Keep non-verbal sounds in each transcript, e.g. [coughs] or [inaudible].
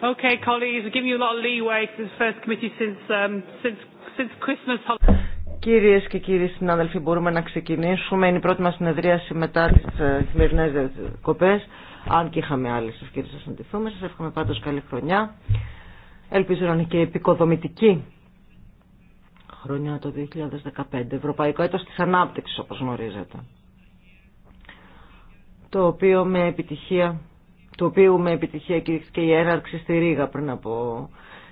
Okay, colleagues, give you a lot of leeway for first committee since, um, since, since Christmas Κυρίες και κύριοι συνάδελφοι, μπορούμε να ξεκινήσουμε. Είναι η πρώτη μας συνεδρίαση μετά τις ε, χειμερινές κοπές, αν και είχαμε άλλες ευκαιρίες να συναντηθούμε. Σας εύχομαι πάντως καλή χρονιά. Ελπίζω να είναι και επικοδομητική χρονιά το 2015, Ευρωπαϊκό έτος της ανάπτυξης όπως γνωρίζετε, το οποίο με επιτυχία το οποίο με επιτυχία και η έναρξη στη Ρήγα πριν από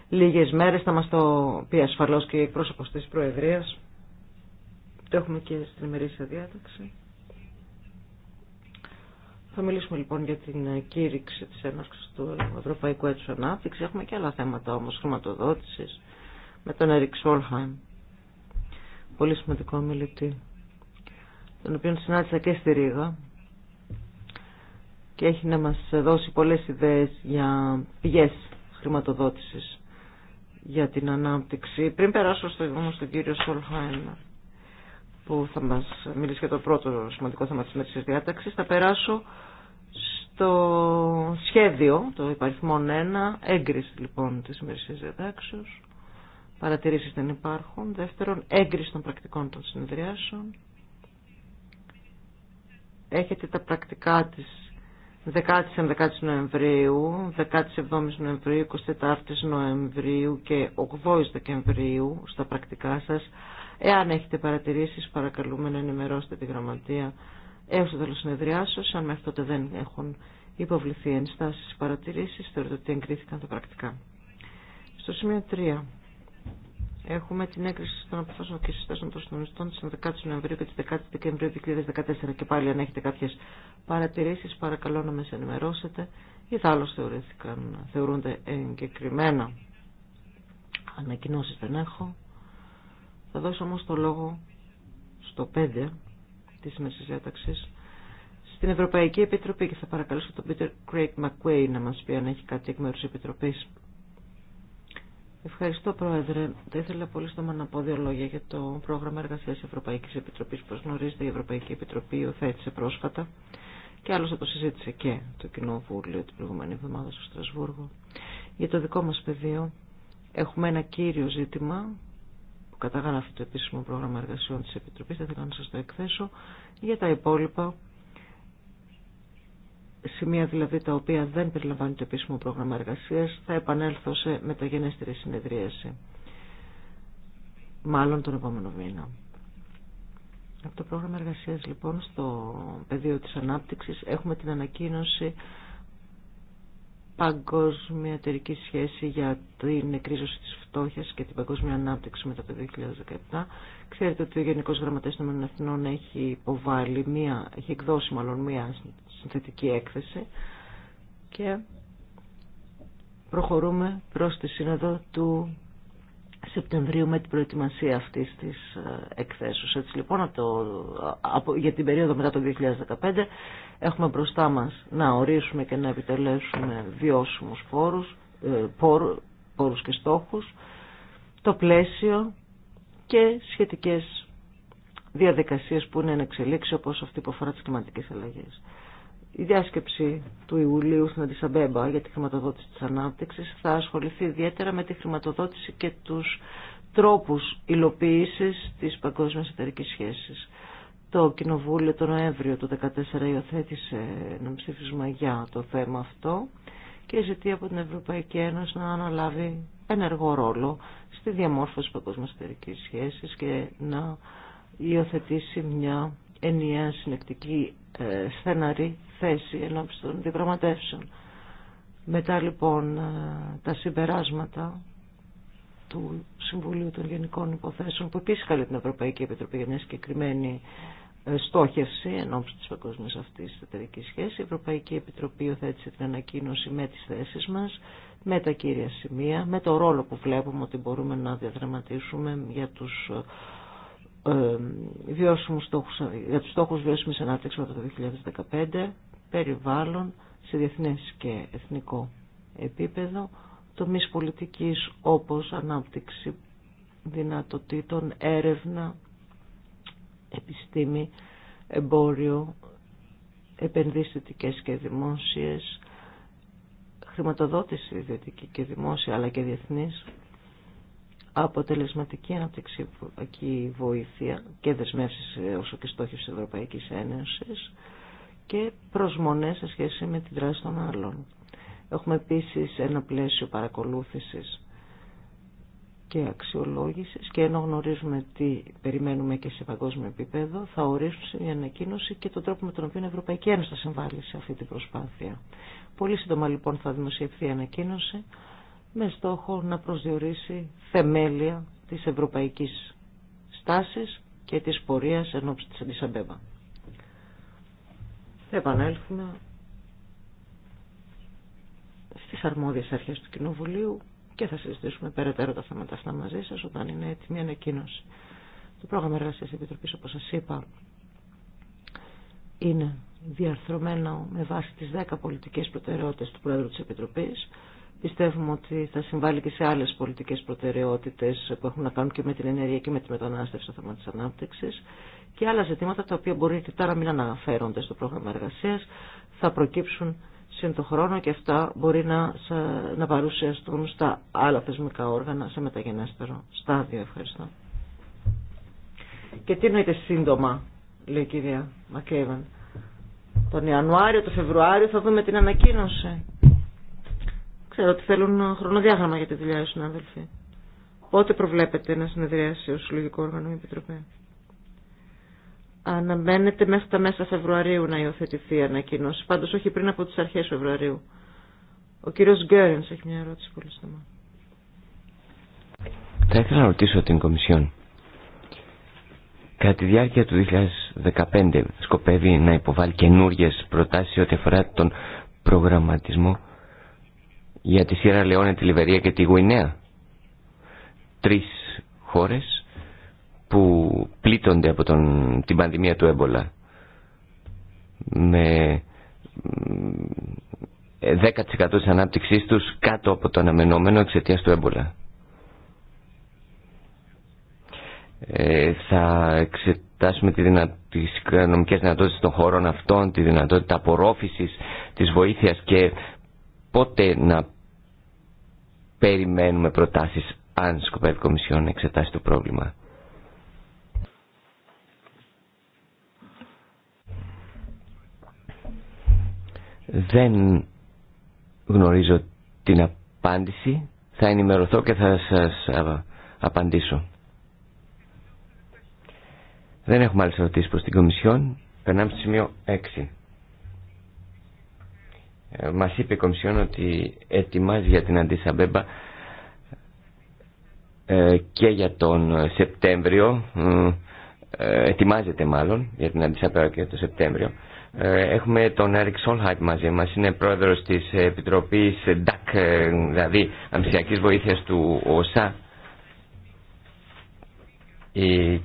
λίγες μέρες. Θα μας το πει ασφαλώς και η εκπρόσωπος της Προεδρίας. Το έχουμε και στην ημερήσια διάταξη. Θα μιλήσουμε λοιπόν για την κήρυξη της έναρξης του Ευρωπαϊκού Έτσου Ανάπτυξη. Έχουμε και άλλα θέματα όμως χρηματοδότησης με τον Ερικ Σόλχαϊμ. Πολύ σημαντικό μιλητή, τον οποίο συνάντησα και στη Ρήγα και έχει να μας δώσει πολλές ιδέες για πηγές χρηματοδότησης για την ανάπτυξη. Πριν περάσω στο, όμως στον κύριο Σολχάιν που θα μας μιλήσει για το πρώτο σημαντικό θέμα της μέτρησης διάταξης, θα περάσω στο σχέδιο, το υπαριθμόν 1, έγκριση λοιπόν της μέτρησης διατάξεως, παρατηρήσεις δεν υπάρχουν, δεύτερον έγκριση των πρακτικών των συνεδριάσεων, έχετε τα πρακτικά της 10-11 Νοεμβρίου, 17 Νοεμβρίου, 24 Νοεμβρίου και 8 Δεκεμβρίου στα πρακτικά σας. Εάν έχετε παρατηρήσεις παρακαλούμε να ενημερώσετε τη γραμματεία έως το τέλος συνεδριάσεως. Αν μέχρι τότε δεν έχουν υποβληθεί ενστάσεις παρατηρήσεις θεωρείτε ότι εγκρίθηκαν τα πρακτικά. Στο σημείο 3. Έχουμε την έκρηση των αποφάσεων και συστάσεων των συντονιστών τη 11η Νοεμβρίου και τη 10η Δεκεμβρίου 2014. Και πάλι, αν έχετε κάποιε παρατηρήσει, παρακαλώ να με ενημερώσετε. Ή θα άλλω θεωρούνται εγκεκριμένα. Ανακοινώσει δεν έχω. Θα δώσω όμω το λόγο στο 5 τη σημερινή διάταξη στην Ευρωπαϊκή Επιτροπή και θα παρακαλέσω τον Πίτερ Κρέικ Μακουέι να μα πει αν έχει κάτι εκ μέρου τη Επιτροπή. Ευχαριστώ, Πρόεδρε. Θα ήθελα πολύ στόμα να πω δύο λόγια για το πρόγραμμα εργασία Ευρωπαϊκή Επιτροπή. Όπω γνωρίζετε, η Ευρωπαϊκή Επιτροπή υιοθέτησε πρόσφατα και άλλωστε το συζήτησε και το Κοινοβούλιο την προηγούμενη εβδομάδα στο Στρασβούργο. Για το δικό μα πεδίο έχουμε ένα κύριο ζήτημα που καταγράφει το επίσημο πρόγραμμα εργασιών τη Επιτροπή. Θα ήθελα να σα το εκθέσω. Για τα υπόλοιπα σημεία δηλαδή τα οποία δεν περιλαμβάνουν το επίσημο πρόγραμμα εργασίας θα επανέλθω σε μεταγενέστερη συνεδρίαση μάλλον τον επόμενο μήνα. Από το πρόγραμμα εργασίας λοιπόν στο πεδίο της ανάπτυξης έχουμε την ανακοίνωση παγκόσμια εταιρική σχέση για την εκρίζωση της φτώχειας και την παγκόσμια ανάπτυξη μετά το 2017. Ξέρετε ότι ο Γενικός Γραμματέας των Εθνών έχει υποβάλει έχει εκδώσει μάλλον μία συνθετική έκθεση και προχωρούμε προς τη σύνοδο του Σεπτεμβρίου με την προετοιμασία αυτής της ε, εκθέσεως. Έτσι λοιπόν από, για την περίοδο μετά το 2015 έχουμε μπροστά μας να ορίσουμε και να επιτελέσουμε βιώσιμους πόρους, ε, πόρου, πόρους και στόχους, το πλαίσιο και σχετικές διαδικασίες που είναι εν εξελίξη όπως αυτή που αφορά τις κλιματικές αλλαγές. Η διάσκεψη του Ιουλίου στην Αντισαμπέμπα για τη χρηματοδότηση της ανάπτυξης θα ασχοληθεί ιδιαίτερα με τη χρηματοδότηση και τους τρόπους υλοποίησης της παγκόσμιας εταιρικής σχέσης. Το Κοινοβούλιο το Νοέμβριο του 2014 υιοθέτησε ένα ψήφισμα για το θέμα αυτό και ζητεί από την Ευρωπαϊκή Ένωση να αναλάβει ενεργό ρόλο στη διαμόρφωση παγκόσμιας εταιρικής σχέσης και να υιοθετήσει μια ενιαία συνεκτική ε, στεναρή θέση ενώπιση των διαπραγματεύσεων. Μετά λοιπόν ε, τα συμπεράσματα του Συμβουλίου των Γενικών Υποθέσεων που επίσης καλεί την Ευρωπαϊκή Επιτροπή για μια συγκεκριμένη ε, στόχευση ενώπιση της παγκόσμια αυτής της εταιρικής σχέσης. Η Ευρωπαϊκή Επιτροπή οθέτησε την ανακοίνωση με τις θέσεις μας, με τα κύρια σημεία, με το ρόλο που βλέπουμε ότι μπορούμε να διαδραματίσουμε για τους ε, βιώσιμους στόχους, για τους στόχους βιώσιμης ανάπτυξης από το 2015, περιβάλλον σε διεθνές και εθνικό επίπεδο, τομείς πολιτικής όπως ανάπτυξη δυνατοτήτων, έρευνα, επιστήμη, εμπόριο, επενδύσεις και δημόσιες, χρηματοδότηση ιδιωτική και δημόσια αλλά και διεθνής, αποτελεσματική αναπτυξιακή βοήθεια και δεσμεύσεις ε, όσο και στόχοι της Ευρωπαϊκής Ένωσης και προσμονές σε σχέση με την δράση των άλλων. Έχουμε επίσης ένα πλαίσιο παρακολούθησης και αξιολόγησης και ενώ γνωρίζουμε τι περιμένουμε και σε παγκόσμιο επίπεδο θα ορίσουν η ανακοίνωση και τον τρόπο με τον οποίο η Ευρωπαϊκή Ένωση θα συμβάλλει σε αυτή την προσπάθεια. Πολύ σύντομα λοιπόν θα δημοσιευθεί η ανακοίνωση με στόχο να προσδιορίσει θεμέλια της ευρωπαϊκής στάσης και της πορείας ενώψη της Αντισαμπέμπα. Θα επανέλθουμε στις αρμόδιες αρχές του Κοινοβουλίου και θα συζητήσουμε περαιτέρω τα θέματα αυτά μαζί σας όταν είναι έτοιμη ανακοίνωση. Το πρόγραμμα εργασίας Επιτροπής, όπως σας είπα, είναι διαρθρωμένο με βάση τις 10 πολιτικές προτεραιότητες του Πρόεδρου της Επιτροπής Πιστεύουμε ότι θα συμβάλλει και σε άλλες πολιτικές προτεραιότητες που έχουν να κάνουν και με την ενέργεια και με τη μετανάστευση στο θέμα της ανάπτυξης και άλλα ζητήματα τα οποία μπορεί και τώρα μην αναφέρονται στο πρόγραμμα εργασίας θα προκύψουν σύν το χρόνο και αυτά μπορεί να, να παρουσιαστούν στα άλλα θεσμικά όργανα σε μεταγενέστερο στάδιο. Ευχαριστώ. Και τι εννοείται σύντομα, λέει η κυρία Μακέβεν. Τον Ιανουάριο, τον Φεβρουάριο θα δούμε την ανακοίνωση. Ξέρω ότι θέλουν χρονοδιάγραμμα για τη δουλειά σου, συνάδελφοι. Πότε προβλέπετε να συνεδριάσει ο Συλλογικό Όργανο η Επιτροπή. Αναμένεται μέχρι τα μέσα Φεβρουαρίου να υιοθετηθεί η ανακοίνωση. Πάντως όχι πριν από τις αρχές Φεβρουαρίου. Ο κύριος Γκέρενς έχει μια ερώτηση πολύ Θα ήθελα να ρωτήσω την Κομισιόν. Κατά τη διάρκεια του 2015 σκοπεύει να υποβάλει καινούριε προτάσεις ό,τι αφορά τον προγραμματισμό για τη Σιέρα Λεόνε, τη Λιβερία και τη Γουινέα. Τρεις χώρες που πλήττονται από τον, την πανδημία του έμπολα. Με 10% της ανάπτυξής τους κάτω από το αναμενόμενο εξαιτίας του έμπολα. Ε, θα εξετάσουμε τη δυνα... τις οικονομικές δυνατότητες των χωρών αυτών, τη δυνατότητα απορρόφησης της βοήθειας και πότε να περιμένουμε προτάσεις αν σκοπεύει η Κομισιόν να εξετάσει το πρόβλημα. Δεν γνωρίζω την απάντηση. Θα ενημερωθώ και θα σας απαντήσω. Δεν έχουμε άλλες ερωτήσεις προς την Κομισιόν. Περνάμε στο σημείο 6. Ε, μας είπε η Κομισιόν ότι ετοιμάζει για την Αντισαμπέμπα ε, και για τον Σεπτέμβριο ε, ετοιμάζεται μάλλον για την Αντισαμπέμπα και για τον Σεπτέμβριο έχουμε τον Έρικ Σόλχαϊτ μαζί μας είναι πρόεδρος της Επιτροπής DAC δηλαδή Αμυσιακής Βοήθειας του ΟΣΑ η...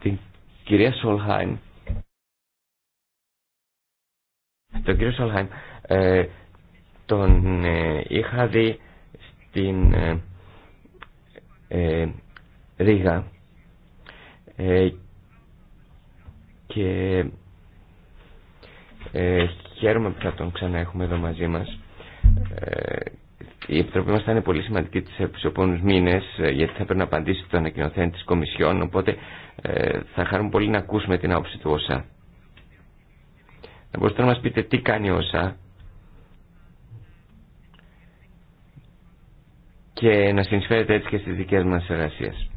την κυρία Τον κύριο Σολχάιμ, ε, τον ε, είχα δει στην ε, ε Ρίγα ε, και χαίρομαι που θα τον ξανά έχουμε εδώ μαζί μας. Η Επιτροπή μας θα είναι πολύ σημαντική τις επόμενους μήνες γιατί θα πρέπει να απαντήσει το ανακοινωθέν της Κομισιόν οπότε θα χαρούμε πολύ να ακούσουμε την άποψη του ΩΣΑ. Να μπορείτε να μας πείτε τι κάνει όσα και να συνεισφέρετε έτσι και στις δικές μας εργασίες.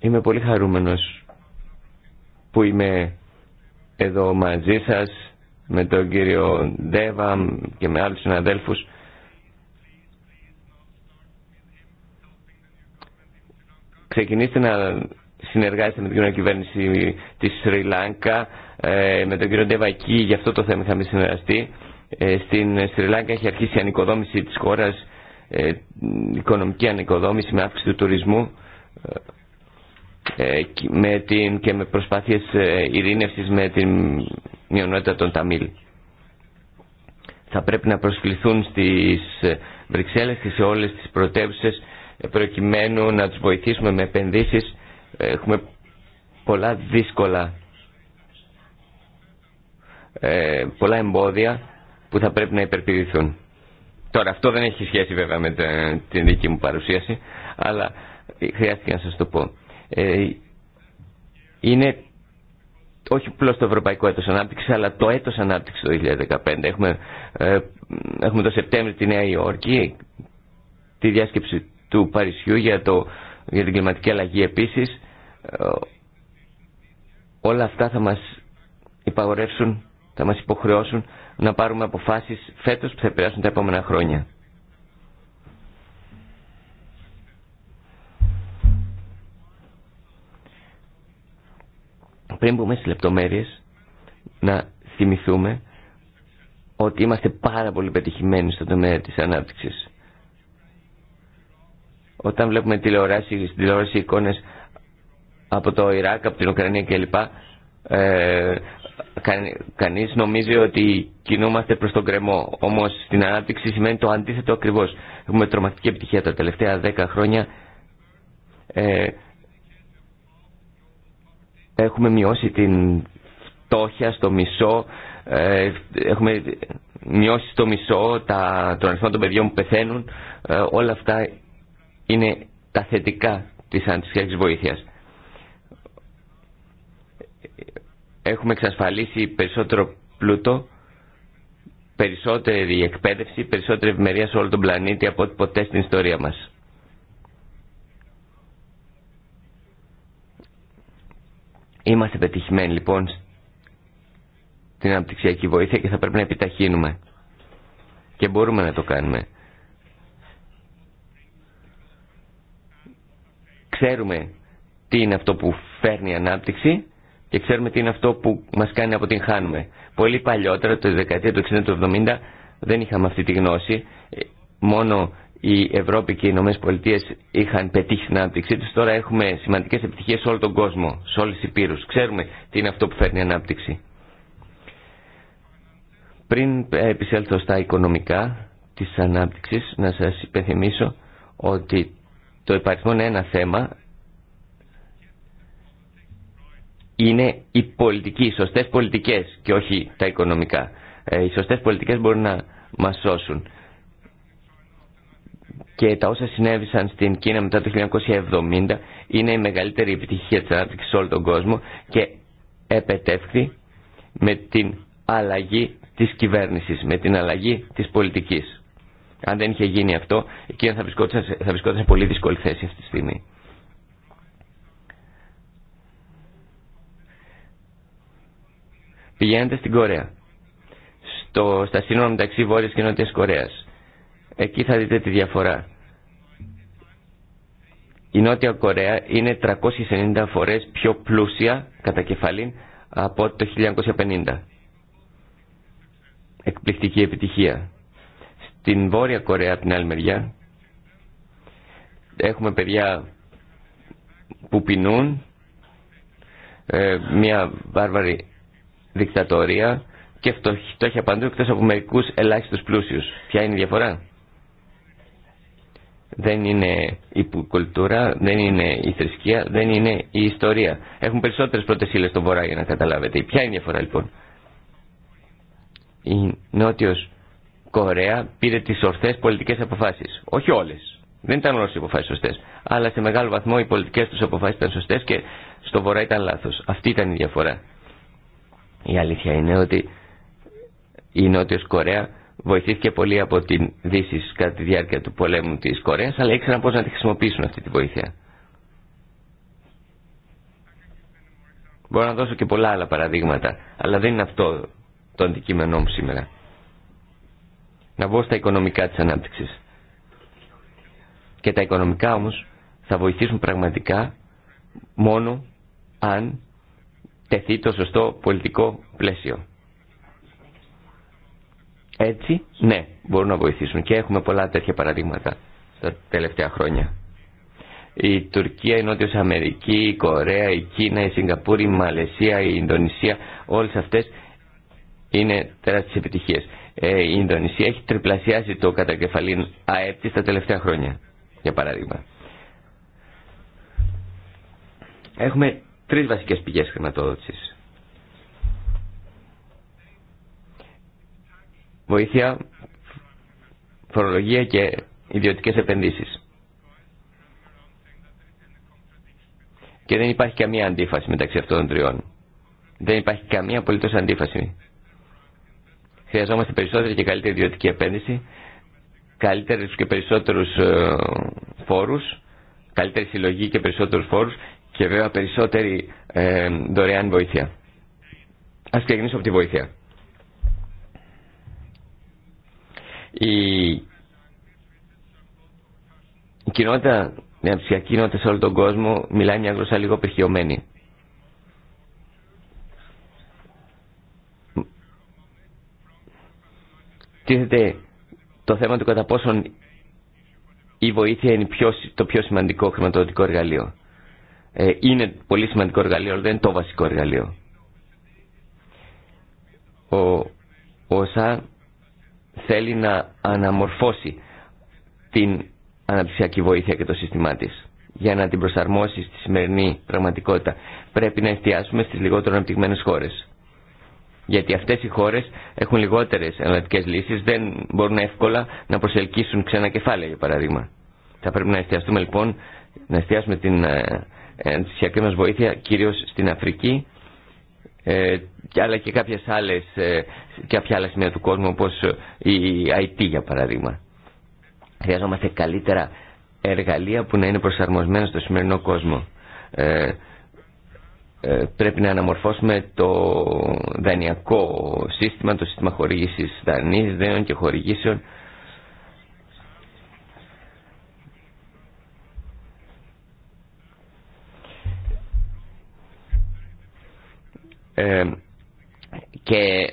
Είμαι πολύ χαρούμενος που είμαι εδώ μαζί σας με τον κύριο Ντέβα και με άλλους συναδέλφους ξεκινήστε να συνεργάζεστε με την κοινωνική κυβέρνηση της Σρι Λάνκα, ε, με τον κύριο Ντεβακή, για αυτό το θέμα είχαμε συνεργαστεί. Ε, στην Σρι Λάνκα έχει αρχίσει η ανοικοδόμηση της χώρας, ε, οικονομική ανοικοδόμηση με αύξηση του τουρισμού με την, και με προσπάθειες ειρήνευσης με την μειονότητα των Ταμίλ. Θα πρέπει να προσκληθούν στις Βρυξέλλες και σε όλες τις πρωτεύουσες ε, προκειμένου να τους βοηθήσουμε με επενδύσεις ε, έχουμε πολλά δύσκολα ε, πολλά εμπόδια που θα πρέπει να υπερπηδηθούν. Τώρα αυτό δεν έχει σχέση βέβαια με την δική μου παρουσίαση αλλά χρειάστηκε να σας το πω. Είναι όχι απλώ το Ευρωπαϊκό Έτος Ανάπτυξης, αλλά το Έτος Ανάπτυξης το 2015. Έχουμε, ε, έχουμε το Σεπτέμβριο τη Νέα Υόρκη, τη διάσκεψη του Παρισιού για, το, για την κλιματική αλλαγή επίσης. Ε, όλα αυτά θα μας υπαγορεύσουν, θα μας υποχρεώσουν να πάρουμε αποφάσεις φέτος που θα περάσουν τα επόμενα χρόνια. Πριν μπούμε στις λεπτομέρειες, να θυμηθούμε ότι είμαστε πάρα πολύ πετυχημένοι στον τομέα της ανάπτυξης. Όταν βλέπουμε τηλεοράση, στην τηλεόραση εικόνες από το Ιράκ, από την Ουκρανία κλπ. Ε, κανείς νομίζει ότι κινούμαστε προς τον κρεμό. Όμως στην ανάπτυξη σημαίνει το αντίθετο ακριβώς. Έχουμε τρομακτική επιτυχία τα τελευταία δέκα χρόνια. Ε, έχουμε μειώσει την φτώχεια στο μισό. Ε, έχουμε μειώσει στο μισό τα, τον αριθμό των παιδιών που πεθαίνουν. Ε, όλα αυτά είναι τα θετικά της αντισυχιακής βοήθειας. Έχουμε εξασφαλίσει περισσότερο πλούτο, περισσότερη εκπαίδευση, περισσότερη ευημερία σε όλο τον πλανήτη από ό,τι ποτέ στην ιστορία μας. Είμαστε πετυχημένοι λοιπόν στην αναπτυξιακή βοήθεια και θα πρέπει να επιταχύνουμε. Και μπορούμε να το κάνουμε. Ξέρουμε τι είναι αυτό που φέρνει ανάπτυξη και ξέρουμε τι είναι αυτό που μας κάνει να αποτυγχάνουμε. Πολύ παλιότερα, το δεκαετία του 60 70, δεν είχαμε αυτή τη γνώση. Ε, μόνο η Ευρώπη και οι Ηνωμένε Πολιτείε είχαν πετύχει την ανάπτυξή του. Τώρα έχουμε σημαντικέ επιτυχίε σε όλο τον κόσμο, σε όλε τι πύρου. Ξέρουμε τι είναι αυτό που φέρνει ανάπτυξη. Πριν ε, επισέλθω στα οικονομικά τη ανάπτυξη, να σα υπενθυμίσω ότι το υπαριθμόν ένα θέμα είναι οι πολιτικοί, οι σωστές πολιτικές και όχι τα οικονομικά. Ε, οι σωστές πολιτικές μπορούν να μας σώσουν. Και τα όσα συνέβησαν στην Κίνα μετά το 1970 είναι η μεγαλύτερη επιτυχία της ανάπτυξης σε όλο τον κόσμο και επετεύχθη με την αλλαγή της κυβέρνησης, με την αλλαγή της πολιτικής. Αν δεν είχε γίνει αυτό, εκείνα θα βρισκόταν, θα βρισκόταν σε πολύ δύσκολη θέση αυτή τη στιγμή. Πηγαίνετε στην Κορέα, στο, στα σύνορα μεταξύ Βόρειας και Νότιας Κορέας. Εκεί θα δείτε τη διαφορά. Η Νότια Κορέα είναι 390 φορές πιο πλούσια κατά κεφαλήν από το 1950. Εκπληκτική επιτυχία. Την Βόρεια Κορέα από την άλλη μεριά έχουμε παιδιά που πεινούν ε, μια βάρβαρη δικτατορία και φτώχεια παντού εκτό από μερικού ελάχιστους πλούσιους. Ποια είναι η διαφορά? Δεν είναι η κουλτούρα, δεν είναι η θρησκεία, δεν είναι η ιστορία. Έχουν περισσότερες πρώτε ύλε στον Βορρά για να καταλάβετε. Ποια είναι η διαφορά λοιπόν? Η Νότιος Κορέα πήρε τι ορθές πολιτικέ αποφάσει. Όχι όλε. Δεν ήταν όλε οι αποφάσει σωστέ. Αλλά σε μεγάλο βαθμό οι πολιτικέ του αποφάσεις ήταν σωστέ και στο βορρά ήταν λάθο. Αυτή ήταν η διαφορά. Η αλήθεια είναι ότι η Νότιο Κορέα βοηθήθηκε πολύ από την Δύση κατά τη διάρκεια του πολέμου τη κορέα, αλλά ήξεραν πώ να τη χρησιμοποιήσουν αυτή τη βοήθεια. Μπορώ να δώσω και πολλά άλλα παραδείγματα, αλλά δεν είναι αυτό το αντικείμενό μου σήμερα να μπω στα οικονομικά της ανάπτυξης. Και τα οικονομικά όμως θα βοηθήσουν πραγματικά μόνο αν τεθεί το σωστό πολιτικό πλαίσιο. Έτσι, ναι, μπορούν να βοηθήσουν και έχουμε πολλά τέτοια παραδείγματα τα τελευταία χρόνια. Η Τουρκία, η Νότιος Αμερική, η Κορέα, η Κίνα, η Σιγκαπούρη, η Μαλαισία, η Ινδονησία, όλες αυτές είναι τεράστιες επιτυχίες. Ε, η Ινδονησία έχει τριπλασιάσει το κατακεφαλήν ΑΕΠ της τα τελευταία χρόνια, για παράδειγμα. Έχουμε τρεις βασικές πηγές χρηματοδότησης. Βοήθεια, φορολογία και ιδιωτικές επενδύσεις. Και δεν υπάρχει καμία αντίφαση μεταξύ αυτών των τριών. Δεν υπάρχει καμία απολύτως αντίφαση Χρειαζόμαστε περισσότερη και καλύτερη ιδιωτική επένδυση, καλύτερους και περισσότερους ε, φόρους, καλύτερη συλλογή και περισσότερους φόρους και βέβαια περισσότερη ε, δωρεάν βοήθεια. Ας ξεκινήσω από τη βοήθεια. Η, η κοινότητα, η κοινότητα σε όλο τον κόσμο μιλάει μια γλώσσα λίγο πεχειωμένη. τίθεται το θέμα του κατά πόσον η βοήθεια είναι το πιο σημαντικό χρηματοδοτικό εργαλείο. Ε, είναι πολύ σημαντικό εργαλείο, αλλά δεν είναι το βασικό εργαλείο. Ο ΣΑ θέλει να αναμορφώσει την αναπτυξιακή βοήθεια και το σύστημά της για να την προσαρμόσει στη σημερινή πραγματικότητα. Πρέπει να εστιάσουμε στις λιγότερο αναπτυγμένες χώρες. Γιατί αυτές οι χώρες έχουν λιγότερες εναλλακτικές λύσεις, δεν μπορούν εύκολα να προσελκύσουν ξένα κεφάλαια, για παράδειγμα. Θα πρέπει να εστιαστούμε λοιπόν, να εστιάσουμε την ε, ε, ενθουσιακή μας βοήθεια κυρίως στην Αφρική, ε, αλλά και κάποιες άλλες, ε, κάποια άλλα σημεία του κόσμου όπως η IT για παράδειγμα. Χρειαζόμαστε καλύτερα εργαλεία που να είναι προσαρμοσμένα στο σημερινό κόσμο. Ε, ε, πρέπει να αναμορφώσουμε το δανειακό σύστημα, το σύστημα χορήγησης δανείων και χορηγήσεων ε, και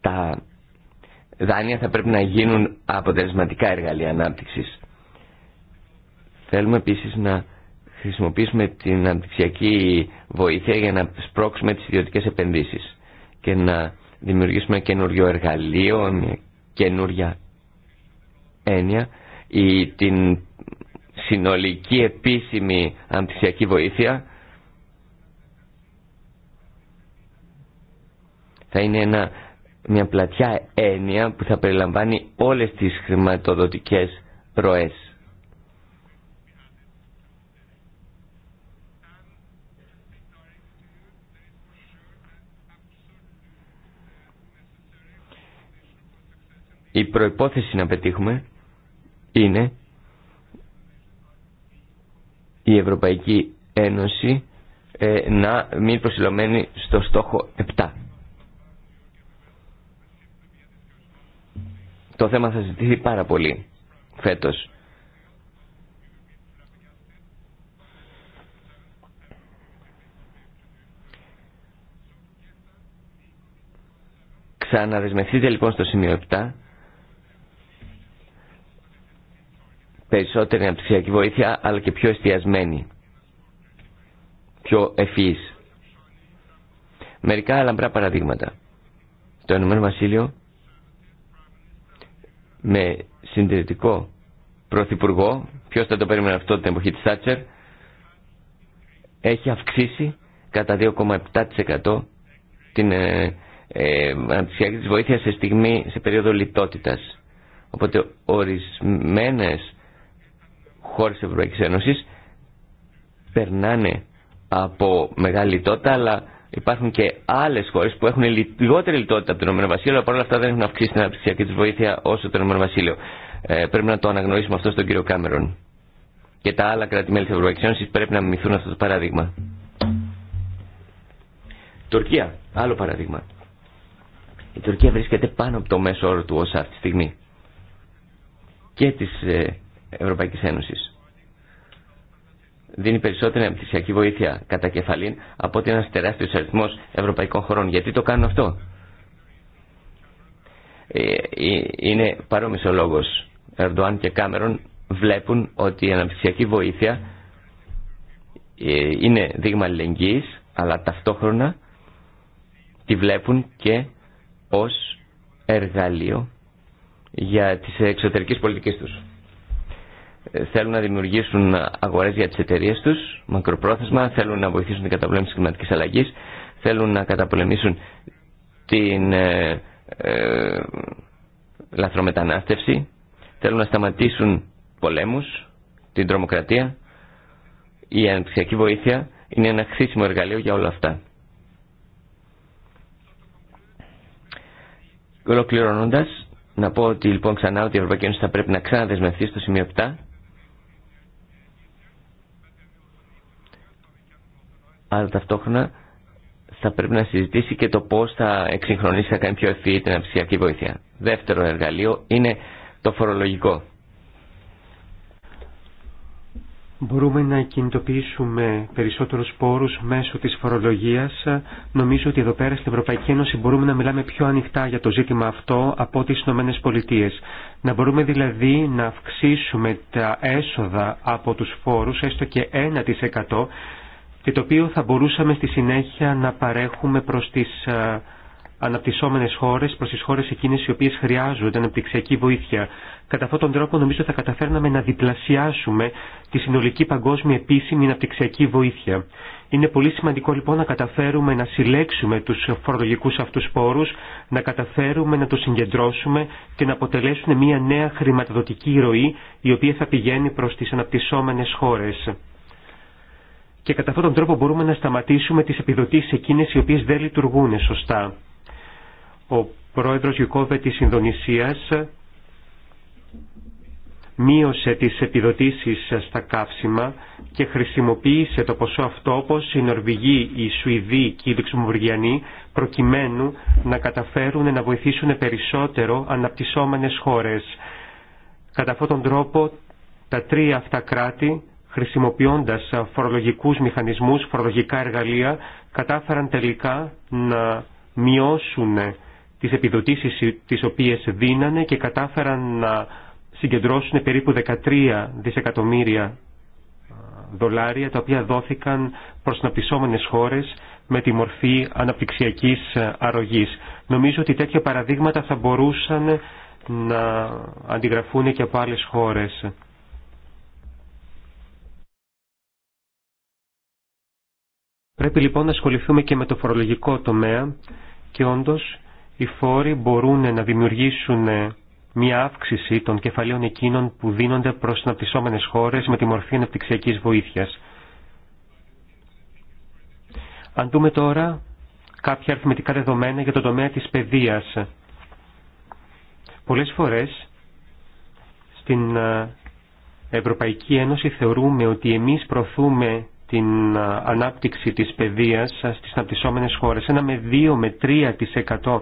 τα δάνεια θα πρέπει να γίνουν αποτελεσματικά εργαλεία ανάπτυξης. Θέλουμε επίσης να χρησιμοποιήσουμε την αναπτυξιακή βοήθεια για να σπρώξουμε τις ιδιωτικές επενδύσεις και να δημιουργήσουμε καινούριο εργαλείο, καινούρια έννοια ή την συνολική επίσημη αναπτυξιακή βοήθεια θα είναι ένα, μια πλατιά έννοια που θα περιλαμβάνει όλες τις χρηματοδοτικές ροές. η προϋπόθεση να πετύχουμε είναι η Ευρωπαϊκή Ένωση ε, να μην προσιλωμένη στο στόχο 7. Το θέμα θα ζητηθεί πάρα πολύ φέτος. Ξαναδεσμευτείτε λοιπόν στο σημείο 7 περισσότερη αναπτυξιακή βοήθεια αλλά και πιο εστιασμένη, πιο ευφυής. Μερικά λαμπρά παραδείγματα. Το Ηνωμένο Βασίλειο με συντηρητικό πρωθυπουργό, ποιο θα το περίμενε αυτό την εποχή της Θάτσερ, έχει αυξήσει κατά 2,7% την ε, ε, αναπτυξιακή βοήθεια σε, στιγμή, σε περίοδο λιτότητας. Οπότε ορισμένες χώρες της Ευρωπαϊκής Ένωσης περνάνε από μεγάλη λιτότητα, αλλά υπάρχουν και άλλε χώρε που έχουν λιγότερη λιτότητα από το Ηνωμένο Βασίλειο, αλλά παρόλα αυτά δεν έχουν αυξήσει την αναπτυξιακή του βοήθεια όσο το Ηνωμένο Βασίλειο. Ε, πρέπει να το αναγνωρίσουμε αυτό στον κύριο Κάμερον. Και τα άλλα κράτη-μέλη τη Ευρωπαϊκή Ένωση πρέπει να μιμηθούν αυτό το παράδειγμα. Τουρκία, άλλο παράδειγμα. Η Τουρκία βρίσκεται πάνω από το μέσο όρο του ΩΣΑ αυτή τη στιγμή. Και τη Ευρωπαϊκής Ένωσης. Δίνει περισσότερη αναπτυξιακή βοήθεια κατά από ότι ένας τεράστιος αριθμός ευρωπαϊκών χωρών. Γιατί το κάνουν αυτό. Ε, ε, είναι παρόμοιος ο λόγος. Ερντοάν και Κάμερον βλέπουν ότι η αναπτυξιακή βοήθεια ε, είναι δείγμα αλληλεγγύης αλλά ταυτόχρονα τη βλέπουν και ως εργαλείο για τις εξωτερικές πολιτικές τους. Ε, θέλουν να δημιουργήσουν αγορέ για τις εταιρείε τους, μακροπρόθεσμα, θέλουν να βοηθήσουν την καταπολέμηση τη κλιματική αλλαγή, θέλουν να καταπολεμήσουν την ε, ε, λαθρομετανάστευση, θέλουν να σταματήσουν πολέμους, την τρομοκρατία. Η αναπτυξιακή βοήθεια είναι ένα χρήσιμο εργαλείο για όλα αυτά. Ολοκληρώνοντα να πω ότι λοιπόν ξανά ότι η Ευρωπαϊκή Ένωση θα πρέπει να ξαναδεσμευτεί στο σημείο 7 αλλά ταυτόχρονα θα πρέπει να συζητήσει και το πώ θα εξυγχρονίσει, θα κάνει πιο ευφυή την αυσιακή βοήθεια. Δεύτερο εργαλείο είναι το φορολογικό. Μπορούμε να κινητοποιήσουμε περισσότερους πόρους μέσω της φορολογίας. Νομίζω ότι εδώ πέρα στην Ευρωπαϊκή Ένωση μπορούμε να μιλάμε πιο ανοιχτά για το ζήτημα αυτό από τις Ηνωμένες Πολιτείες. Να μπορούμε δηλαδή να αυξήσουμε τα έσοδα από τους φόρους έστω και 1% και το οποίο θα μπορούσαμε στη συνέχεια να παρέχουμε προς τις ε, αναπτυσσόμενες χώρες, προς τις χώρες εκείνες οι οποίες χρειάζονται αναπτυξιακή βοήθεια. Κατά αυτόν τον τρόπο νομίζω θα καταφέρναμε να διπλασιάσουμε τη συνολική παγκόσμια επίσημη αναπτυξιακή βοήθεια. Είναι πολύ σημαντικό λοιπόν να καταφέρουμε να συλλέξουμε τους φορολογικούς αυτούς πόρους, να καταφέρουμε να τους συγκεντρώσουμε και να αποτελέσουν μια νέα χρηματοδοτική ροή η οποία θα πηγαίνει προς τις αναπτυσσόμενες χώρες και κατά αυτόν τον τρόπο μπορούμε να σταματήσουμε τις επιδοτήσεις εκείνες οι οποίες δεν λειτουργούν σωστά. Ο πρόεδρος Γιουκόβε της Ινδονησίας μείωσε τις επιδοτήσεις στα καύσιμα και χρησιμοποίησε το ποσό αυτό όπως οι Νορβηγοί, οι Σουηδοί και οι Λουξεμβουργιανοί προκειμένου να καταφέρουν να βοηθήσουν περισσότερο αναπτυσσόμενες χώρες. Κατά αυτόν τον τρόπο τα τρία αυτά κράτη χρησιμοποιώντας φορολογικούς μηχανισμούς, φορολογικά εργαλεία, κατάφεραν τελικά να μειώσουν τις επιδοτήσεις τις οποίες δίνανε και κατάφεραν να συγκεντρώσουν περίπου 13 δισεκατομμύρια δολάρια τα οποία δόθηκαν προς αναπτυσσόμενες χώρες με τη μορφή αναπτυξιακής αρρωγής. Νομίζω ότι τέτοια παραδείγματα θα μπορούσαν να αντιγραφούν και από άλλες χώρες. Πρέπει λοιπόν να ασχοληθούμε και με το φορολογικό τομέα και όντως οι φόροι μπορούν να δημιουργήσουν μια αύξηση των κεφαλαίων εκείνων που δίνονται προς αναπτυσσόμενες χώρες με τη μορφή αναπτυξιακής βοήθειας. Αν δούμε τώρα κάποια αριθμητικά δεδομένα για το τομέα της παιδείας. Πολλές φορές στην ε, Ευρωπαϊκή Ένωση θεωρούμε ότι εμείς προωθούμε την ανάπτυξη της παιδείας στις αναπτυσσόμενες χώρες. Ένα με 2 με 3%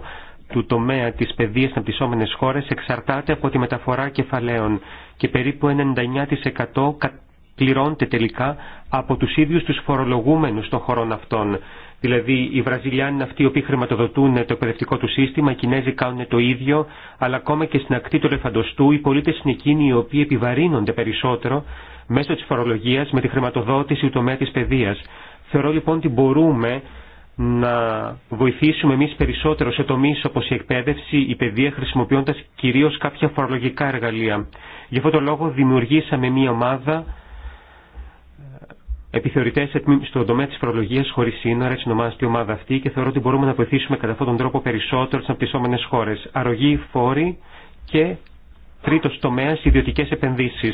του τομέα της παιδείας στις αναπτυσσόμενες χώρες εξαρτάται από τη μεταφορά κεφαλαίων και περίπου 99% πληρώνεται τελικά από τους ίδιους τους φορολογούμενους των χωρών αυτών. Δηλαδή οι Βραζιλιάνοι είναι αυτοί οι οποίοι χρηματοδοτούν το εκπαιδευτικό του σύστημα, οι Κινέζοι κάνουν το ίδιο, αλλά ακόμα και στην ακτή του λεφαντοστού οι πολίτες είναι εκείνοι οι οποίοι επιβαρύνονται περισσότερο μέσω της φορολογίας με τη χρηματοδότηση του τομέα της παιδείας. Θεωρώ λοιπόν ότι μπορούμε να βοηθήσουμε εμεί περισσότερο σε τομείς όπως η εκπαίδευση, η παιδεία, χρησιμοποιώντα κυρίως κάποια φορολογικά εργαλεία. Γι' αυτό το λόγο δημιουργήσαμε μία ομάδα ε, επιθεωρητές στον τομέα της φορολογία χωρί σύνορα, έτσι ονομάζεται η ομάδα αυτή και θεωρώ ότι μπορούμε να βοηθήσουμε κατά αυτόν τον τρόπο περισσότερο στις αναπτυσσόμενε χώρε. Αρρωγή, φόροι και τρίτο τομέα, ιδιωτικέ επενδύσει.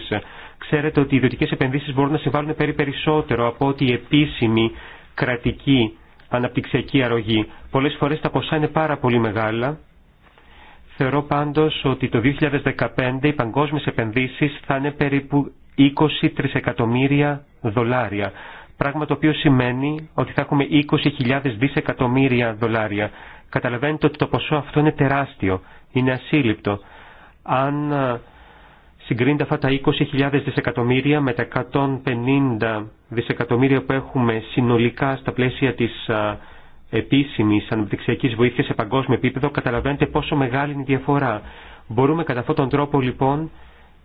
Ξέρετε ότι οι ιδιωτικέ επενδύσει μπορούν να συμβάλλουν περί περισσότερο από ότι η επίσημη κρατική αναπτυξιακή αρρωγή. Πολλέ φορέ τα ποσά είναι πάρα πολύ μεγάλα. Θεωρώ πάντω ότι το 2015 οι παγκόσμιες επενδύσεις θα είναι περίπου 20 εκατομμύρια δολάρια. Πράγμα το οποίο σημαίνει ότι θα έχουμε 20.000 δισεκατομμύρια δολάρια. Καταλαβαίνετε ότι το ποσό αυτό είναι τεράστιο, είναι ασύλληπτο. Αν συγκρίνεται αυτά τα 20.000 δισεκατομμύρια με τα 150 δισεκατομμύρια που έχουμε συνολικά στα πλαίσια της επίσημης αναπτυξιακής βοήθειας σε παγκόσμιο επίπεδο, καταλαβαίνετε πόσο μεγάλη είναι η διαφορά. Μπορούμε κατά αυτόν τον τρόπο λοιπόν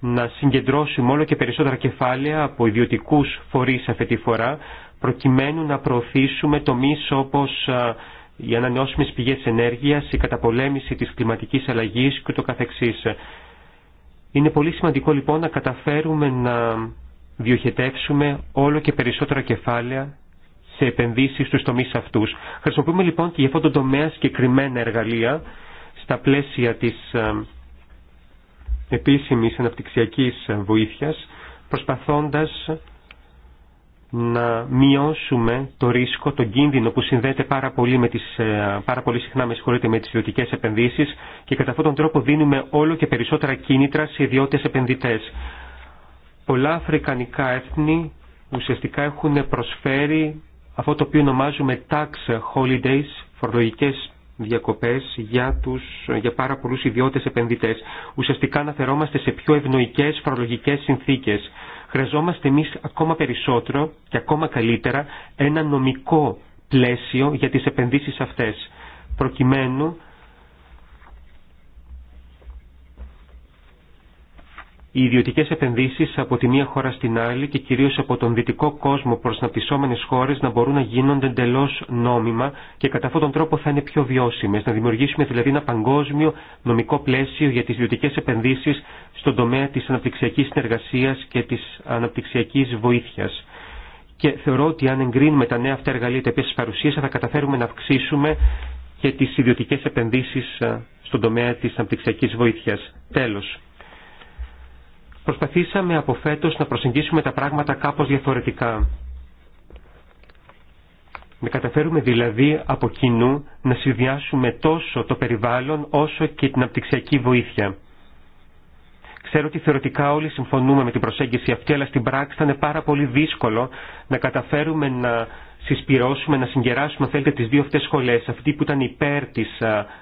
να συγκεντρώσουμε όλο και περισσότερα κεφάλαια από ιδιωτικού φορείς αυτή τη φορά, προκειμένου να προωθήσουμε τομείς όπως οι ανανεώσιμες πηγές ενέργειας, η καταπολέμηση της κλιματικής αλλαγής και είναι πολύ σημαντικό λοιπόν να καταφέρουμε να διοχετεύσουμε όλο και περισσότερα κεφάλαια σε επενδύσεις στους τομείς αυτούς. Χρησιμοποιούμε λοιπόν και για αυτόν τον τομέα συγκεκριμένα εργαλεία στα πλαίσια της ε, επίσημης αναπτυξιακής βοήθειας, προσπαθώντας να μειώσουμε το ρίσκο, τον κίνδυνο που συνδέεται πάρα πολύ, με τις, ε, πάρα πολύ συχνά με, με τις ιδιωτικές επενδύσεις και κατά αυτόν τον τρόπο δίνουμε όλο και περισσότερα κίνητρα σε ιδιώτες επενδυτές. Πολλά αφρικανικά έθνη ουσιαστικά έχουν προσφέρει αυτό το οποίο ονομάζουμε tax holidays, φορολογικές διακοπές για, για πάρα πολλούς ιδιώτες επενδυτές. Ουσιαστικά αναφερόμαστε σε πιο ευνοϊκές φορολογικές συνθήκες χρειαζόμαστε εμείς ακόμα περισσότερο και ακόμα καλύτερα ένα νομικό πλαίσιο για τις επενδύσεις αυτές, προκειμένου οι ιδιωτικέ επενδύσει από τη μία χώρα στην άλλη και κυρίω από τον δυτικό κόσμο προ αναπτυσσόμενε χώρε να μπορούν να γίνονται εντελώ νόμιμα και κατά αυτόν τον τρόπο θα είναι πιο βιώσιμε. Να δημιουργήσουμε δηλαδή ένα παγκόσμιο νομικό πλαίσιο για τι ιδιωτικέ επενδύσει στον τομέα τη αναπτυξιακή συνεργασία και τη αναπτυξιακή βοήθεια. Και θεωρώ ότι αν εγκρίνουμε τα νέα αυτά εργαλεία τα οποία σα παρουσίασα θα καταφέρουμε να αυξήσουμε και τι ιδιωτικέ επενδύσει ε, στον τομέα τη αναπτυξιακή βοήθεια. Τέλο. Προσπαθήσαμε από φέτος να προσεγγίσουμε τα πράγματα κάπως διαφορετικά. Να καταφέρουμε δηλαδή από κοινού να συνδυάσουμε τόσο το περιβάλλον όσο και την απτυξιακή βοήθεια. Ξέρω ότι θεωρητικά όλοι συμφωνούμε με την προσέγγιση αυτή, αλλά στην πράξη θα είναι πάρα πολύ δύσκολο να καταφέρουμε να συσπυρώσουμε, να συγκεράσουμε, τι δύο αυτέ σχολέ. Αυτή που ήταν υπέρ τη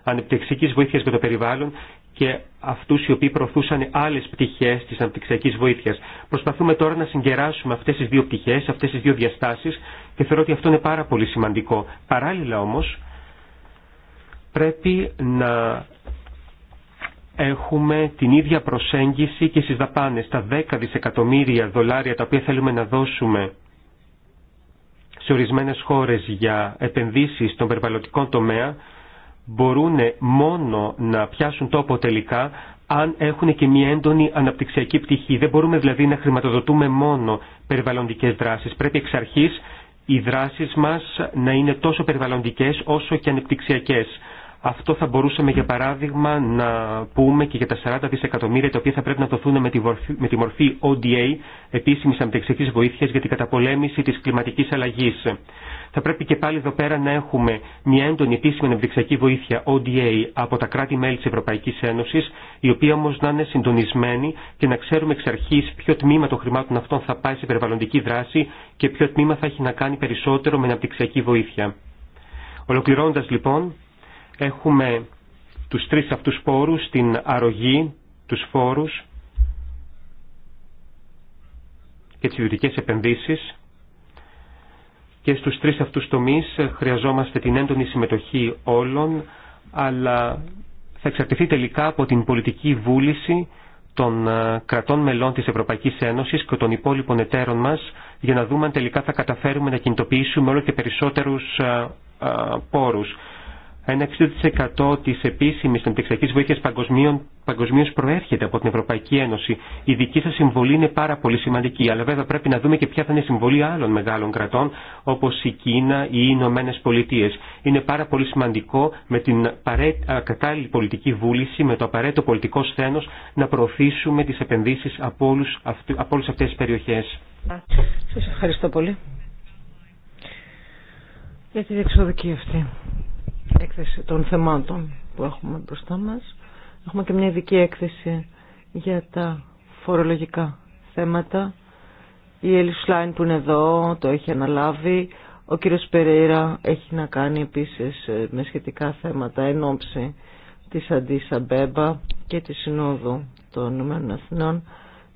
ανεπτυξική βοήθεια για το περιβάλλον και αυτού οι οποίοι προωθούσαν άλλε πτυχέ τη αναπτυξιακή βοήθεια. Προσπαθούμε τώρα να συγκεράσουμε αυτέ τι δύο πτυχέ, αυτέ τι δύο διαστάσει και θεωρώ ότι αυτό είναι πάρα πολύ σημαντικό. Παράλληλα όμω, πρέπει να έχουμε την ίδια προσέγγιση και στις δαπάνες, τα 10 δισεκατομμύρια δολάρια τα οποία θέλουμε να δώσουμε σε ορισμένες χώρες για επενδύσεις στον περιβαλλοντικό τομέα, μπορούν μόνο να πιάσουν τόπο τελικά αν έχουν και μια έντονη αναπτυξιακή πτυχή. Δεν μπορούμε δηλαδή να χρηματοδοτούμε μόνο περιβαλλοντικές δράσεις. Πρέπει εξ αρχής οι δράσεις μας να είναι τόσο περιβαλλοντικές όσο και αναπτυξιακές. Αυτό θα μπορούσαμε για παράδειγμα να πούμε και για τα 40 δισεκατομμύρια τα οποία θα πρέπει να δοθούν με τη, μορφή, με τη μορφή ODA, επίσημης αμπτεξικής βοήθειας για την καταπολέμηση της κλιματικής αλλαγής. Θα πρέπει και πάλι εδώ πέρα να έχουμε μια έντονη επίσημη αμπτεξιακή βοήθεια ODA από τα κράτη-μέλη της Ευρωπαϊκής Ένωσης, η οποία όμως να είναι συντονισμένη και να ξέρουμε εξ αρχής ποιο τμήμα των χρημάτων αυτών θα πάει σε περιβαλλοντική δράση και ποιο τμήμα θα έχει να κάνει περισσότερο με αναπτυξιακή βοήθεια. Ολοκληρώνοντας λοιπόν, Έχουμε τους τρεις αυτούς πόρους, την αρρωγή, τους φόρους και τις ιδιωτικές επενδύσεις. Και στους τρεις αυτούς τομείς χρειαζόμαστε την έντονη συμμετοχή όλων, αλλά θα εξαρτηθεί τελικά από την πολιτική βούληση των ε, κρατών μελών της Ευρωπαϊκής Ένωσης και των υπόλοιπων εταίρων μας για να δούμε αν τελικά θα καταφέρουμε να κινητοποιήσουμε όλο και περισσότερους ε, ε, πόρους. Ένα 60% της επίσημης αναπτυξιακής βοήθειας παγκοσμίω προέρχεται από την Ευρωπαϊκή Ένωση. Η δική σας συμβολή είναι πάρα πολύ σημαντική, αλλά βέβαια πρέπει να δούμε και ποια θα είναι η συμβολή άλλων μεγάλων κρατών, όπως η Κίνα ή οι Ηνωμένε Πολιτείε. Είναι πάρα πολύ σημαντικό με την κατάλληλη πολιτική βούληση, με το απαραίτητο πολιτικό σθένος, να προωθήσουμε τις επενδύσεις από, όλους, από όλες αυτές τις περιοχές. Σας ευχαριστώ πολύ για τη διεξοδική αυτή έκθεση των θεμάτων που έχουμε μπροστά μας. Έχουμε και μια ειδική έκθεση για τα φορολογικά θέματα. Η Έλλη που είναι εδώ το έχει αναλάβει. Ο κύριος Περέιρα έχει να κάνει επίσης ε, με σχετικά θέματα εν ώψη της Αντίσα Μπέμπα και της Συνόδου των Ηνωμένων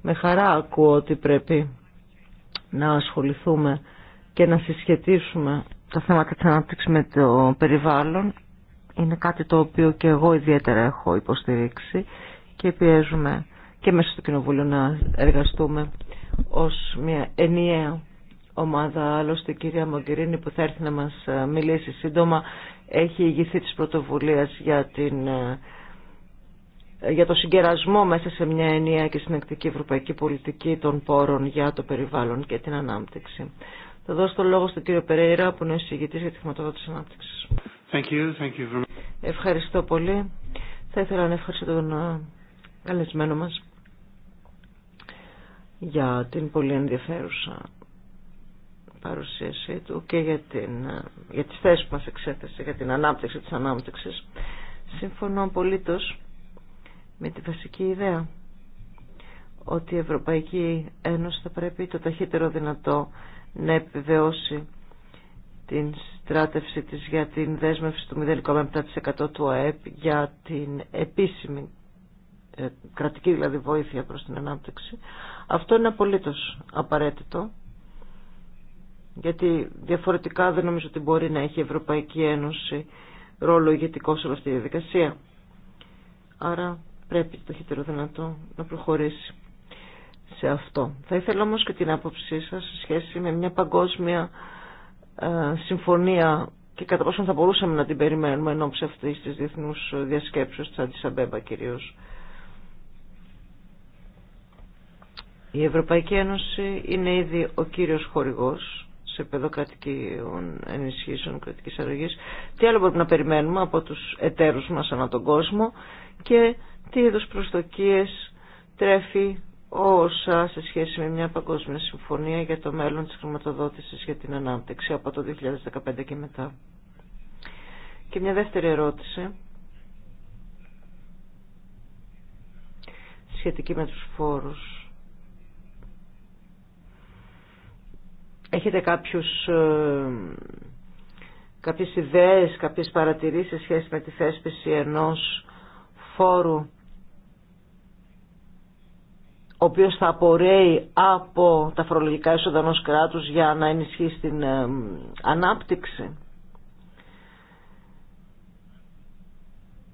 Με χαρά ακούω ότι πρέπει να ασχοληθούμε και να συσχετίσουμε το θέμα της ανάπτυξης με το περιβάλλον είναι κάτι το οποίο και εγώ ιδιαίτερα έχω υποστηρίξει και πιέζουμε και μέσα στο Κοινοβούλιο να εργαστούμε ως μια ενιαία ομάδα. Άλλωστε η κυρία Μογκυρίνη που θα έρθει να μας ε, μιλήσει σύντομα έχει ηγηθεί της πρωτοβουλίας για, την, ε, για το συγκερασμό μέσα σε μια ενιαία και συνεκτική ευρωπαϊκή πολιτική των πόρων για το περιβάλλον και την ανάπτυξη. Θα δώσω το λόγο στον κύριο Περέιρα που είναι ο συγγητή για τη χρηματοδότηση ανάπτυξης. Ευχαριστώ πολύ. Θα ήθελα να ευχαριστήσω τον ε, καλεσμένο μας για την πολύ ενδιαφέρουσα παρουσίασή του και για, την, ε, για τις θέσεις που μας εξέθεσε για την ανάπτυξη της ανάπτυξης. Συμφωνώ απολύτως με τη βασική ιδέα ότι η Ευρωπαϊκή Ένωση θα πρέπει το ταχύτερο δυνατό να επιβεώσει την στράτευση της για την δέσμευση του 0,7% του ΑΕΠ για την επίσημη ε, κρατική δηλαδή βοήθεια προς την ανάπτυξη. Αυτό είναι απολύτως απαραίτητο γιατί διαφορετικά δεν νομίζω ότι μπορεί να έχει η Ευρωπαϊκή Ένωση ρόλο ηγετικό σε όλη αυτή τη διαδικασία. Άρα πρέπει το χειτερό δυνατό να προχωρήσει σε αυτό. Θα ήθελα όμως και την άποψή σας σε σχέση με μια παγκόσμια ε, συμφωνία και κατά πόσο θα μπορούσαμε να την περιμένουμε ενώ σε αυτής της διεθνούς διασκέψεως της Αντισαμπέμπα κυρίως. Η Ευρωπαϊκή Ένωση είναι ήδη ο κύριος χορηγός σε επίπεδο ενισχύσεων, κρατική αρρωγή. Τι άλλο μπορούμε να περιμένουμε από τους εταίρους μας ανά τον κόσμο και τι είδους προσδοκίες τρέφει όσα σε σχέση με μια παγκόσμια συμφωνία για το μέλλον της χρηματοδότησης για την ανάπτυξη από το 2015 και μετά. Και μια δεύτερη ερώτηση σχετική με τους φόρους. Έχετε κάποιους, ε, κάποιες ιδέες, κάποιες παρατηρήσεις σχέση με τη θέσπιση ενός φόρου ...ο οποίος θα απορρέει από τα φορολογικά έσοδα ενός κράτους για να ενισχύσει την ε, ανάπτυξη.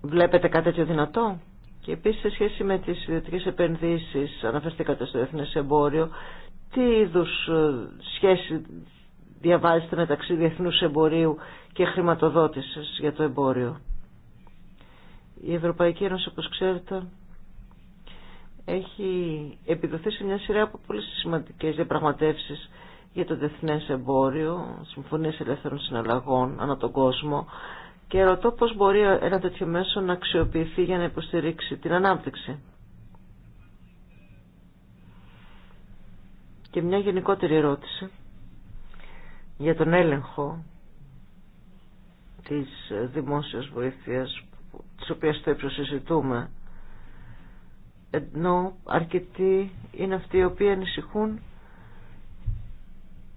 Βλέπετε κάτι τέτοιο δυνατό. Και επίσης σε σχέση με τις ιδιωτικές επενδύσεις, αναφερθήκατε στο διεθνές εμπόριο, τι είδου ε, σχέση διαβάζετε μεταξύ διεθνούς εμπορίου και χρηματοδότησης για το εμπόριο. Η Ευρωπαϊκή Ένωση, όπως ξέρετε, έχει επιδοθεί σε μια σειρά από πολύ σημαντικές διαπραγματεύσεις για το διεθνές εμπόριο, συμφωνίες ελεύθερων συναλλαγών ανά τον κόσμο και ρωτώ πώς μπορεί ένα τέτοιο μέσο να αξιοποιηθεί για να υποστηρίξει την ανάπτυξη. Και μια γενικότερη ερώτηση για τον έλεγχο της δημόσιας βοήθειας, της οποίας το συζητούμε ενώ αρκετοί είναι αυτοί οι οποίοι ανησυχούν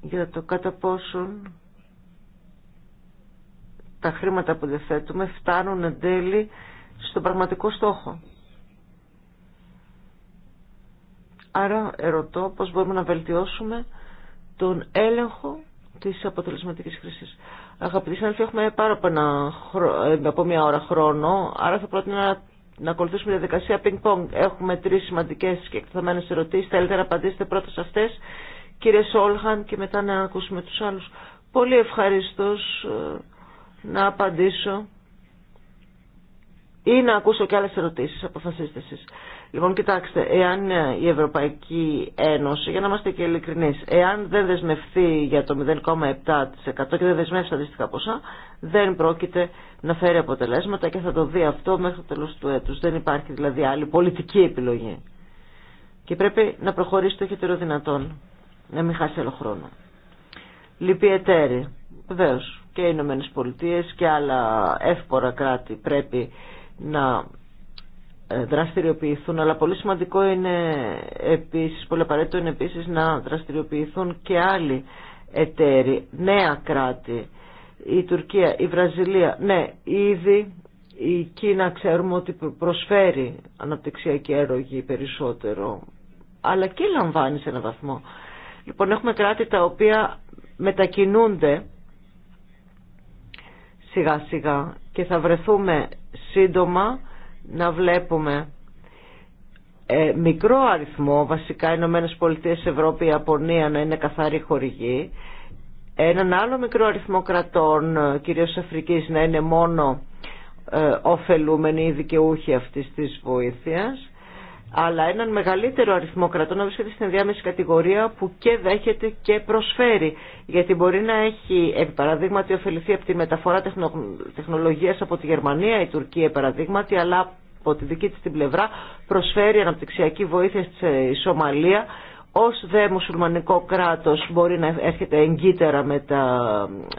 για το κατά πόσον τα χρήματα που διαθέτουμε φτάνουν εν τέλει στον πραγματικό στόχο. Άρα ερωτώ πώς μπορούμε να βελτιώσουμε τον έλεγχο της αποτελεσματικής χρήσης. Αγαπητοί συνάδελφοι, έχουμε πάρα από, μια ώρα χρόνο, άρα θα πρότεινα να να ακολουθήσουμε τη διαδικασία ping-pong. Έχουμε τρει σημαντικέ και εκτεθειμένε ερωτήσει. Θέλετε να απαντήσετε πρώτα σε αυτέ, κύριε Σόλχαν, και μετά να ακούσουμε του άλλου. Πολύ ευχαρίστω ε, να απαντήσω ή να ακούσω και άλλε ερωτήσει. Αποφασίστε εσεί. Λοιπόν, κοιτάξτε, εάν ε, η Ευρωπαϊκή Ένωση, για να είμαστε και ειλικρινεί, εάν δεν δεσμευτεί για το 0,7% και δεν δεσμεύσει τα αντίστοιχα ποσά, δεν πρόκειται να φέρει αποτελέσματα και θα το δει αυτό μέχρι το τέλο του έτου. Δεν υπάρχει δηλαδή άλλη πολιτική επιλογή. Και πρέπει να προχωρήσει το χειρότερο δυνατόν, να μην χάσει άλλο χρόνο. Λυπή εταίρη, βεβαίω και οι Ηνωμένε Πολιτείε και άλλα εύπορα κράτη πρέπει να ε, δραστηριοποιηθούν, αλλά πολύ σημαντικό είναι επίσης, πολύ απαραίτητο είναι επίσης να δραστηριοποιηθούν και άλλοι εταίροι, νέα κράτη, η Τουρκία, η Βραζιλία, ναι, ήδη η Κίνα ξέρουμε ότι προσφέρει αναπτυξιακή έρωγη περισσότερο, αλλά και λαμβάνει σε έναν βαθμό. Λοιπόν, έχουμε κράτη τα οποία μετακινούνται σιγά σιγά και θα βρεθούμε σύντομα να βλέπουμε ε, μικρό αριθμό, βασικά Ηνωμένε Πολιτείες Ευρώπη, να είναι καθαρή χορηγή, έναν άλλο μικρό αριθμό κρατών, ε, κυρίως Αφρικής, να είναι μόνο ε, ωφελούμενοι ή δικαιούχοι αυτής της βοήθειας αλλά έναν μεγαλύτερο αριθμό κρατών να βρίσκεται στην διάμεση κατηγορία που και δέχεται και προσφέρει. Γιατί μπορεί να έχει, επί παραδείγματι, ωφεληθεί από τη μεταφορά τεχνολογίας από τη Γερμανία, η Τουρκία, παραδείγματι, αλλά από τη δική της την πλευρά προσφέρει αναπτυξιακή βοήθεια στη Σομαλία ως δε μουσουλμανικό κράτος μπορεί να έρχεται εγκύτερα με τα,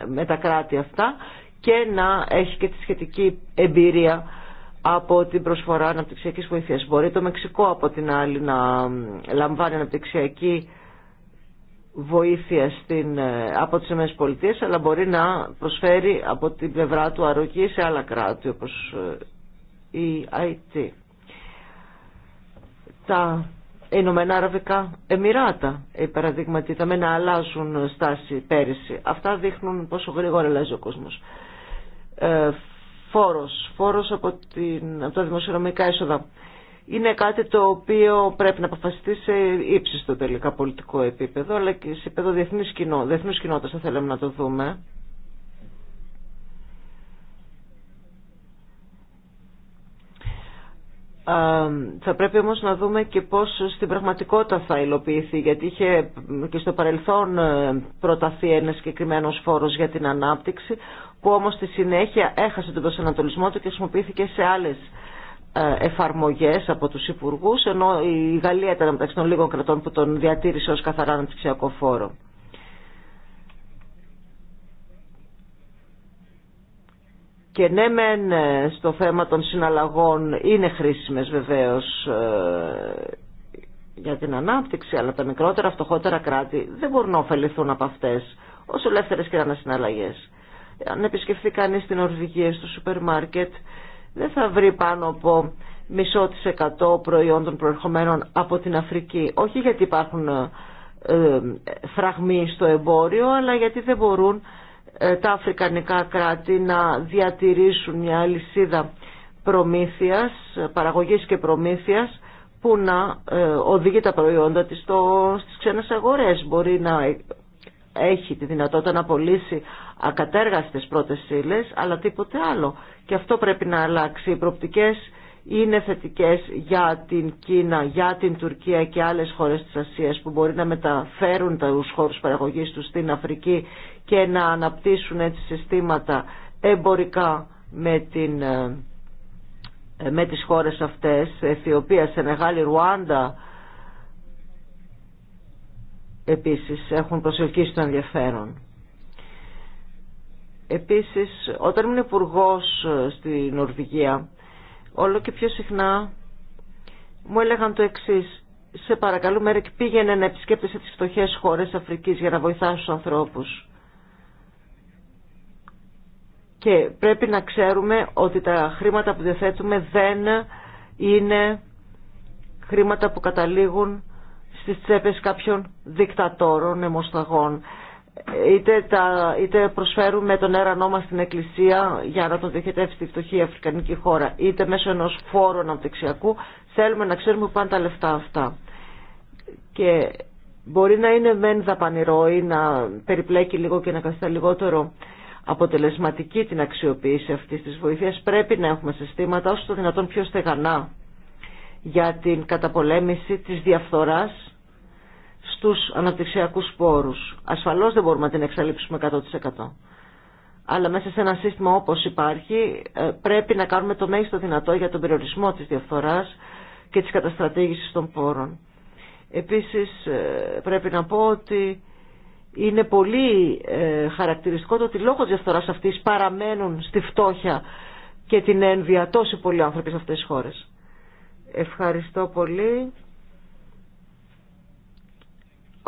με τα κράτη αυτά και να έχει και τη σχετική εμπειρία από την προσφορά αναπτυξιακή βοήθεια. Μπορεί το Μεξικό από την άλλη να λαμβάνει αναπτυξιακή βοήθεια στην, ε, από τις ΗΠΑ αλλά μπορεί να προσφέρει από την πλευρά του αρρωγή σε άλλα κράτη όπως ε, η IT. Τα Ηνωμένα Αραβικά Εμμυράτα, οι παραδείγματι, τα μένα αλλάζουν στάση πέρυσι. Αυτά δείχνουν πόσο γρήγορα αλλάζει ο κόσμος. Ε, φόρος, φόρος από, την, από τα δημοσιονομικά έσοδα. Είναι κάτι το οποίο πρέπει να αποφασιστεί σε ύψιστο τελικά πολιτικό επίπεδο, αλλά και σε επίπεδο διεθνής κοινό, κοινότητας θα θέλαμε να το δούμε. θα πρέπει όμως να δούμε και πώς στην πραγματικότητα θα υλοποιηθεί γιατί είχε και στο παρελθόν ε, προταθεί ένα συγκεκριμένο φόρος για την ανάπτυξη που όμως στη συνέχεια έχασε τον προσανατολισμό του και χρησιμοποιήθηκε σε άλλες ε, εφαρμογές από τους υπουργούς, ενώ η Γαλλία ήταν μεταξύ των λίγων κρατών που τον διατήρησε ως καθαρά αναπτυξιακό φόρο. Και ναι ε, στο θέμα των συναλλαγών είναι χρήσιμες βεβαίως ε, για την ανάπτυξη, αλλά τα μικρότερα φτωχότερα κράτη δεν μπορούν να ωφεληθούν από αυτές, όσο ελεύθερες και να συναλλαγές αν επισκεφθεί κανείς την Ορβηγία στο σούπερ μάρκετ, δεν θα βρει πάνω από μισό της εκατό προϊόντων προερχομένων από την Αφρική. Όχι γιατί υπάρχουν ε, ε φραγμοί στο εμπόριο, αλλά γιατί δεν μπορούν ε, τα αφρικανικά κράτη να διατηρήσουν μια αλυσίδα προμήθειας, παραγωγής και προμήθειας, που να ε, οδηγεί τα προϊόντα της στο, στις ξένες αγορές. Μπορεί να έχει τη δυνατότητα να πωλήσει ακατέργαστες πρώτες ύλε, αλλά τίποτε άλλο. Και αυτό πρέπει να αλλάξει. Οι προπτικές είναι θετικές για την Κίνα, για την Τουρκία και άλλες χώρες της Ασίας που μπορεί να μεταφέρουν τους χώρους παραγωγής τους στην Αφρική και να αναπτύσσουν έτσι συστήματα εμπορικά με, την, ε, με τις χώρες αυτές, Αιθιοπία, Σενεγάλη, Ρουάντα, επίσης έχουν προσελκύσει το ενδιαφέρον. Επίσης, όταν ήμουν υπουργό ε, στη Νορβηγία, όλο και πιο συχνά μου έλεγαν το εξής. Σε παρακαλώ, Μέρεκ, πήγαινε να επισκέπτεσαι τις φτωχές χώρες Αφρικής για να βοηθάς τους ανθρώπους. Και πρέπει να ξέρουμε ότι τα χρήματα που διαθέτουμε δεν είναι χρήματα που καταλήγουν στις τσέπες κάποιων δικτατόρων, αιμοσταγών. Είτε, τα, είτε προσφέρουμε τον έρανό μας στην εκκλησία για να τον διοχετεύσει τη φτωχή αφρικανική χώρα, είτε μέσω ενός φόρου αναπτυξιακού, θέλουμε να ξέρουμε πάντα τα λεφτά αυτά. Και μπορεί να είναι μεν δαπανηρό ή να περιπλέκει λίγο και να καθιστά λιγότερο αποτελεσματική την αξιοποίηση αυτής της βοήθειας. Πρέπει να έχουμε συστήματα όσο το δυνατόν πιο στεγανά για την καταπολέμηση της διαφθοράς τους αναπτυξιακούς σπόρους. Ασφαλώς δεν μπορούμε να την εξαλείψουμε 100%. Αλλά μέσα σε ένα σύστημα όπως υπάρχει ε, πρέπει να κάνουμε το μέγιστο δυνατό για τον περιορισμό της διαφθοράς και της καταστρατήγησης των πόρων. Επίσης ε, πρέπει να πω ότι είναι πολύ ε, χαρακτηριστικό το ότι λόγω της διαφθοράς αυτής παραμένουν στη φτώχεια και την ένδυα τόσοι πολλοί άνθρωποι σε αυτές τις χώρες. Ευχαριστώ πολύ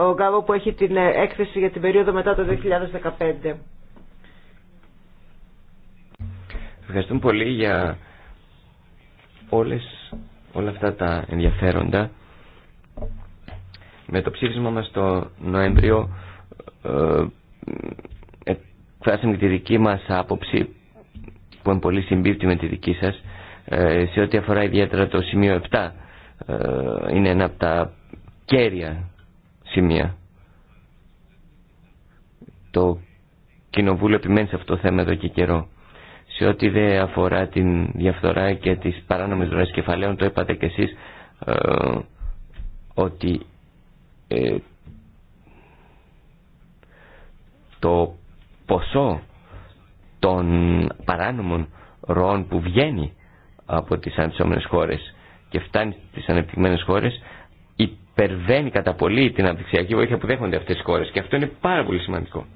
ο Γκάβο που έχει την ε, έκθεση για την περίοδο μετά το 2015. Ευχαριστούμε πολύ για όλες, όλα αυτά τα ενδιαφέροντα. Με το ψήφισμα μας το Νοέμβριο ε, εκφράσαμε τη δική μας άποψη που είναι πολύ συμπίπτη με τη δική σας ε, σε ό,τι αφορά ιδιαίτερα το σημείο 7 είναι ένα από τα κέρια σημεία. Το Κοινοβούλιο επιμένει σε αυτό το θέμα εδώ και καιρό. Σε ό,τι δεν αφορά την διαφθορά και τις παράνομες δωρές κεφαλαίων, το είπατε κι εσείς ε, ότι ε, το ποσό των παράνομων ροών που βγαίνει από τις ανεπτυγμένες χώρες και φτάνει στις ανεπτυγμένες χώρες υπερβαίνει κατά πολύ την αναπτυξιακή βοήθεια που δέχονται αυτές τις χώρες και αυτό είναι πάρα πολύ σημαντικό.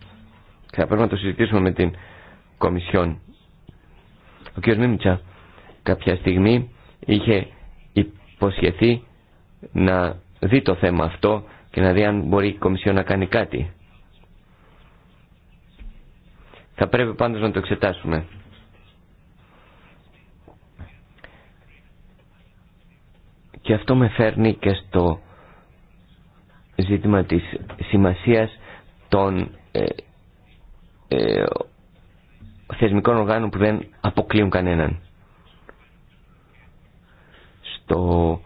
θα πρέπει να το συζητήσουμε με την Κομισιόν. Ο κ. Μίμητσα κάποια στιγμή είχε υποσχεθεί να δει το θέμα αυτό και να δει αν μπορεί η Κομισιόν να κάνει κάτι. Θα πρέπει πάντως να το εξετάσουμε. Και αυτό με φέρνει και στο ζήτημα της σημασίας των ε, ε, θεσμικών οργάνων που δεν αποκλείουν κανέναν. Στο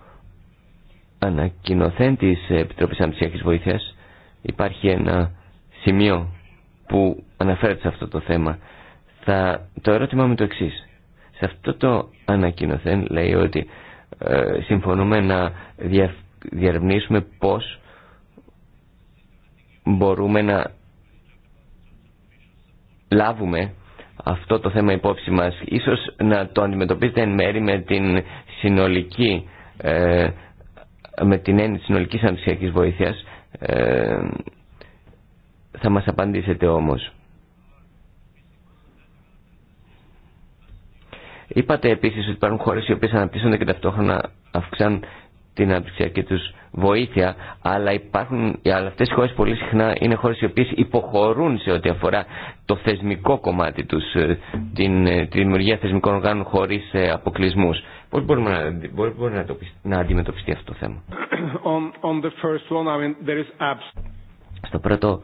ανακοινωθέν της Επιτροπής Αμψιακής Βοήθειας υπάρχει ένα σημείο που αναφέρεται σε αυτό το θέμα. Θα, το ερώτημα μου το εξή. Σε αυτό το ανακοινωθέν λέει ότι ε, συμφωνούμε να δια, πώς μπορούμε να λάβουμε αυτό το θέμα υπόψη μας. Ίσως να το αντιμετωπίσετε εν μέρη με την συνολική ε, με την έννοια της συνολικής αναψυχιακής βοήθειας ε, θα μας απαντήσετε όμως. Είπατε επίσης ότι υπάρχουν χώρες οι οποίες αναπτύσσονται και ταυτόχρονα αυξάνουν την και τους βοήθεια, αλλά, υπάρχουν, αλλά αυτές οι χώρες πολύ συχνά είναι χώρες οι οποίες υποχωρούν σε ό,τι αφορά το θεσμικό κομμάτι τους, ε, την, ε, τη δημιουργία θεσμικών οργάνων χωρίς ε, αποκλεισμούς. Πώς μπορούμε, να, μπορούμε να, αντιμετωπιστεί αυτό το θέμα. [coughs] On, on the first one, I mean, there is Στο πρώτο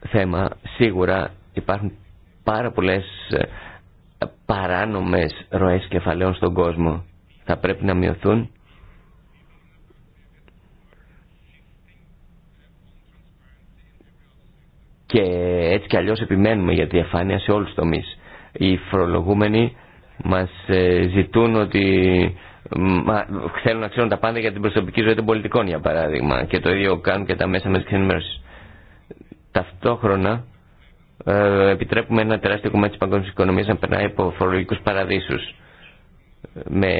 θέμα, σίγουρα υπάρχουν πάρα πολλές παράνομες ροές κεφαλαίων στον κόσμο θα πρέπει να μειωθούν και έτσι κι αλλιώς επιμένουμε για τη διαφάνεια σε όλους τους τομείς. Οι φορολογούμενοι μας ε, ζητούν ότι θέλουν να ξέρουν τα πάντα για την προσωπική ζωή των πολιτικών για παράδειγμα και το ίδιο κάνουν και τα μέσα με τις ενημέρωσης. Ταυτόχρονα ε, επιτρέπουμε ένα τεράστιο κομμάτι της παγκόσμιας οικονομίας να περνάει από φορολογικούς παραδείσους με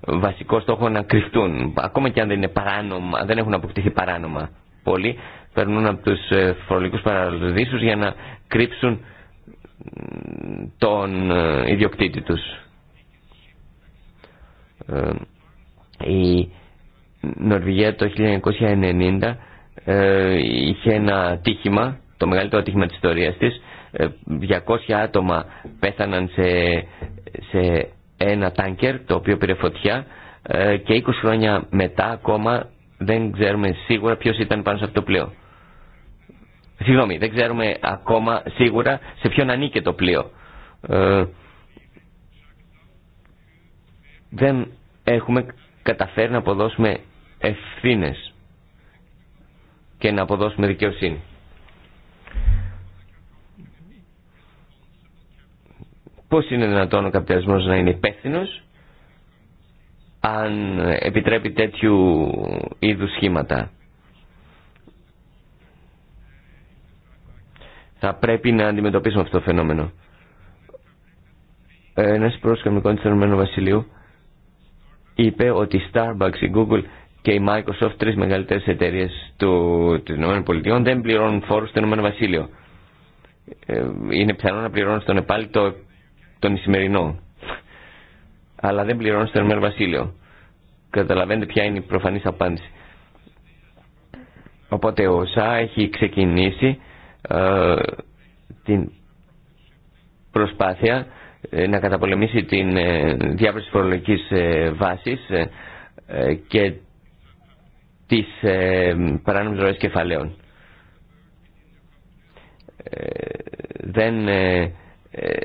βασικό στόχο να κρυφτούν. Ακόμα και αν δεν, είναι παράνομα, δεν έχουν αποκτηθεί παράνομα πολλοί, περνούν από τους ε, φορολογικούς παραδείσους για να κρύψουν τον ε, ιδιοκτήτη τους. Ε, η Νορβηγία το 1990 είχε ένα τύχημα, το μεγαλύτερο τύχημα της ιστορίας της, 200 άτομα πέθαναν σε, σε ένα τάνκερ το οποίο πήρε φωτιά ε, και 20 χρόνια μετά ακόμα δεν ξέρουμε σίγουρα ποιος ήταν πάνω σε αυτό το πλοίο. Συγγνώμη, δεν ξέρουμε ακόμα σίγουρα σε ποιον ανήκε το πλοίο. Ε, δεν έχουμε καταφέρει να αποδώσουμε ευθύνες και να αποδώσουμε δικαιοσύνη. πώς είναι δυνατόν ο καπιταλισμός να είναι υπεύθυνο αν επιτρέπει τέτοιου είδους σχήματα. Θα πρέπει να αντιμετωπίσουμε αυτό το φαινόμενο. Ένας πρόσκαμικών του της Ενωμένου Βασιλείου είπε ότι η Starbucks, η Google και η Microsoft, τρεις μεγαλύτερες εταιρείες του, των Πολιτειών δεν πληρώνουν φόρους στο Ηνωμένο Βασίλειο. Ε, είναι πιθανό να πληρώνουν στον ΕΠΑΛ το τον Ισημερινό Αλλά δεν πληρώνω στον Βασίλειο. Καταλαβαίνετε ποια είναι η προφανής απάντηση. Οπότε ο ΣΑ έχει ξεκινήσει ε, την προσπάθεια ε, να καταπολεμήσει την ε, διάβρωση φορολογικής ε, βάσης και τις παράνομες ροές κεφαλαίων. Δεν ε,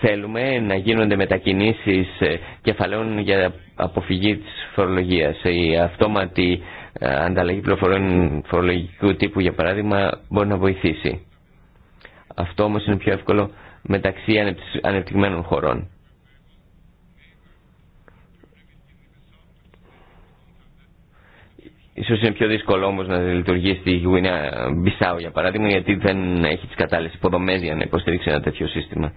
θέλουμε να γίνονται μετακινήσεις ε, κεφαλαίων για αποφυγή της φορολογίας. Η αυτόματη ε, ανταλλαγή πληροφοριών φορολογικού τύπου, για παράδειγμα, μπορεί να βοηθήσει. Αυτό όμως είναι πιο εύκολο μεταξύ ανεπτυγμένων χωρών. Ίσως είναι πιο δύσκολο όμως να λειτουργήσει στη Γουινέα Μπισάου για παράδειγμα γιατί δεν έχει τις κατάλληλες υποδομές για να υποστηρίξει ένα τέτοιο σύστημα.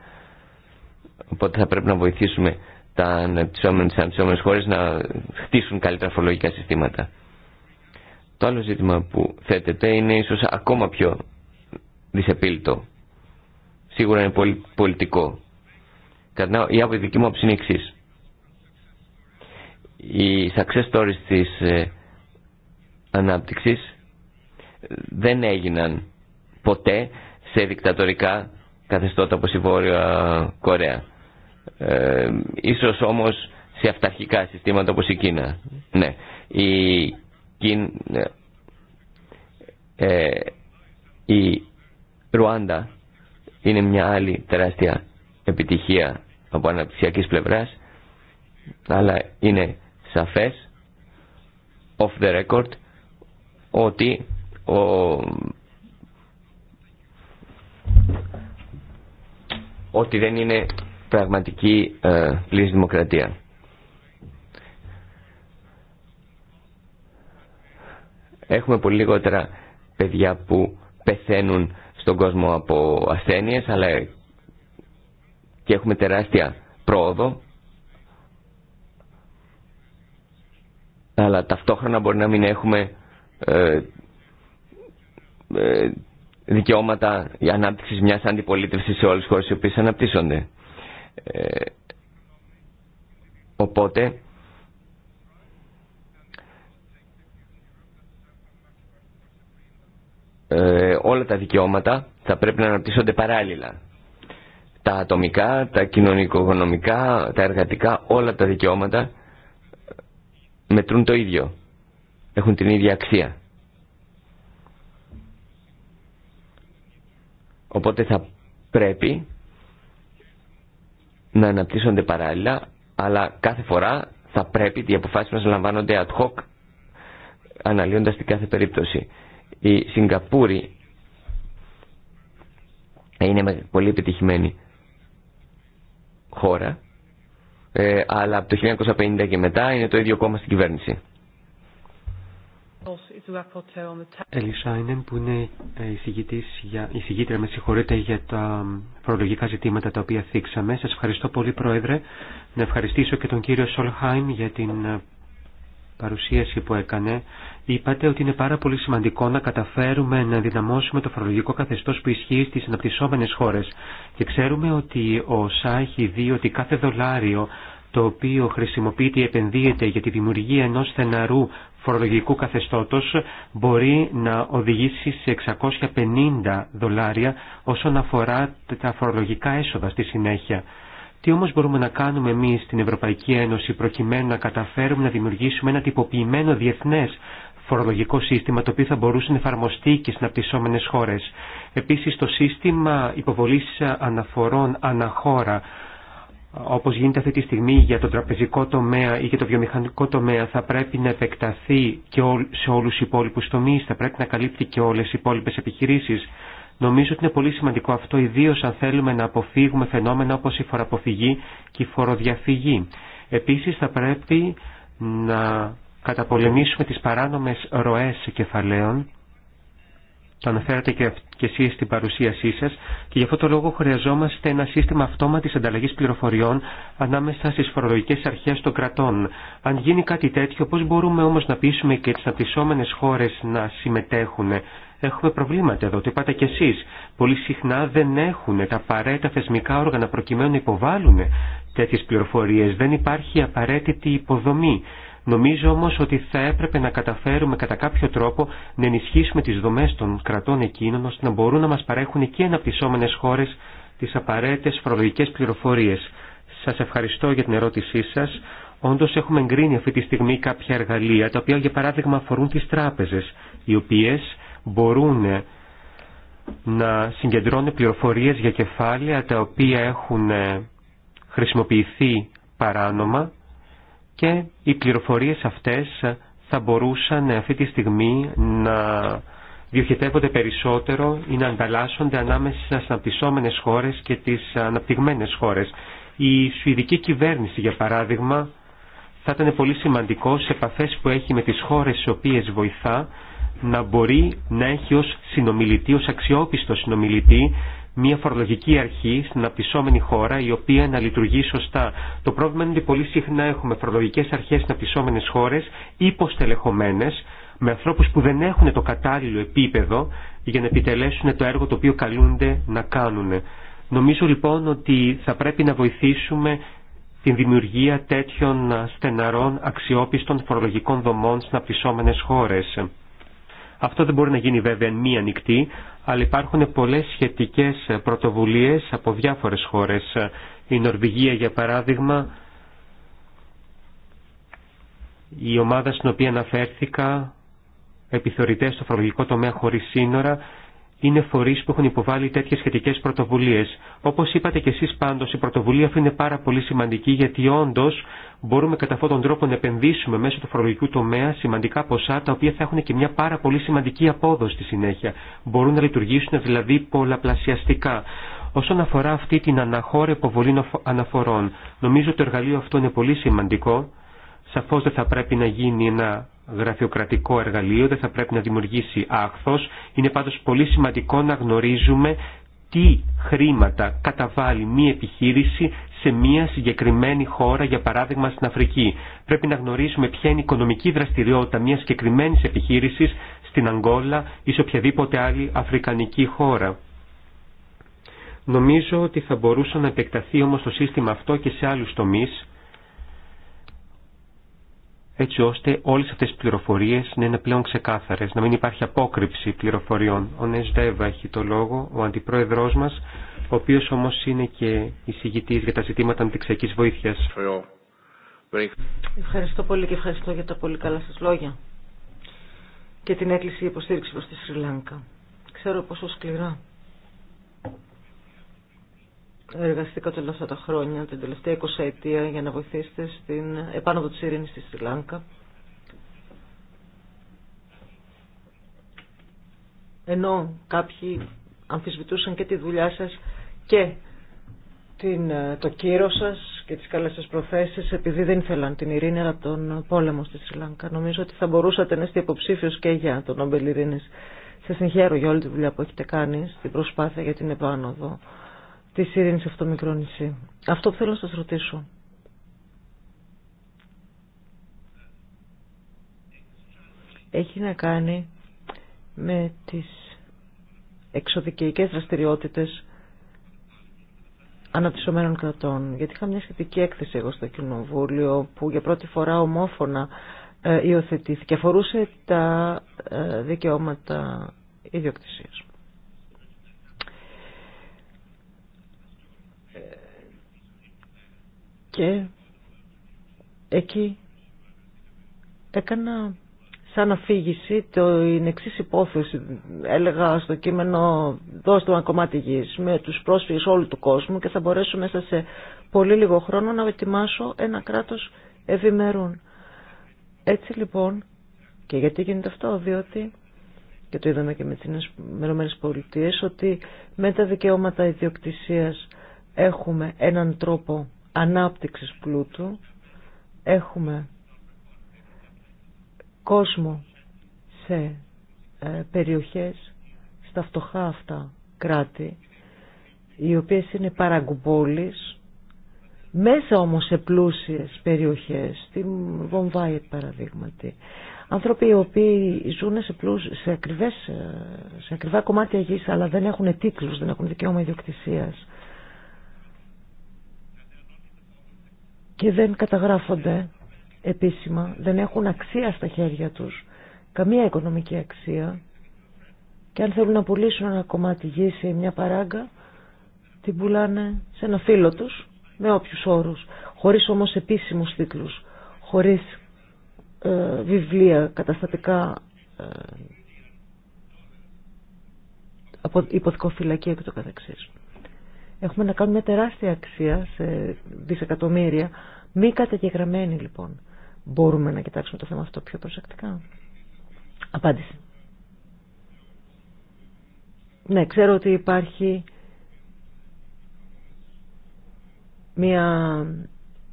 Οπότε θα πρέπει να βοηθήσουμε τα ανεπτυσσόμενες χώρες να χτίσουν καλύτερα φορολογικά συστήματα. Το άλλο ζήτημα που θέτεται είναι ίσως ακόμα πιο δυσεπίλητο. Σίγουρα είναι πολύ πολιτικό. Κατά η άποψη δική μου άποψη είναι εξή. Οι success stories της ε, ανάπτυξης δεν έγιναν ποτέ σε δικτατορικά καθεστώτα όπως η Βόρεια Κορέα. Ε, ίσως όμως σε αυταρχικά συστήματα όπως η Κίνα. Ναι. Η, Κίν, ε, ε, η Ρουάντα είναι μια άλλη τεράστια επιτυχία από αναπτυσιακής πλευράς αλλά είναι σαφές off the record ότι ο... ότι δεν είναι πραγματική ε, πλήρης δημοκρατία. Έχουμε πολύ λιγότερα παιδιά που πεθαίνουν στον κόσμο από ασθένειες, αλλά και έχουμε τεράστια πρόοδο, αλλά ταυτόχρονα μπορεί να μην έχουμε ε, ε, δικαιώματα για ανάπτυξη μιας αντιπολίτευσης σε όλες τις χώρες οι οποίες αναπτύσσονται. Ε, οπότε, ε, όλα τα δικαιώματα θα πρέπει να αναπτύσσονται παράλληλα. Τα ατομικά, τα κοινωνικο τα εργατικά, όλα τα δικαιώματα μετρούν το ίδιο έχουν την ίδια αξία. Οπότε θα πρέπει να αναπτύσσονται παράλληλα, αλλά κάθε φορά θα πρέπει οι αποφάσεις μας να λαμβάνονται ad hoc, αναλύοντας την κάθε περίπτωση. Η Σιγκαπούρη είναι πολύ επιτυχημένη χώρα, ε, αλλά από το 1950 και μετά είναι το ίδιο κόμμα στην κυβέρνηση. Ελισάινεν που είναι ε, η συγγήτρια, με συγχωρείτε, για τα φορολογικά ζητήματα τα οποία θίξαμε. Σας ευχαριστώ πολύ Πρόεδρε. Να ευχαριστήσω και τον κύριο Σολχάιμ για την ε, παρουσίαση που έκανε. Είπατε ότι είναι πάρα πολύ σημαντικό να καταφέρουμε να δυναμώσουμε το φορολογικό καθεστώς που ισχύει στις αναπτυσσόμενες χώρες. Και ξέρουμε ότι ο ΣΑ έχει δει ότι κάθε δολάριο το οποίο χρησιμοποιείται ή επενδύεται για τη δημιουργία ενό στεναρού φορολογικού καθεστώτος μπορεί να οδηγήσει σε 650 δολάρια όσον αφορά τα φορολογικά έσοδα στη συνέχεια. Τι όμως μπορούμε να κάνουμε εμείς στην Ευρωπαϊκή Ένωση προκειμένου να καταφέρουμε να δημιουργήσουμε ένα τυποποιημένο διεθνές φορολογικό σύστημα το οποίο θα μπορούσε να εφαρμοστεί και στις αναπτυσσόμενες χώρες. Επίσης το σύστημα υποβολής αναφορών αναχώρα όπως γίνεται αυτή τη στιγμή για το τραπεζικό τομέα ή για το βιομηχανικό τομέα, θα πρέπει να επεκταθεί και σε όλους τους υπόλοιπους τομείς, θα πρέπει να καλύπτει και όλες οι υπόλοιπες επιχειρήσεις. Νομίζω ότι είναι πολύ σημαντικό αυτό, ιδίω αν θέλουμε να αποφύγουμε φαινόμενα όπως η φοροαποφυγή και η φοροδιαφυγή. Επίσης θα πρέπει να καταπολεμήσουμε τις παράνομες ροές κεφαλαίων, το αναφέρατε και, εσείς στην παρουσίασή σας και γι' αυτό το λόγο χρειαζόμαστε ένα σύστημα αυτόματης ανταλλαγής πληροφοριών ανάμεσα στις φορολογικές αρχές των κρατών. Αν γίνει κάτι τέτοιο, πώς μπορούμε όμως να πείσουμε και τις απτυσσόμενες χώρες να συμμετέχουν. Έχουμε προβλήματα εδώ, το είπατε κι εσείς. Πολύ συχνά δεν έχουν τα απαραίτητα θεσμικά όργανα προκειμένου να υποβάλουν τέτοιες πληροφορίες. Δεν υπάρχει απαραίτητη υποδομή. Νομίζω όμως ότι θα έπρεπε να καταφέρουμε κατά κάποιο τρόπο να ενισχύσουμε τις δομές των κρατών εκείνων ώστε να μπορούν να μας παρέχουν και αναπτυσσόμενες χώρες τις απαραίτητες φορολογικές πληροφορίες. Σας ευχαριστώ για την ερώτησή σας. Όντως έχουμε εγκρίνει αυτή τη στιγμή κάποια εργαλεία τα οποία για παράδειγμα αφορούν τις τράπεζες οι οποίες μπορούν να συγκεντρώνουν πληροφορίες για κεφάλαια τα οποία έχουν ε, χρησιμοποιηθεί παράνομα και οι πληροφορίες αυτές θα μπορούσαν αυτή τη στιγμή να διοχετεύονται περισσότερο ή να ανταλλάσσονται ανάμεσα στις αναπτυσσόμενες χώρες και τις αναπτυγμένες χώρες. Η Σουηδική κυβέρνηση, για παράδειγμα, θα ήταν πολύ σημαντικό σε επαφές που έχει με τις χώρες στις οποίες βοηθά να μπορεί να έχει ως συνομιλητή, ως αξιόπιστο συνομιλητή μια φορολογική αρχή στην απτυσσόμενη χώρα η οποία να λειτουργεί σωστά. Το πρόβλημα είναι ότι πολύ συχνά έχουμε φορολογικέ αρχέ στην απτυσσόμενη χώρε υποστελεχωμένε με ανθρώπου που δεν έχουν το κατάλληλο επίπεδο για να επιτελέσουν το έργο το οποίο καλούνται να κάνουν. Νομίζω λοιπόν ότι θα πρέπει να βοηθήσουμε την δημιουργία τέτοιων στεναρών αξιόπιστων φορολογικών δομών στις απτυσσόμενη χώρες. Αυτό δεν μπορεί να γίνει βέβαια μία νυχτή, αλλά υπάρχουν πολλές σχετικές πρωτοβουλίες από διάφορες χώρες. Η Νορβηγία για παράδειγμα, η ομάδα στην οποία αναφέρθηκα, επιθεωρητές στο φορολογικό τομέα χωρίς σύνορα, είναι φορεί που έχουν υποβάλει τέτοιε σχετικέ πρωτοβουλίε. Όπω είπατε κι εσεί πάντω, η πρωτοβουλία αυτή είναι πάρα πολύ σημαντική γιατί όντω μπορούμε κατά αυτόν τον τρόπο να επενδύσουμε μέσω του φορολογικού τομέα σημαντικά ποσά τα οποία θα έχουν και μια πάρα πολύ σημαντική απόδοση στη συνέχεια. Μπορούν να λειτουργήσουν δηλαδή πολλαπλασιαστικά. Όσον αφορά αυτή την αναχώρη υποβολή αναφορών, νομίζω ότι το εργαλείο αυτό είναι πολύ σημαντικό. Σαφώ δεν θα πρέπει να γίνει ένα γραφειοκρατικό εργαλείο, δεν θα πρέπει να δημιουργήσει άχθος. Είναι πάντως πολύ σημαντικό να γνωρίζουμε τι χρήματα καταβάλει μία επιχείρηση σε μία συγκεκριμένη χώρα, για παράδειγμα στην Αφρική. Πρέπει να γνωρίζουμε ποια είναι η οικονομική δραστηριότητα μιας συγκεκριμένης επιχείρησης στην Αγγόλα ή σε οποιαδήποτε άλλη αφρικανική χώρα. Νομίζω ότι θα μπορούσε να επεκταθεί όμως το σύστημα αυτό και σε άλλους τομείς έτσι ώστε όλες αυτές οι πληροφορίες να είναι πλέον ξεκάθαρες, να μην υπάρχει απόκρυψη πληροφοριών. Ο Νέσ έχει το λόγο, ο αντιπρόεδρο μα, ο οποίος όμως είναι και εισηγητή για τα ζητήματα αντιξιακή βοήθειας. Ευχαριστώ πολύ και ευχαριστώ για τα πολύ καλά σας λόγια και την έκκληση υποστήριξη προ τη Σρι Λάνκα. Ξέρω πόσο σκληρά εργαστήκατε όλα αυτά τα χρόνια, την τελευταία 20 ετία, για να βοηθήσετε στην επάνωδο της ειρήνης στη Σιλάνκα. Ενώ κάποιοι αμφισβητούσαν και τη δουλειά σας και την, το κύρο σας και τις καλές σας προθέσεις επειδή δεν ήθελαν την ειρήνη αλλά τον πόλεμο στη Σιλάνκα. Νομίζω ότι θα μπορούσατε να είστε υποψήφιος και για τον Νόμπελ Ειρήνης. Σας συγχαίρω για όλη τη δουλειά που έχετε κάνει στην προσπάθεια για την επάνωδο της σε αυτό το μικρό νησί. Αυτό που θέλω να σα ρωτήσω. Έχει να κάνει με τις εξωδικαιικές δραστηριότητες αναπτυσσομένων κρατών. Γιατί είχα μια σχετική έκθεση εγώ στο Κοινοβούλιο που για πρώτη φορά ομόφωνα ε, υιοθετήθηκε. Αφορούσε τα ε, δικαιώματα ιδιοκτησίας. και εκεί έκανα σαν αφήγηση το εξή υπόθεση. Έλεγα στο κείμενο δώστε ένα κομμάτι γης με τους πρόσφυγες όλου του κόσμου και θα μπορέσω μέσα σε πολύ λίγο χρόνο να ετοιμάσω ένα κράτος ευημερούν. Έτσι λοιπόν, και γιατί γίνεται αυτό, διότι και το είδαμε και με τις Ηνωμένες Πολιτείες, ότι με τα δικαιώματα ιδιοκτησίας έχουμε έναν τρόπο ανάπτυξης πλούτου έχουμε κόσμο σε ε, περιοχές στα φτωχά αυτά κράτη οι οποίες είναι παραγκουμπόλεις μέσα όμως σε πλούσιες περιοχές στη Βομβάη παραδείγματι άνθρωποι οι οποίοι ζουν σε, σε, ε, σε ακριβά κομμάτια γης αλλά δεν έχουν τίτλους, δεν έχουν δικαίωμα ιδιοκτησίας και δεν καταγράφονται επίσημα, δεν έχουν αξία στα χέρια τους, καμία οικονομική αξία και αν θέλουν να πουλήσουν ένα κομμάτι γης ή μια παράγκα, την πουλάνε σε ένα φίλο τους, με όποιους όρους, χωρίς όμως επίσημους τίτλους, χωρίς ε, βιβλία, καταστατικά ε, από και το καθεξής. Έχουμε να κάνουμε μια τεράστια αξία σε δισεκατομμύρια, μη καταγεγραμμένη λοιπόν. Μπορούμε να κοιτάξουμε το θέμα αυτό πιο προσεκτικά. Απάντηση. Ναι, ξέρω ότι υπάρχει μια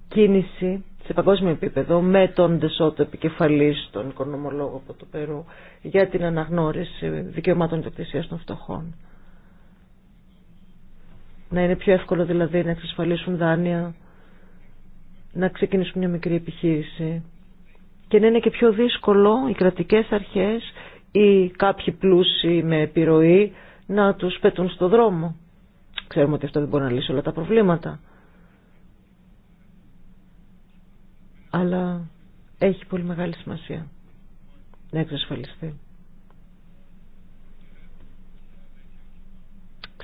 κίνηση σε παγκόσμιο επίπεδο με τον Ντεσότο επικεφαλή τον οικονομολόγο από το Περού, για την αναγνώριση δικαιωμάτων ιδιοκτησίας των φτωχών να είναι πιο εύκολο δηλαδή να εξασφαλίσουν δάνεια, να ξεκινήσουν μια μικρή επιχείρηση και να είναι και πιο δύσκολο οι κρατικές αρχές ή κάποιοι πλούσιοι με επιρροή να τους πετούν στο δρόμο. Ξέρουμε ότι αυτό δεν μπορεί να λύσει όλα τα προβλήματα. Αλλά έχει πολύ μεγάλη σημασία να εξασφαλιστεί.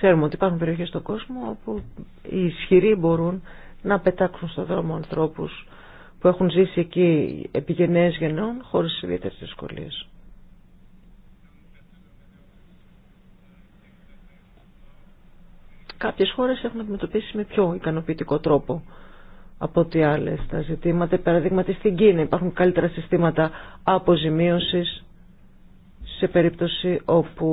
Ξέρουμε ότι υπάρχουν περιοχές στον κόσμο όπου οι ισχυροί μπορούν να πετάξουν στο δρόμο ανθρώπους που έχουν ζήσει εκεί γενναίες γεννών χωρίς ιδιαίτερες δυσκολίες. Κάποιες χώρες έχουν αντιμετωπίσει με πιο ικανοποιητικό τρόπο από ό,τι άλλες τα ζητήματα. Παραδείγματι στην Κίνα υπάρχουν καλύτερα συστήματα αποζημίωσης σε περίπτωση όπου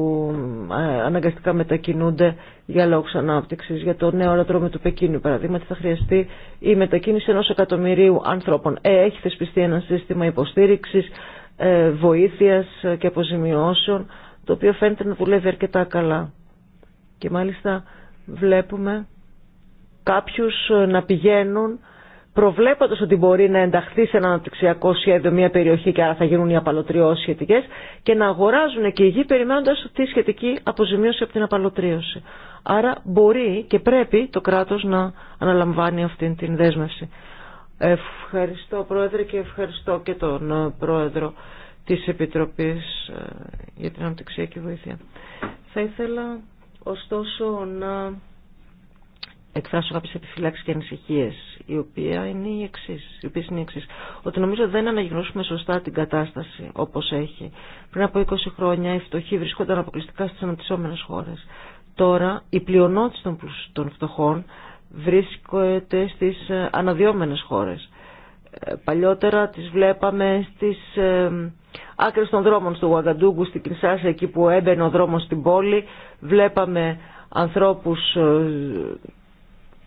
ε, αναγκαστικά μετακινούνται για λόγους ανάπτυξης. Για το νέο αεροδρόμιο του Πεκίνου, παραδείγματι, θα χρειαστεί η μετακίνηση ενός εκατομμυρίου ανθρώπων. Ε, έχει θεσπιστεί ένα σύστημα υποστήριξης, ε, βοήθειας και αποζημιώσεων, το οποίο φαίνεται να δουλεύει αρκετά καλά. Και μάλιστα βλέπουμε κάποιους να πηγαίνουν Προβλέποντα ότι μπορεί να ενταχθεί σε ένα αναπτυξιακό σχέδιο μια περιοχή και άρα θα γίνουν οι απαλωτριώσει σχετικέ, και να αγοράζουν και η γη περιμένοντα τη σχετική αποζημίωση από την απαλωτρίωση. Άρα μπορεί και πρέπει το κράτο να αναλαμβάνει αυτή την δέσμευση. Ευχαριστώ Πρόεδρε και ευχαριστώ και τον ε, Πρόεδρο της Επιτροπής ε, για την Αναπτυξιακή Βοήθεια. Θα ήθελα ωστόσο να εκφράσω κάποιες επιφυλάξεις και ανησυχίες η οποία είναι η εξή, η οποία είναι η εξής, ότι νομίζω δεν αναγνώσουμε σωστά την κατάσταση όπως έχει. Πριν από 20 χρόνια οι φτωχοί βρισκόταν αποκλειστικά στι αναπτυσσόμενε χώρες. Τώρα η πλειονότητα των φτωχών βρίσκεται στις ε, αναδυόμενε χώρες. Ε, παλιότερα τις βλέπαμε στις ε, άκρες των δρόμων στο Γουαγκαντούγκου, στην Κινσάσα, εκεί που έμπαινε ο δρόμος στην πόλη. Βλέπαμε ανθρώπους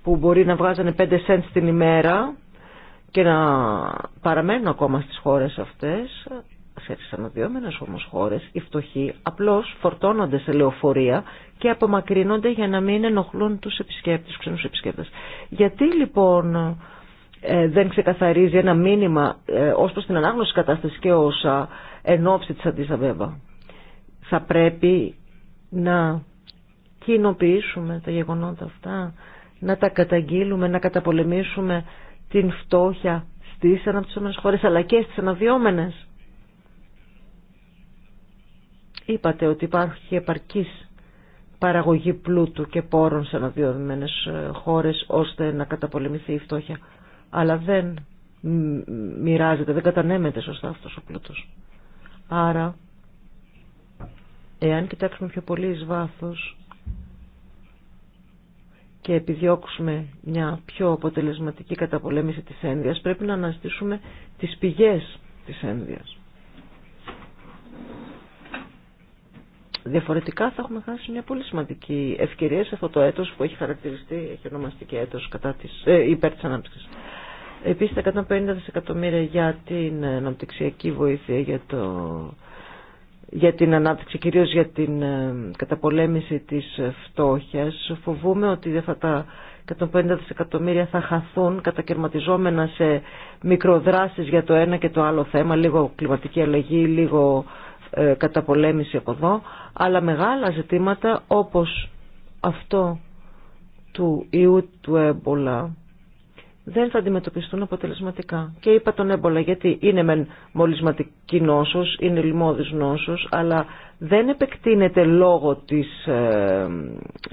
που μπορεί να βγάζανε 5 cents την ημέρα και να παραμένουν ακόμα στις χώρες αυτές, σε αναδυόμενες όμως χώρες, οι φτωχοί απλώς φορτώνονται σε λεωφορεία και απομακρύνονται για να μην ενοχλούν τους επισκέπτες, τους ξένους επισκέπτες. Γιατί λοιπόν ε, δεν ξεκαθαρίζει ένα μήνυμα ε, ως προς την ανάγνωση κατάσταση και όσα ενόψη της βέβαια. Θα πρέπει να κοινοποιήσουμε τα γεγονότα αυτά να τα καταγγείλουμε, να καταπολεμήσουμε την φτώχεια στις αναπτυσσόμενες χώρες αλλά και στις αναδυόμενες. Είπατε ότι υπάρχει επαρκής παραγωγή πλούτου και πόρων σε αναδυόμενες ε, χώρες ώστε να καταπολεμηθεί η φτώχεια. Αλλά δεν μοιράζεται, δεν κατανέμεται σωστά αυτός ο πλούτος. Άρα, εάν κοιτάξουμε πιο πολύ εις βάθος, και επιδιώξουμε μια πιο αποτελεσματική καταπολέμηση της ένδυας, πρέπει να αναστήσουμε τις πηγές της ένδυας. Διαφορετικά θα έχουμε χάσει μια πολύ σημαντική ευκαιρία σε αυτό το έτος που έχει χαρακτηριστεί, έχει ονομαστεί και έτος κατά της, ε, υπέρ της ανάπτυξης. Επίσης τα 150 δισεκατομμύρια για την αναπτυξιακή βοήθεια για το για την ανάπτυξη, κυρίως για την ε, καταπολέμηση της φτώχειας. Φοβούμε ότι αυτά τα 150 δισεκατομμύρια θα χαθούν κατακαιρματιζόμενα σε μικροδράσεις για το ένα και το άλλο θέμα, λίγο κλιματική αλλαγή, λίγο ε, καταπολέμηση από εδώ, αλλά μεγάλα ζητήματα όπως αυτό του ιού του έμπολα δεν θα αντιμετωπιστούν αποτελεσματικά. Και είπα τον έμπολα γιατί είναι μεν μολυσματική νόσος, είναι λοιμώδης νόσος, αλλά δεν επεκτείνεται λόγω της, ε,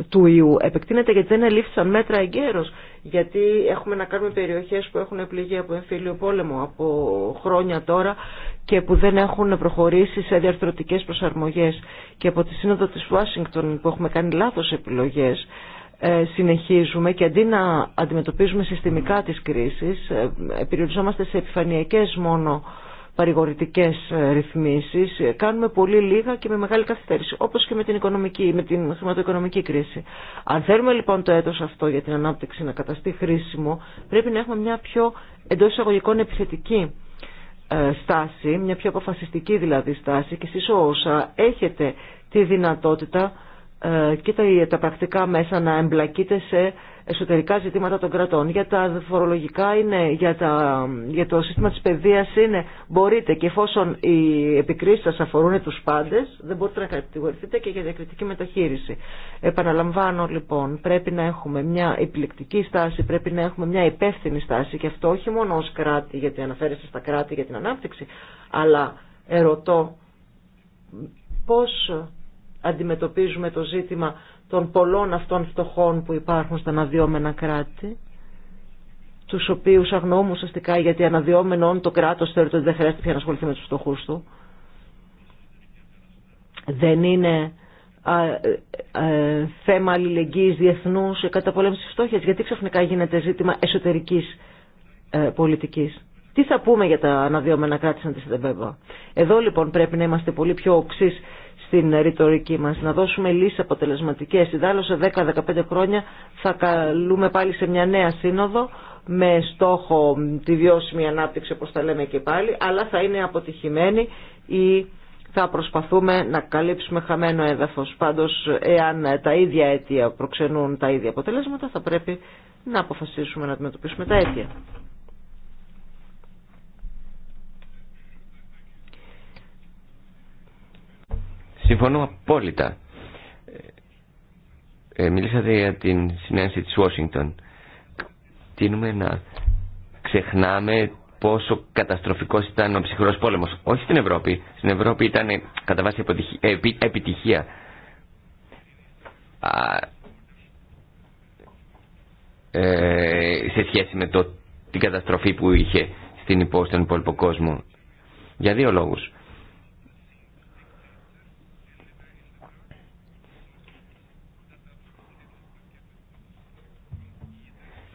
του ιού. Επεκτείνεται γιατί δεν ελήφθησαν μέτρα εγκαίρως. Γιατί έχουμε να κάνουμε περιοχές που έχουν πληγεί από εμφύλιο πόλεμο από χρόνια τώρα και που δεν έχουν προχωρήσει σε διαρθρωτικές προσαρμογές. Και από τη Σύνοδο της Ουάσιγκτον που έχουμε κάνει λάθος επιλογές ε, συνεχίζουμε και αντί να αντιμετωπίζουμε συστημικά τις κρίσεις ε, περιοριζόμαστε σε επιφανειακές μόνο παρηγορητικές ε, ρυθμίσεις κάνουμε πολύ λίγα και με μεγάλη καθυστέρηση όπως και με την, οικονομική, με την χρηματοοικονομική κρίση αν θέλουμε λοιπόν το έτος αυτό για την ανάπτυξη να καταστεί χρήσιμο πρέπει να έχουμε μια πιο εντός εισαγωγικών επιθετική στάση μια πιο αποφασιστική δηλαδή στάση και εσείς όσα έχετε τη δυνατότητα ε, και τα πρακτικά μέσα να εμπλακείται σε εσωτερικά ζητήματα των κρατών. Για τα φορολογικά είναι, για, για το σύστημα της παιδείας είναι, μπορείτε και εφόσον οι επικρίσεις σας αφορούν τους πάντες, δεν μπορείτε να κατηγορηθείτε και για διακριτική μεταχείριση. Επαναλαμβάνω λοιπόν, πρέπει να έχουμε μια επιλεκτική στάση, πρέπει να έχουμε μια υπεύθυνη στάση και αυτό όχι μόνο ως κράτη, γιατί αναφέρεστε στα κράτη για την ανάπτυξη, αλλά ερωτώ πώς αντιμετωπίζουμε το ζήτημα των πολλών αυτών φτωχών που υπάρχουν στα αναδυόμενα κράτη τους οποίους αγνοούμε ουσιαστικά γιατί αναδυόμενον το κράτος θεωρεί ότι δεν χρειάζεται πια να ασχοληθεί με τους φτωχούς του. Δεν είναι α, α, ε, ε, θέμα αλληλεγγύης διεθνούς κατά πολέμηση της φτώχειας. Γιατί ξαφνικά γίνεται ζήτημα εσωτερικής ε, πολιτικής. Τι θα πούμε για τα αναδυόμενα κράτη σαν τη Σεντεβέμπα. Εδώ λοιπόν πρέπει να είμαστε πολύ πιο οξύ στην ρητορική μας, να δώσουμε λύσεις αποτελεσματικές. Ιδάλλως σε 10-15 χρόνια θα καλούμε πάλι σε μια νέα σύνοδο με στόχο τη βιώσιμη ανάπτυξη όπως τα λέμε και πάλι, αλλά θα είναι αποτυχημένη η θα προσπαθούμε να καλύψουμε χαμένο έδαφος. Πάντως, εάν τα ίδια αίτια προξενούν τα ίδια αποτελέσματα, θα πρέπει να αποφασίσουμε να αντιμετωπίσουμε τα αίτια. Συμφωνώ απόλυτα. Ε, ε, μιλήσατε για την συνέντευξη της Ουάσιγκτον. Τίνουμε να ξεχνάμε πόσο καταστροφικός ήταν ο ψυχρός πόλεμος. Όχι στην Ευρώπη. Στην Ευρώπη ήταν ε, κατά βάση ε, επιτυχία. Ε, σε σχέση με το, την καταστροφή που είχε στην υπόσταση υπόλοιπο κόσμο. Για δύο λόγους.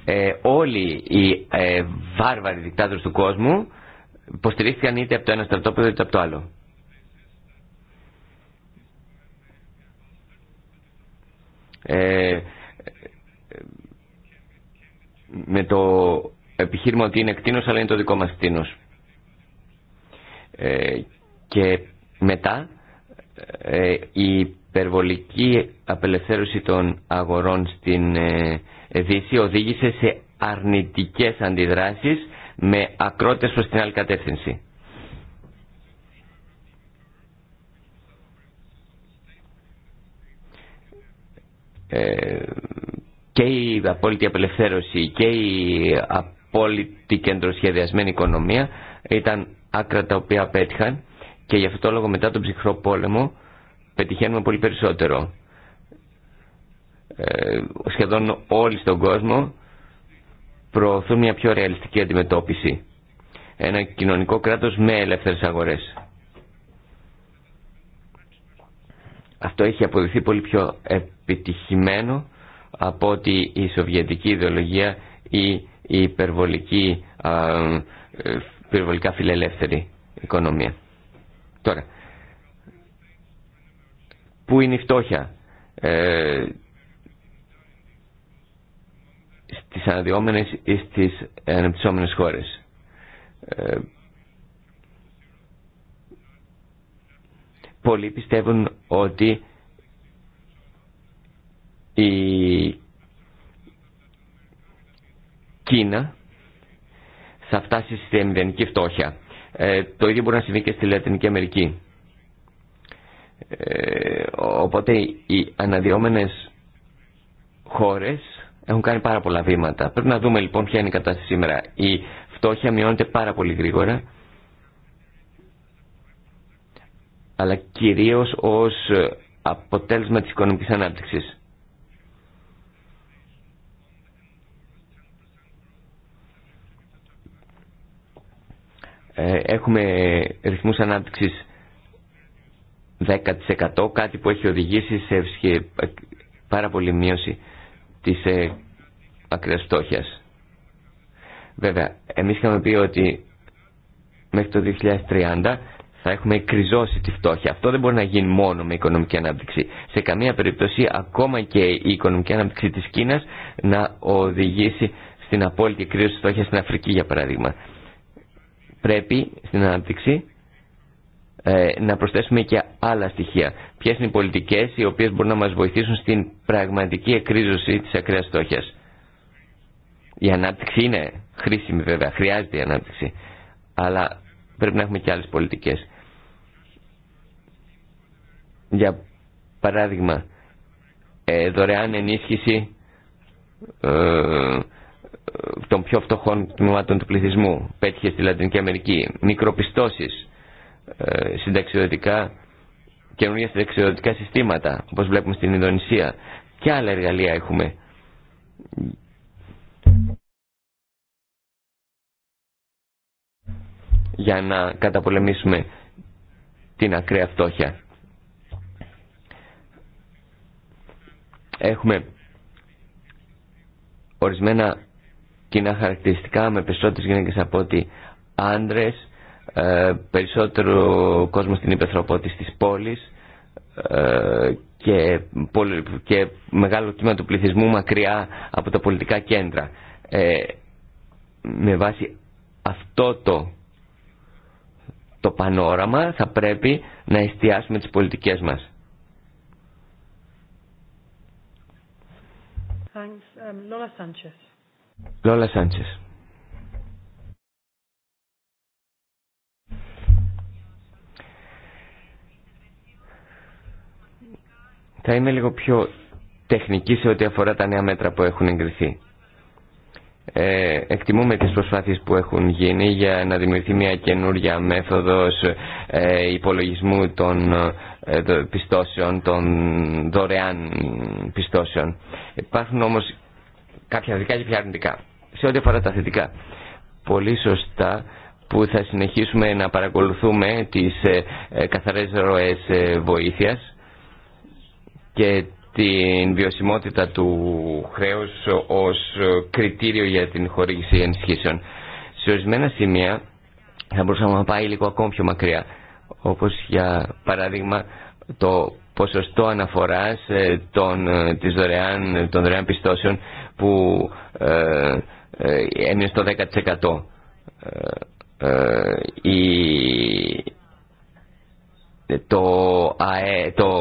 ε, όλοι οι ε, βάρβαροι δικτάτορες του κόσμου υποστηρίχθηκαν είτε από το ένα στρατόπεδο είτε από το άλλο. Ε, με το επιχείρημα ότι είναι κτίνος αλλά είναι το δικό μας κτίνος. Ε, και μετά ε, υπερβολική απελευθέρωση των αγορών στην ε, Δύση οδήγησε σε αρνητικές αντιδράσεις με ακρότες προς την άλλη κατεύθυνση. Ε, και η απόλυτη απελευθέρωση και η απόλυτη κεντροσχεδιασμένη οικονομία ήταν άκρα τα οποία πέτυχαν και γι' αυτό λόγο μετά τον ψυχρό πόλεμο πετυχαίνουμε πολύ περισσότερο. Ε, σχεδόν όλοι στον κόσμο προωθούν μια πιο ρεαλιστική αντιμετώπιση. Ένα κοινωνικό κράτος με ελεύθερες αγορές. Αυτό έχει αποδειχθεί πολύ πιο επιτυχημένο από ότι η σοβιετική ιδεολογία ή η υπερβολική, α, ε, υπερβολικά φιλελεύθερη οικονομία. Τώρα, Πού είναι η φτώχεια. Ε, στις αναδυόμενες ή στις ανεπτυσσόμενες χώρες. Ε, πολλοί πιστεύουν ότι η στις ανεπτυσσομενες χωρες πολλοι πιστευουν οτι η κινα θα φτάσει στη μηδενική φτώχεια. Ε, το ίδιο μπορεί να συμβεί και στη Λατινική Αμερική. Ε, οπότε οι αναδυόμενες χώρες έχουν κάνει πάρα πολλά βήματα. Πρέπει να δούμε λοιπόν ποια είναι η κατάσταση σήμερα. Η φτώχεια μειώνεται πάρα πολύ γρήγορα. αλλά κυρίως ως αποτέλεσμα της οικονομικής ανάπτυξης. Ε, έχουμε ρυθμούς ανάπτυξης 10% κάτι που έχει οδηγήσει σε ε, πάρα πολύ μείωση της ε, φτώχειας. Βέβαια, εμείς είχαμε πει ότι μέχρι το 2030 θα έχουμε κρυζώσει τη φτώχεια. Αυτό δεν μπορεί να γίνει μόνο με οικονομική ανάπτυξη. Σε καμία περίπτωση ακόμα και η οικονομική ανάπτυξη της Κίνας να οδηγήσει στην απόλυτη κρύωση της φτώχειας στην Αφρική για παράδειγμα. Πρέπει στην ανάπτυξη ε, να προσθέσουμε και άλλα στοιχεία. ποιε είναι οι πολιτικές οι οποίες μπορούν να μας βοηθήσουν στην πραγματική εκρίζωση της ακραία στόχιας. Η ανάπτυξη είναι χρήσιμη βέβαια, χρειάζεται η ανάπτυξη, αλλά πρέπει να έχουμε και άλλες πολιτικές. Για παράδειγμα, ε, δωρεάν ενίσχυση ε, των πιο φτωχών τμήματων του πληθυσμού, πέτυχε στη Λατινική Αμερική, μικροπιστώσεις, ε, συνταξιοδοτικά, καινούργια συνταξιοδοτικά συστήματα, όπως βλέπουμε στην Ινδονησία. Και άλλα εργαλεία έχουμε. για να καταπολεμήσουμε την ακραία φτώχεια. Έχουμε ορισμένα κοινά χαρακτηριστικά με περισσότερες γυναίκες από ότι άντρες ε, περισσότερο κόσμο στην υπεθροπότη της ότι ε, και, και μεγάλο κύμα του πληθυσμού μακριά από τα πολιτικά κέντρα. Ε, με βάση αυτό το, το πανόραμα θα πρέπει να εστιάσουμε τις πολιτικές μας. Thanks. Um, Lola Θα είμαι λίγο πιο τεχνική σε ό,τι αφορά τα νέα μέτρα που έχουν εγκριθεί. Ε, εκτιμούμε τις προσπάθειες που έχουν γίνει για να δημιουργηθεί μια καινούρια μέθοδος ε, υπολογισμού των ε, πιστώσεων, των δωρεάν πιστώσεων. Υπάρχουν όμως κάποια δικά και πια αρνητικά. Σε ό,τι αφορά τα θετικά, πολύ σωστά που θα συνεχίσουμε να παρακολουθούμε τις ε, καθαρές ροές βοήθειας και την βιωσιμότητα του χρέους ως κριτήριο για την χορήγηση ενισχύσεων. Σε ορισμένα σημεία θα μπορούσαμε να πάει λίγο ακόμη πιο μακριά, όπως για παράδειγμα το ποσοστό αναφοράς ε, των, ε, της δωρεάν, των δωρεάν πιστώσεων που ε, ε έμεινε στο 10%. Ε, το, ΑΕ, το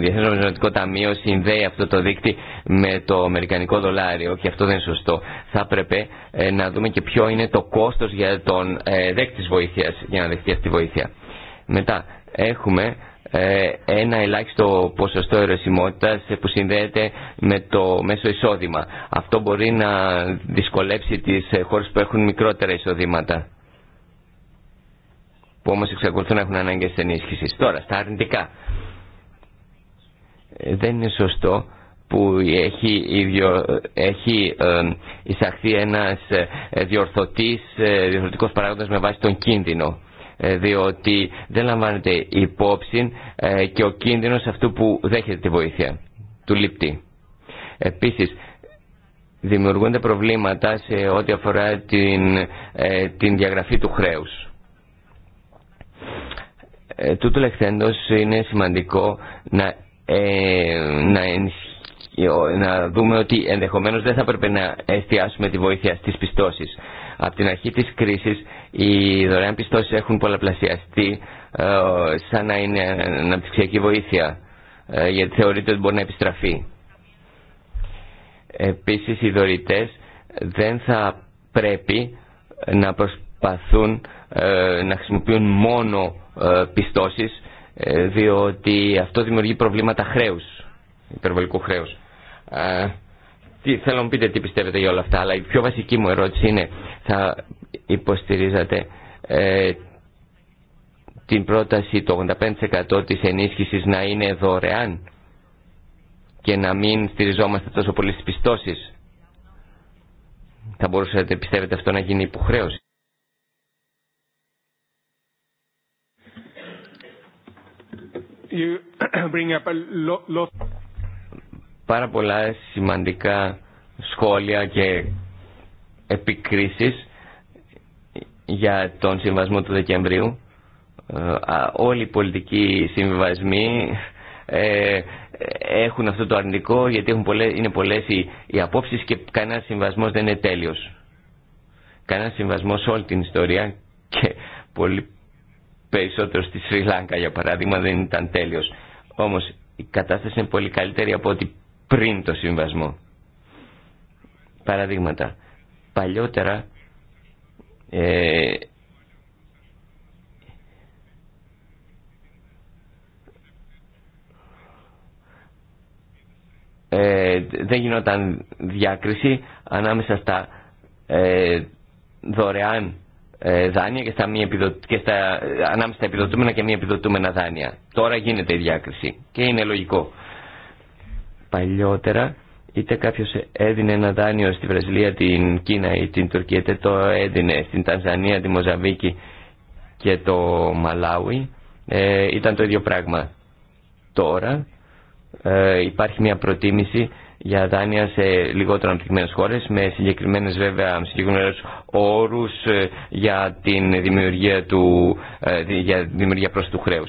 Διεθνές Ταμείο συνδέει αυτό το δίκτυο με το αμερικανικό δολάριο και αυτό δεν είναι σωστό. Θα έπρεπε ε, να δούμε και ποιο είναι το κόστος για τον ε, δέκτη βοήθειας, για να δεχτεί αυτή τη βοήθεια. Μετά έχουμε ε, ένα ελάχιστο ποσοστό ερεσιμότητας που συνδέεται με το μέσο εισόδημα. Αυτό μπορεί να δυσκολέψει τις χώρες που έχουν μικρότερα εισοδήματα που όμως εξακολουθούν να έχουν ανάγκες ενίσχυσης. Τώρα, στα αρνητικά. Ε, δεν είναι σωστό που έχει, ίδιο, έχει ε, εισαχθεί ένας ε, διορθωτής, διορθωτικός παράγοντας με βάση τον κίνδυνο διότι δεν λαμβάνεται υπόψη και ο κίνδυνος αυτού που δέχεται τη βοήθεια του λήπτη. Επίσης, δημιουργούνται προβλήματα σε ό,τι αφορά την, την διαγραφή του χρέους. Τούτου ε, τούτο λεχθέντος είναι σημαντικό να, ε, να, δούμε ότι ενδεχομένως δεν θα πρέπει να εστιάσουμε τη βοήθεια στις πιστώσεις. Από την αρχή της κρίσης οι δωρεάν πιστώσεις έχουν πολλαπλασιαστεί ε, σαν να είναι αναπτυξιακή βοήθεια γιατί θεωρείται ότι μπορεί να επιστραφεί. Επίσης οι δωρητές δεν θα πρέπει να προσπαθούν προσπαθούν ε, να χρησιμοποιούν μόνο ε, πιστώσεις ε, διότι αυτό δημιουργεί προβλήματα χρέους, υπερβολικού χρέους. Τι, θέλω να πείτε τι πιστεύετε για όλα αυτά, αλλά η πιο βασική μου ερώτηση είναι θα υποστηρίζατε την πρόταση το 85% της ενίσχυσης να είναι δωρεάν και να μην στηριζόμαστε τόσο πολύ στις πιστώσεις. Θα μπορούσατε, πιστεύετε, αυτό να γίνει υποχρέωση. [clears throat] Πάρα πολλά σημαντικά σχόλια και επικρίσεις για τον συμβασμό του Δεκεμβρίου. Ε, όλοι οι πολιτικοί συμβασμοί ε, έχουν αυτό το αρνητικό γιατί έχουν είναι πολλές οι, οι απόψεις και κανένας συμβασμός δεν είναι τέλειος. Κανένας συμβασμός όλη την ιστορία και πολύ περισσότερο στη Σρι Λάγκα για παράδειγμα δεν ήταν τέλειος. Όμως η κατάσταση είναι πολύ καλύτερη από ό,τι πριν το συμβασμό. Παραδείγματα. Παλιότερα ε, ε δεν γινόταν διάκριση ανάμεσα στα ε, δωρεάν ε, δάνεια και στα, μη ε, ανάμεσα επιδοτούμενα και μη επιδοτούμενα δάνεια. Τώρα γίνεται η διάκριση και είναι λογικό. Παλιότερα είτε κάποιο έδινε ένα δάνειο στη Βραζιλία, την Κίνα ή την Τουρκία, είτε το έδινε στην Τανζανία, τη Μοζαβίκη και το Μαλάουι, ε, ήταν το ίδιο πράγμα. Τώρα ε, υπάρχει μια προτίμηση για δάνεια σε λιγότερο αναπτυγμένε χώρε με συγκεκριμένες βέβαια όρου όρους ε, για τη δημιουργία, του, ε, δημιουργία προς του χρέου.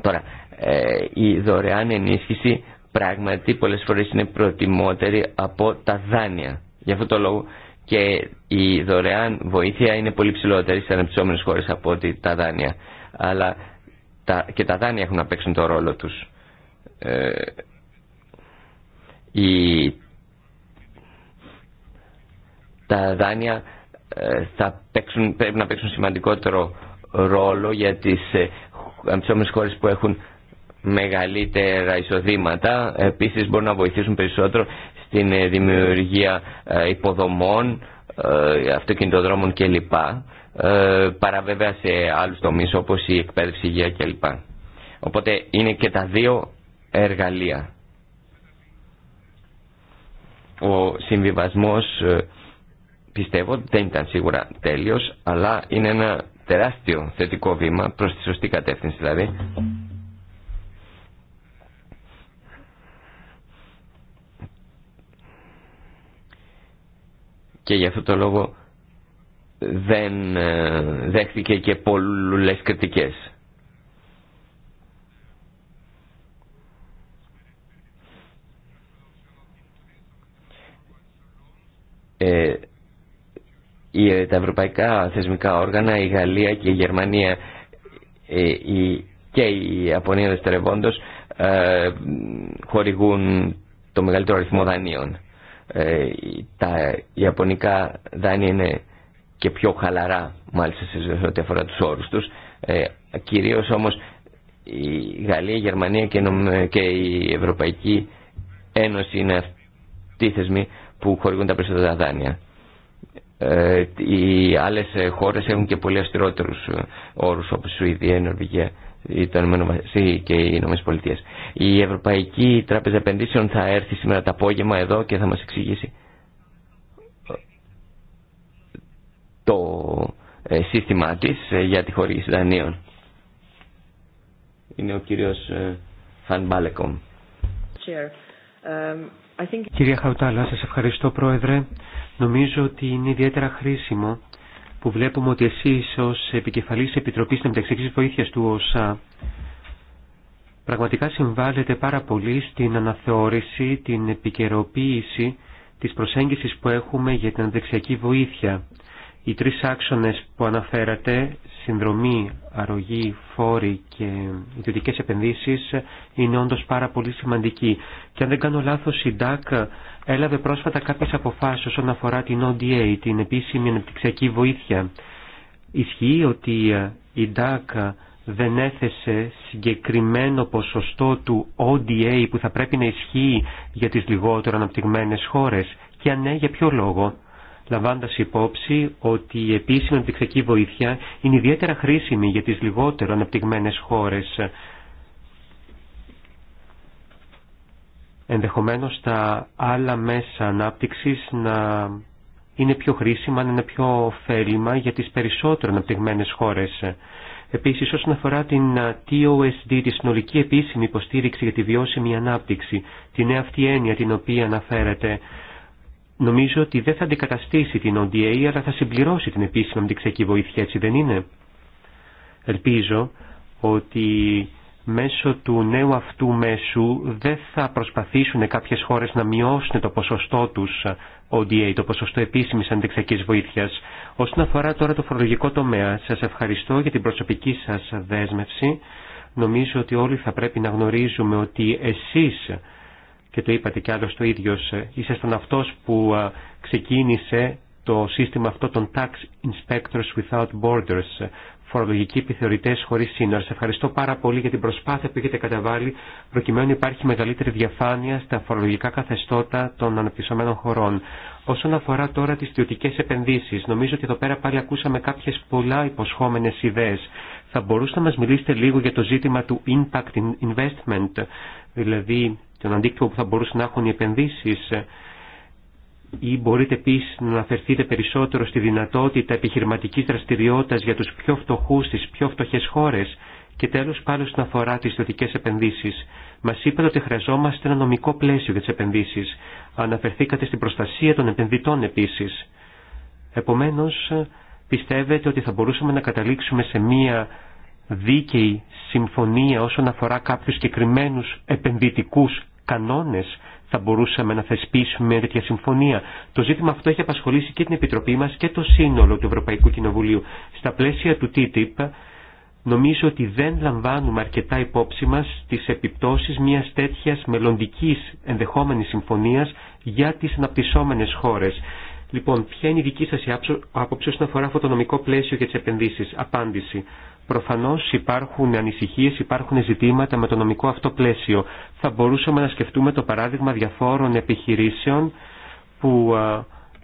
Τώρα, ε, η δωρεάν ενίσχυση πράγματι πολλέ φορέ είναι προτιμότερη από τα δάνεια. Γι' αυτό το λόγο και η δωρεάν βοήθεια είναι πολύ ψηλότερη σε αναπτυσσόμενες χώρε από ότι τα δάνεια. Αλλά και τα δάνεια έχουν να παίξουν το ρόλο τους η, τα δάνεια ε, θα παίξουν, πρέπει να παίξουν σημαντικότερο ρόλο για τις χώρε χώρες που έχουν μεγαλύτερα εισοδήματα. Επίσης μπορούν να βοηθήσουν περισσότερο στην ε, δημιουργία ε, υποδομών, αυτοκινητοδρόμων κλπ. Παρά βέβαια σε άλλους τομείς όπως η εκπαίδευση, υγεία κλπ. Οπότε είναι και τα δύο εργαλεία. Ο συμβιβασμός ε, πιστεύω δεν ήταν σίγουρα τέλειος, αλλά είναι ένα τεράστιο θετικό βήμα προς τη σωστή κατεύθυνση δηλαδή. Και γι' αυτό το λόγο δεν ε, δέχθηκε και πολλές κριτικές. ε, τα ευρωπαϊκά θεσμικά όργανα, η Γαλλία και η Γερμανία ε, και η Απωνία δευτερευόντως ε, χορηγούν το μεγαλύτερο αριθμό δανείων. Ε, τα ιαπωνικά δάνεια είναι και πιο χαλαρά μάλιστα σε ό,τι αφορά τους όρους τους. Ε, κυρίως όμως η Γαλλία, η Γερμανία και, η Ευρωπαϊκή Ένωση είναι αυτοί που χορηγούν τα περισσότερα δάνεια. Ε, οι άλλε χώρε έχουν και πολύ αστερότερου όρου όπω η Σουηδία, η Νορβηγία ή και οι Ηνωμένε Πολιτείε. Η Ευρωπαϊκή Τράπεζα Επενδύσεων θα έρθει σήμερα το απόγευμα εδώ και θα μα εξηγήσει το ε, σύστημά τη ε, για τη χορήγηση δανείων. Είναι ο κύριος Φαν Μπάλεκομ. Um, Κυρία Χαουτάλα, σας ευχαριστώ Πρόεδρε. Νομίζω ότι είναι ιδιαίτερα χρήσιμο που βλέπουμε ότι εσείς ως επικεφαλής Επιτροπής Μεταξυξής Βοήθειας του ΩΣΑ πραγματικά συμβάλλετε πάρα πολύ στην αναθεώρηση, την επικαιροποίηση της προσέγγισης που έχουμε για την δεξιακή βοήθεια. Οι τρεις άξονες που αναφέρατε, συνδρομή, αρρωγή, φόροι και ιδιωτικές επενδύσεις, είναι όντως πάρα πολύ σημαντικοί. Και αν δεν κάνω λάθος η DAC έλαβε πρόσφατα κάποιες αποφάσεις όσον αφορά την ODA, την επίσημη αναπτυξιακή βοήθεια. Ισχύει ότι ε, η DAC ε, δεν έθεσε συγκεκριμένο ποσοστό του ODA που θα πρέπει να ισχύει για τις λιγότερο αναπτυγμένες χώρες και αν ναι για ποιο λόγο λαμβάνοντας υπόψη ότι η επίσημη αναπτυξιακή βοήθεια είναι ιδιαίτερα χρήσιμη για τις λιγότερο αναπτυγμένες χώρες ενδεχομένως τα άλλα μέσα ανάπτυξης να είναι πιο χρήσιμα, να είναι πιο ωφέλιμα για τις περισσότερο αναπτυγμένες χώρες. Επίσης, όσον αφορά την TOSD, τη συνολική επίσημη υποστήριξη για τη βιώσιμη ανάπτυξη, την νέα αυτή έννοια την οποία αναφέρεται, νομίζω ότι δεν θα αντικαταστήσει την ODA, αλλά θα συμπληρώσει την επίσημη αντιξιακή βοήθεια, έτσι δεν είναι. Ελπίζω ότι μέσω του νέου αυτού μέσου δεν θα προσπαθήσουν κάποιες χώρες να μειώσουν το ποσοστό τους ODA, το ποσοστό επίσημης αντεξιακής βοήθειας. Όσον αφορά τώρα το φορολογικό τομέα, σας ευχαριστώ για την προσωπική σας δέσμευση. Νομίζω ότι όλοι θα πρέπει να γνωρίζουμε ότι εσείς, και το είπατε κι άλλος το ίδιος, ήσασταν αυτός που ξεκίνησε το σύστημα αυτό των Tax Inspectors Without Borders φορολογικοί επιθεωρητέ χωρί σύνορα. Σε ευχαριστώ πάρα πολύ για την προσπάθεια που έχετε καταβάλει προκειμένου να υπάρχει μεγαλύτερη διαφάνεια στα φορολογικά καθεστώτα των αναπτυσσομένων χωρών. Όσον αφορά τώρα τι ιδιωτικέ επενδύσει, νομίζω ότι εδώ πέρα πάλι ακούσαμε κάποιε πολλά υποσχόμενε ιδέε. Θα μπορούσατε να μα μιλήσετε λίγο για το ζήτημα του impact investment, δηλαδή τον αντίκτυπο που θα μπορούσαν να έχουν οι επενδύσει ή μπορείτε επίση να αναφερθείτε περισσότερο στη δυνατότητα επιχειρηματικής δραστηριότητας για τους πιο φτωχούς στις πιο φτωχές χώρες και τέλος πάλι στην αφορά τις ιδιωτικές επενδύσεις. Μα είπατε ότι χρειαζόμαστε ένα νομικό πλαίσιο για τις επενδύσεις. Αναφερθήκατε στην προστασία των επενδυτών επίσης. Επομένως, πιστεύετε ότι θα μπορούσαμε να καταλήξουμε σε μία δίκαιη συμφωνία όσον αφορά κάποιους συγκεκριμένου επενδυτικούς κανόνες θα μπορούσαμε να θεσπίσουμε μια τέτοια συμφωνία. Το ζήτημα αυτό έχει απασχολήσει και την Επιτροπή μας και το σύνολο του Ευρωπαϊκού Κοινοβουλίου. Στα πλαίσια του TTIP νομίζω ότι δεν λαμβάνουμε αρκετά υπόψη μας τις επιπτώσεις μιας τέτοιας μελλοντικής ενδεχόμενης συμφωνίας για τις αναπτυσσόμενες χώρες. Λοιπόν, ποια είναι η δική σας άποψη όσον αφορά αυτό το νομικό πλαίσιο για τις επενδύσεις. Απάντηση. Προφανώς υπάρχουν ανησυχίες, υπάρχουν ζητήματα με το νομικό αυτό πλαίσιο. Θα μπορούσαμε να σκεφτούμε το παράδειγμα διαφόρων επιχειρήσεων που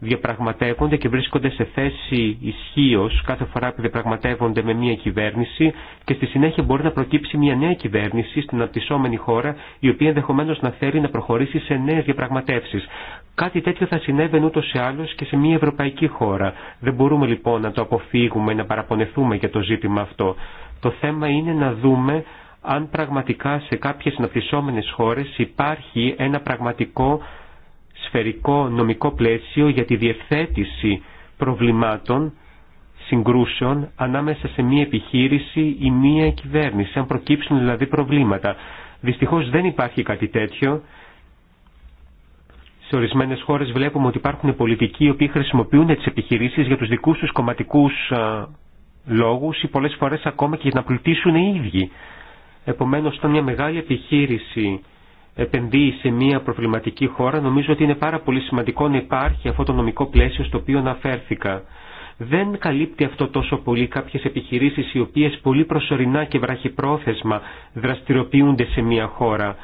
διαπραγματεύονται και βρίσκονται σε θέση ισχύω κάθε φορά που διαπραγματεύονται με μια κυβέρνηση και στη συνέχεια μπορεί να προκύψει μια νέα κυβέρνηση στην απτυσσόμενη χώρα η οποία ενδεχομένω να θέλει να προχωρήσει σε νέε διαπραγματεύσει. Κάτι τέτοιο θα συνέβαινε ούτω ή άλλω και σε μια ευρωπαϊκή χώρα. Δεν μπορούμε λοιπόν να το αποφύγουμε, να παραπονεθούμε για το ζήτημα αυτό. Το θέμα είναι να δούμε αν πραγματικά σε κάποιες αναπτυσσόμενες χώρες υπάρχει ένα πραγματικό σφαιρικό νομικό πλαίσιο για τη διευθέτηση προβλημάτων, συγκρούσεων ανάμεσα σε μία επιχείρηση ή μία κυβέρνηση, αν προκύψουν δηλαδή προβλήματα. Δυστυχώς δεν υπάρχει κάτι τέτοιο σε ορισμένε χώρε βλέπουμε ότι υπάρχουν πολιτικοί οι οποίοι χρησιμοποιούν τι επιχειρήσει για του δικού του κομματικού ε, λόγου ή πολλέ φορέ ακόμα και για να πλουτίσουν οι ίδιοι. Επομένω, όταν μια μεγάλη επιχείρηση επενδύει σε μια προβληματική χώρα, νομίζω ότι είναι πάρα πολύ σημαντικό να υπάρχει αυτό το νομικό πλαίσιο στο οποίο αναφέρθηκα. Δεν καλύπτει αυτό τόσο πολύ κάποιες επιχειρήσεις οι οποίες πολύ προσωρινά και βραχυπρόθεσμα δραστηριοποιούνται σε μια χώρα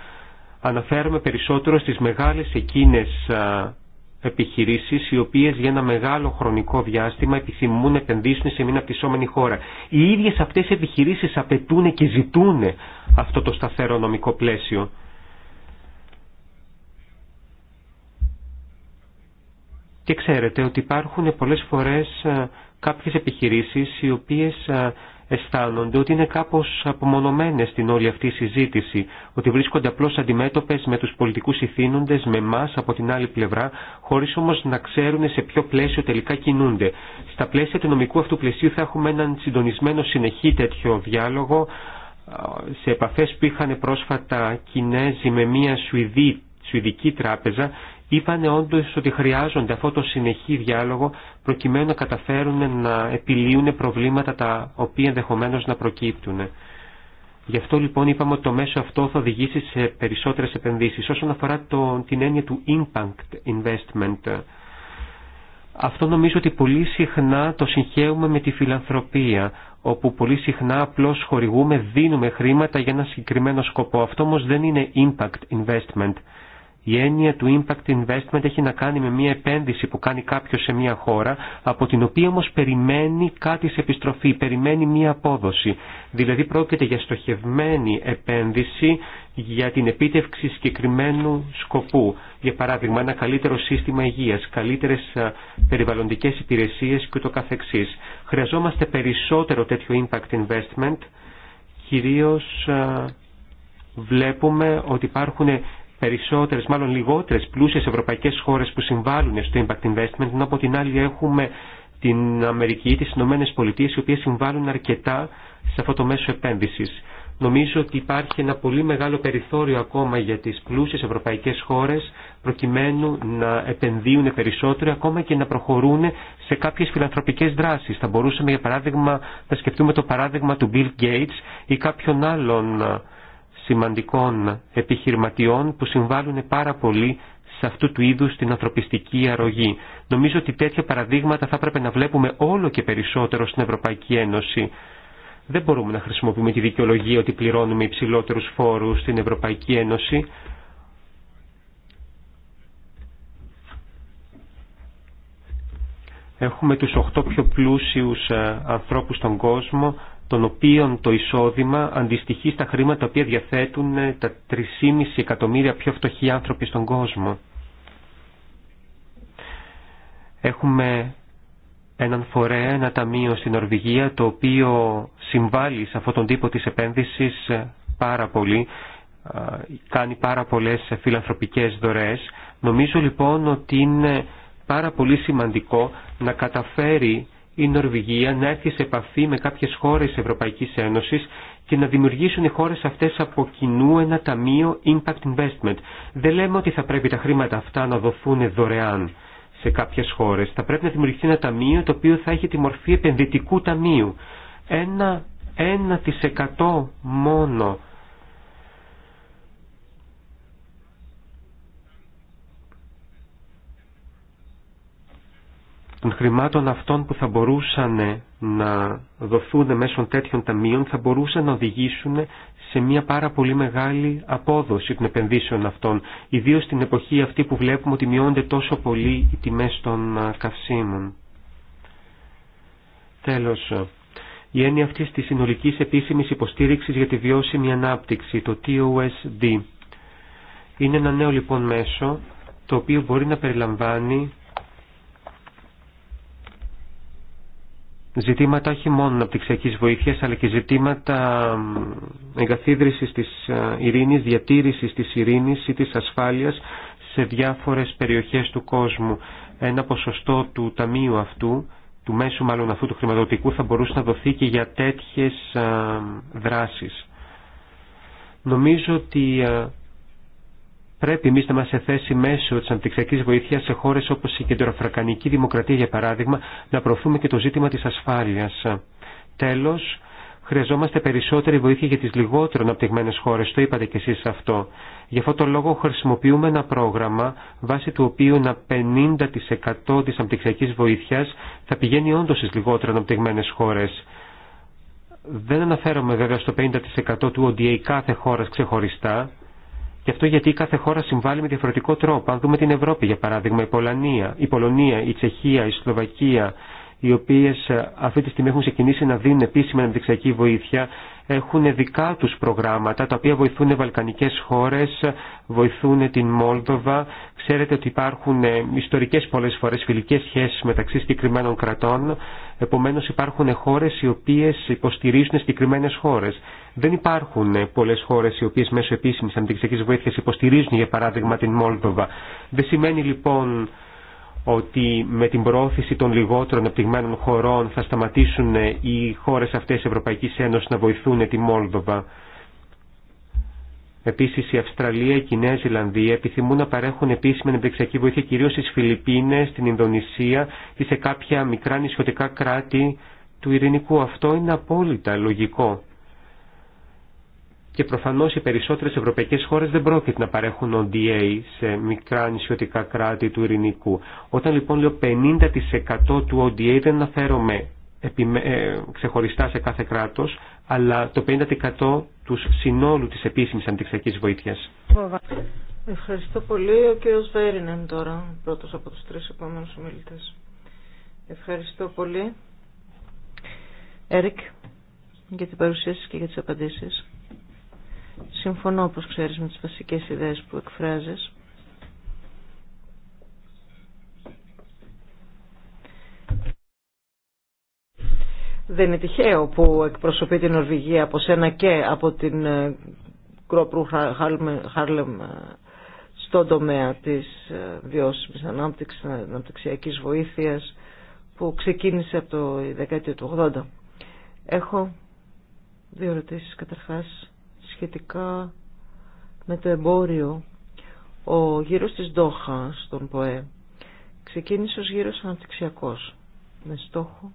αναφέρομαι περισσότερο στις μεγάλες εκείνες επιχειρήσεις οι οποίες για ένα μεγάλο χρονικό διάστημα επιθυμούν να επενδύσουν σε μια απτυσσόμενη χώρα. Οι ίδιες αυτές οι επιχειρήσεις απαιτούν και ζητούν αυτό το σταθερό νομικό πλαίσιο. Και ξέρετε ότι υπάρχουν πολλές φορές κάποιες επιχειρήσεις οι οποίες αισθάνονται ότι είναι κάπως απομονωμένες στην όλη αυτή η συζήτηση, ότι βρίσκονται απλώς αντιμέτωπες με τους πολιτικούς ηθήνοντες, με εμά από την άλλη πλευρά, χωρίς όμως να ξέρουν σε ποιο πλαίσιο τελικά κινούνται. Στα πλαίσια του νομικού αυτού πλαισίου θα έχουμε έναν συντονισμένο συνεχή τέτοιο διάλογο, σε επαφές που είχαν πρόσφατα Κινέζοι με μια Σουηδή, Σουηδική τράπεζα είπαν όντω ότι χρειάζονται αυτό το συνεχή διάλογο προκειμένου να καταφέρουν να επιλύουν προβλήματα τα οποία ενδεχομένω να προκύπτουν. Γι' αυτό λοιπόν είπαμε ότι το μέσο αυτό θα οδηγήσει σε περισσότερες επενδύσεις. Όσον αφορά το, την έννοια του impact investment, αυτό νομίζω ότι πολύ συχνά το συγχαίουμε με τη φιλανθρωπία, όπου πολύ συχνά απλώς χορηγούμε, δίνουμε χρήματα για ένα συγκεκριμένο σκοπό. Αυτό όμως δεν είναι impact investment. Η έννοια του impact investment έχει να κάνει με μια επένδυση που κάνει κάποιος σε μια χώρα, από την οποία όμως περιμένει κάτι σε επιστροφή, περιμένει μια απόδοση. Δηλαδή πρόκειται για στοχευμένη επένδυση για την επίτευξη συγκεκριμένου σκοπού. Για παράδειγμα, ένα καλύτερο σύστημα ε, περιβαλλοντικές υπηρεσίες περιβαλλοντικέ υπηρεσίε καθεξής. Χρειαζόμαστε περισσότερο τέτοιο impact investment, Κυρίως ε, βλέπουμε ότι υπάρχουν περισσότερες, μάλλον λιγότερες πλούσιες ευρωπαϊκές χώρες που συμβάλλουν στο impact investment, ενώ από την άλλη έχουμε την Αμερική ή τις Ηνωμένες Πολιτείες, οι οποίες συμβάλλουν αρκετά σε αυτό το μέσο επένδυσης. Νομίζω ότι υπάρχει ένα πολύ μεγάλο περιθώριο ακόμα για τις πλούσιες ευρωπαϊκές χώρες προκειμένου να επενδύουν περισσότερο ακόμα και να προχωρούν σε κάποιες φιλανθρωπικές δράσεις. Θα μπορούσαμε για παράδειγμα να σκεφτούμε το παράδειγμα του Bill Gates ή κάποιον άλλων σημαντικών επιχειρηματιών που συμβάλλουν πάρα πολύ σε αυτού του είδου την ανθρωπιστική αρρωγή. Νομίζω ότι τέτοια παραδείγματα θα έπρεπε να βλέπουμε όλο και περισσότερο στην Ευρωπαϊκή Ένωση. Δεν μπορούμε να χρησιμοποιούμε τη δικαιολογία ότι πληρώνουμε υψηλότερου φόρους στην Ευρωπαϊκή Ένωση. Έχουμε τους 8 πιο πλούσιους ε, ανθρώπους στον κόσμο, των οποίων το εισόδημα αντιστοιχεί στα χρήματα τα οποία διαθέτουν ε, τα 3,5 εκατομμύρια πιο φτωχοί άνθρωποι στον κόσμο. Έχουμε έναν φορέα, ένα ταμείο στην Νορβηγία, το οποίο συμβάλλει σε αυτόν τον τύπο της επένδυσης ε, πάρα πολύ, ε, κάνει πάρα πολλές φιλανθρωπικές δωρές. Νομίζω λοιπόν ότι είναι πάρα πολύ σημαντικό να καταφέρει η Νορβηγία να έρθει σε επαφή με κάποιες χώρες Ευρωπαϊκής Ένωσης και να δημιουργήσουν οι χώρες αυτές από κοινού ένα ταμείο Impact Investment. Δεν λέμε ότι θα πρέπει τα χρήματα αυτά να δοθούν δωρεάν σε κάποιες χώρες. Θα πρέπει να δημιουργηθεί ένα ταμείο το οποίο θα έχει τη μορφή επενδυτικού ταμείου. Ένα, 1% μόνο των χρημάτων αυτών που θα μπορούσαν να δοθούν μέσω τέτοιων ταμείων θα μπορούσαν να οδηγήσουν σε μια πάρα πολύ μεγάλη απόδοση των επενδύσεων αυτών, Ιδίω στην εποχή αυτή που βλέπουμε ότι μειώνται τόσο πολύ οι τιμέ των καυσίμων. Τέλος, η έννοια αυτή τη συνολική επίσημη υποστήριξης για τη βιώσιμη ανάπτυξη, το TOSD, είναι ένα νέο λοιπόν μέσο το οποίο μπορεί να περιλαμβάνει ζητήματα όχι μόνο αναπτυξιακής βοήθειας αλλά και ζητήματα εγκαθίδρυσης της ε, ειρήνης, διατήρησης της ειρήνης ή της ασφάλειας σε διάφορες περιοχές του κόσμου. Ένα ποσοστό του ταμείου αυτού, του μέσου μάλλον αυτού του χρηματοδοτικού θα μπορούσε να δοθεί και για τέτοιες ε, δράσεις. Νομίζω ότι ε, Πρέπει εμεί να είμαστε σε θέση μέσω τη αναπτυξιακή βοήθεια σε χώρε όπω η Κεντροαφρικανική Δημοκρατία, για παράδειγμα, να προωθούμε και το ζήτημα τη ασφάλεια. Τέλο, χρειαζόμαστε περισσότερη βοήθεια για τι λιγότερο αναπτυγμένε χώρε. Το είπατε κι εσεί αυτό. Γι' αυτό το λόγο χρησιμοποιούμε ένα πρόγραμμα βάσει του οποίου ένα 50% τη αναπτυξιακή βοήθεια θα πηγαίνει όντω στι λιγότερο αναπτυγμένε χώρε. Δεν αναφέρομαι βέβαια στο 50% του ODA κάθε χώρα ξεχωριστά. Και αυτό γιατί κάθε χώρα συμβάλλει με διαφορετικό τρόπο. Αν δούμε την Ευρώπη, για παράδειγμα, η, Πολωνία, η Πολωνία, η Τσεχία, η Σλοβακία, οι οποίε ε, αυτή τη στιγμή έχουν ξεκινήσει να δίνουν επίσημα αναπτυξιακή βοήθεια, έχουν δικά του προγράμματα τα οποία βοηθούν βαλκανικέ χώρε, βοηθούν την Μόλδοβα. Ξέρετε ότι υπάρχουν ε, ιστορικέ πολλέ φορέ φιλικέ σχέσει μεταξύ συγκεκριμένων κρατών Επομένως υπάρχουν χώρε οι οποίε υποστηρίζουν συγκεκριμένε χώρε. Δεν υπάρχουν ε, πολλές χώρε οι οποίε μέσω επίσημης αντικειμενικής βοήθειας υποστηρίζουν για παράδειγμα την Μόλδοβα. Δεν σημαίνει λοιπόν ότι με την προώθηση των λιγότερων απτυγμένων χωρών θα σταματήσουν ε, οι χώρε αυτέ τη Ευρωπαϊκής Ένωσης να βοηθούν τη Μόλδοβα. Επίσης η Αυστραλία, η Νέα Ζηλανδία επιθυμούν να παρέχουν επίσημη ανεπτυξιακή βοήθεια κυρίως στις Φιλιππίνες, στην Ινδονησία ή σε κάποια μικρά νησιωτικά κράτη του ειρηνικού. Αυτό είναι απόλυτα λογικό. Και προφανώς οι περισσότερες ευρωπαϊκές χώρες δεν πρόκειται να παρέχουν ODA σε μικρά νησιωτικά κράτη του ειρηνικού. Όταν λοιπόν λέω 50% του ODA δεν αναφέρομαι ε, ξεχωριστά σε κάθε κράτος, αλλά το 50% συνόλου της επίσημης αντιξιακής βοήθειας. Ευχαριστώ πολύ. Ο κύριος Βέρινεν τώρα, πρώτος από τους τρεις επόμενους ομιλητές. Ευχαριστώ πολύ. Έρικ, για την παρουσία σας και για τις απαντήσεις. Συμφωνώ, όπως ξέρεις, με τις βασικές ιδέες που εκφράζεις. Δεν είναι τυχαίο που εκπροσωπεί την Νορβηγία από σένα και από την ε, Κρόπρου Χάρλεμ ε, στον τομέα της ε, βιώσιμης ανάπτυξης, αναπτυξιακής βοήθειας που ξεκίνησε από το δεκαετία του 80. Έχω δύο ερωτήσεις καταρχάς σχετικά με το εμπόριο. Ο γύρος της Ντόχα στον ΠΟΕ ξεκίνησε ως γύρος αναπτυξιακός με στόχο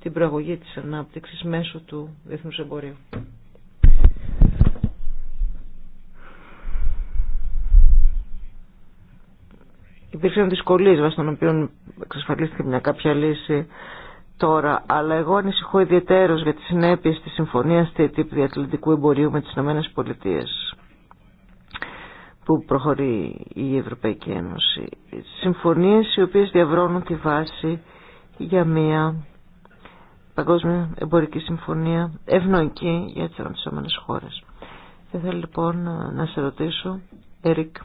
την προαγωγή της ανάπτυξης μέσω του διεθνούς εμπορίου. Υπήρξαν δυσκολίε βάσει των οποίων εξασφαλίστηκε μια κάποια λύση τώρα, αλλά εγώ ανησυχώ ιδιαίτερω για τις συνέπειες της συμφωνίας TTIP διατλητικού εμπορίου με τις ΗΠΑ Πολιτείες που προχωρεί η Ευρωπαϊκή Ένωση. Συμφωνίες οι οποίες διαβρώνουν τη βάση για μια Παγκόσμια Εμπορική Συμφωνία ευνοϊκή για τι αναπτυσσόμενε χώρε. Θα ήθελα λοιπόν να σε ρωτήσω, Ερικ,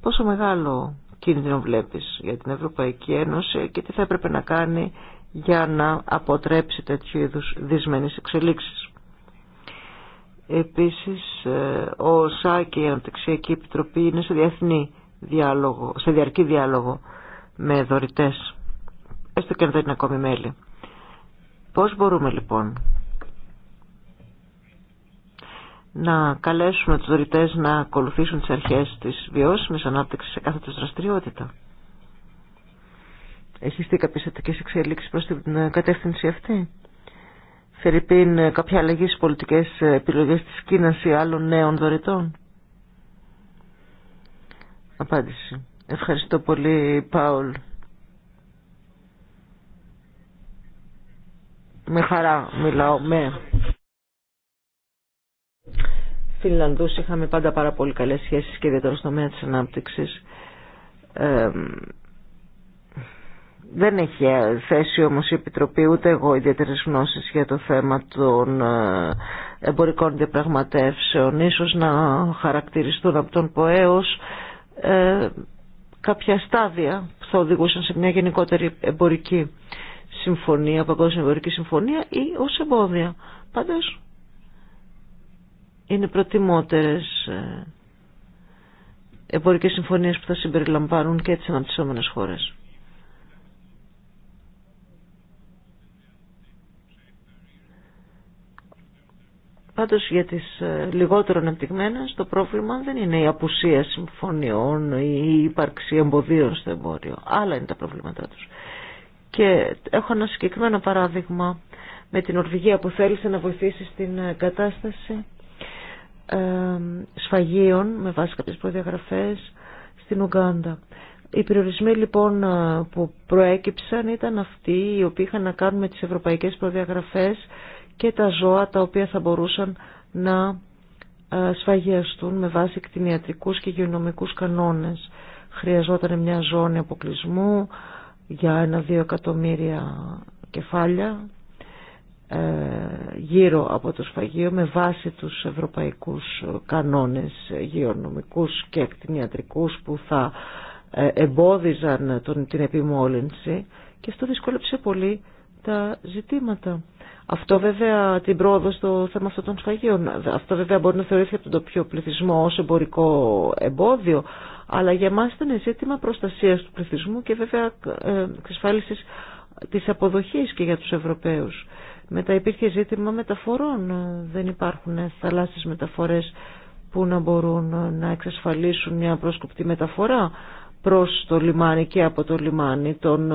πόσο μεγάλο κίνδυνο βλέπει για την Ευρωπαϊκή Ένωση και τι θα έπρεπε να κάνει για να αποτρέψει τέτοιου είδου δυσμενεί εξελίξει. Επίση, ε, ο ΣΑ και η Αναπτυξιακή Επιτροπή είναι σε διεθνή διάλογο, σε διαρκή διάλογο με δωρητέ. έστω και αν δεν είναι ακόμη μέλη. Πώς μπορούμε λοιπόν να καλέσουμε τους δωρητές να ακολουθήσουν τις αρχές της βιώσιμης ανάπτυξης σε κάθε τους δραστηριότητα. Έχεις δει κάποιες θετικές εξελίξεις προς την ε, κατεύθυνση αυτή. Φερρυπίν ε, κάποια αλλαγή στις πολιτικές ε, επιλογές της Κίνας ή άλλων νέων δωρητών. Απάντηση. Ευχαριστώ πολύ Πάουλ. με χαρά μιλάω με Φιλανδούς είχαμε πάντα πάρα πολύ καλές σχέσεις και ιδιαίτερα στο τομέα της ανάπτυξης δεν έχει θέση όμως η Επιτροπή ούτε εγώ ιδιαίτερες γνώσεις για το θέμα των ε, εμπορικών διαπραγματεύσεων ίσως να χαρακτηριστούν από τον ΠΟΕ ε, κάποια στάδια που θα οδηγούσαν σε μια γενικότερη εμπορική συμφωνία, παγκόσμια εμπορική συμφωνία ή ως εμπόδια. Πάντως είναι προτιμότερες ε, εμπορικές συμφωνίες που θα συμπεριλαμβάνουν και τις αναπτυσσόμενες χώρες. Πάντως για τις ε, λιγότερο αναπτυγμένες το πρόβλημα δεν είναι η απουσία συμφωνιών ή η ύπαρξη εμποδίων στο εμπόριο. Άλλα είναι τα προβλήματά τους. Και έχω ένα συγκεκριμένο παράδειγμα με την Ορβηγία που θέλησε να βοηθήσει στην ε, κατάσταση ε, σφαγίων με βάση κάποιες προδιαγραφές στην Ουγγάντα. Οι περιορισμοί λοιπόν ε, που προέκυψαν ήταν αυτοί οι οποίοι είχαν να κάνουν με τις ευρωπαϊκές προδιαγραφές και τα ζώα τα οποία θα μπορούσαν να σφαγιαστούν με βάση κτηνιατρικούς και υγειονομικούς κανόνες. Χρειαζόταν μια ζώνη αποκλεισμού, για ένα-δύο εκατομμύρια κεφάλια ε, γύρω από το σφαγείο με βάση τους ευρωπαϊκούς κανόνες γεωνομικούς και εκτινιατρικούς που θα ε, εμπόδιζαν τον, την επιμόλυνση και αυτό δυσκόλεψε πολύ τα ζητήματα. Αυτό βέβαια την πρόοδο στο θέμα αυτών των σφαγείων. Αυτό βέβαια μπορεί να θεωρηθεί από τον τοπιο πληθυσμό ως εμπορικό εμπόδιο αλλά για μας ήταν ζήτημα προστασίας του πληθυσμού και βέβαια ε, εξασφάλισης της αποδοχής και για τους Ευρωπαίους. Μετά υπήρχε ζήτημα μεταφορών. Ε, δεν υπάρχουν ε, θαλάσσιες μεταφορές που να μπορούν να εξασφαλίσουν μια πρόσκοπτη μεταφορά προς το λιμάνι και από το λιμάνι των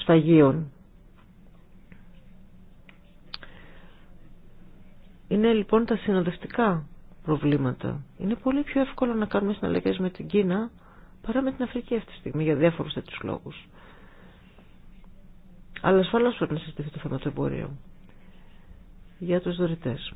σφαγίων. Είναι λοιπόν τα συνοδευτικά προβλήματα. Είναι πολύ πιο εύκολο να κάνουμε συναλλαγές με την Κίνα παρά με την Αφρική αυτή τη στιγμή για διάφορου τέτοιου λόγους. Αλλά ασφαλώ πρέπει να συζητηθεί το θέμα του εμπορίου για τους δωρητές.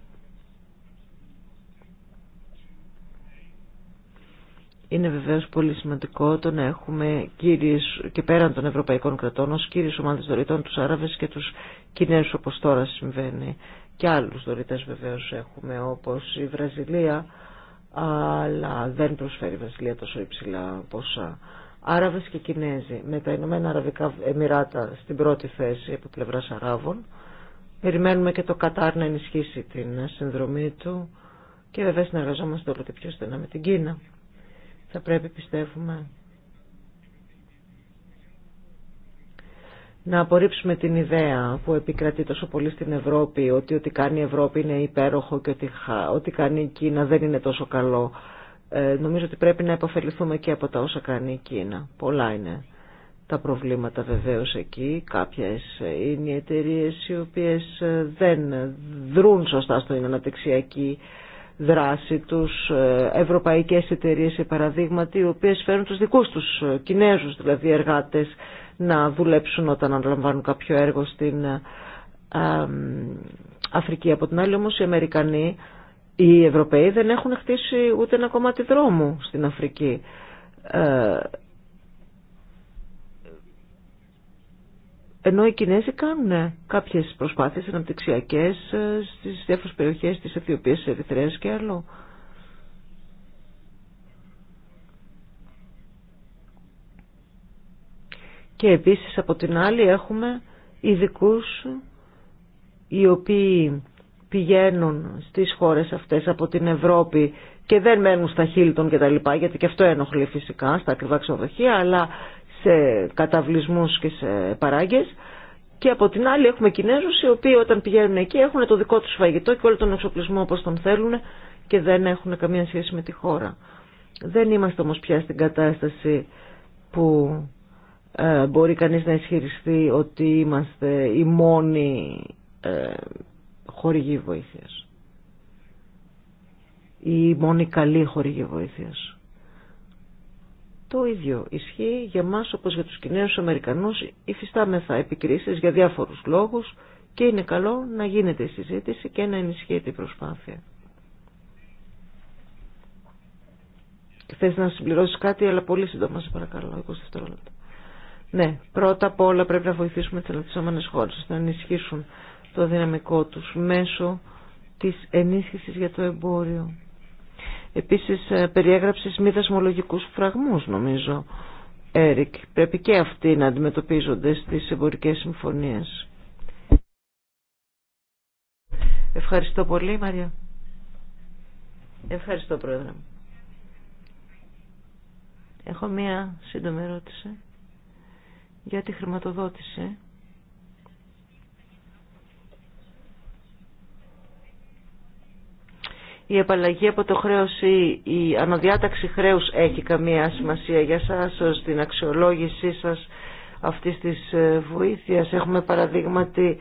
Είναι βεβαίω πολύ σημαντικό το να έχουμε κύριες και πέραν των ευρωπαϊκών κρατών ω κύριες ομάδες δωρητών τους Άραβες και τους Κινέζους όπως τώρα συμβαίνει και άλλους δωρητές βεβαίως έχουμε όπως η Βραζιλία αλλά δεν προσφέρει η Βραζιλία τόσο υψηλά ποσά. Άραβες και Κινέζοι με τα Ηνωμένα Αραβικά Εμμυράτα στην πρώτη θέση από πλευράς Αράβων. Περιμένουμε και το Κατάρ να ενισχύσει την συνδρομή του και βέβαια συνεργαζόμαστε όλο και πιο στενά με την Κίνα. Θα πρέπει πιστεύουμε να απορρίψουμε την ιδέα που επικρατεί τόσο πολύ στην Ευρώπη ότι ό,τι κάνει η Ευρώπη είναι υπέροχο και ότι ό,τι κάνει η Κίνα δεν είναι τόσο καλό. Ε, νομίζω ότι πρέπει να επωφεληθούμε και από τα όσα κάνει η Κίνα. Πολλά είναι τα προβλήματα βεβαίως εκεί. Κάποιε είναι οι εταιρείε οι οποίες ε, δεν δρούν σωστά στο αναπτυξιακή δράση τους, ε, ευρωπαϊκές εταιρείες σε παραδείγματι, οι οποίες φέρουν τους δικούς τους ε, Κινέζους δηλαδή εργάτες να δουλέψουν όταν αναλαμβάνουν κάποιο έργο στην ε, Αφρική. Από την άλλη όμως οι Αμερικανοί, οι Ευρωπαίοι δεν έχουν χτίσει ούτε ένα κομμάτι δρόμου στην Αφρική. Ενώ οι Κινέζοι κάνουν ε, κάποιες προσπάθειες αναπτυξιακές ε, στις διάφορες περιοχές της Αιθιοπίας, της Ερυθρέας και άλλο. Και επίσης από την άλλη έχουμε ειδικού οι οποίοι πηγαίνουν στις χώρες αυτές από την Ευρώπη και δεν μένουν στα Χίλτον και τα λοιπά, γιατί και αυτό ενοχλεί φυσικά στα ακριβά ξενοδοχεία, αλλά σε καταβλισμούς και σε παράγκες και από την άλλη έχουμε Κινέζους οι οποίοι όταν πηγαίνουν εκεί έχουν το δικό τους φαγητό και όλο τον εξοπλισμό όπως τον θέλουν και δεν έχουν καμία σχέση με τη χώρα. Δεν είμαστε όμως πια στην κατάσταση που ε, μπορεί κανείς να ισχυριστεί ότι είμαστε οι μόνοι ε, χορηγοί βοήθειας ή οι μόνοι καλοί χορηγοί βοήθειας. Το ίδιο ισχύει για μας όπως για τους Κινέζους Αμερικανούς. Υφιστάμεθα επικρίσεις για διάφορους λόγους και είναι καλό να γίνεται η συζήτηση και να ενισχύεται η προσπάθεια. Θες να συμπληρώσεις κάτι, αλλά πολύ σύντομα, σε παρακαλώ, 20 δευτερόλεπτα. Ναι, πρώτα απ' όλα πρέπει να βοηθήσουμε τις αναπτυσσόμενες χώρες να ενισχύσουν το δυναμικό τους μέσω της ενίσχυσης για το εμπόριο. Επίσης ε, περιέγραψες μη δασμολογικούς φραγμούς νομίζω. Έρικ, πρέπει και αυτοί να αντιμετωπίζονται στις εμπορικές συμφωνίες. Ευχαριστώ πολύ Μαρία. Ευχαριστώ Πρόεδρε. Έχω μία σύντομη ερώτηση για τη χρηματοδότηση η επαλλαγή από το χρέος ή η η αναδιαταξη χρέους έχει καμία σημασία για σας στην αξιολόγησή σας αυτής της ε, βοήθειας. Έχουμε παραδείγματι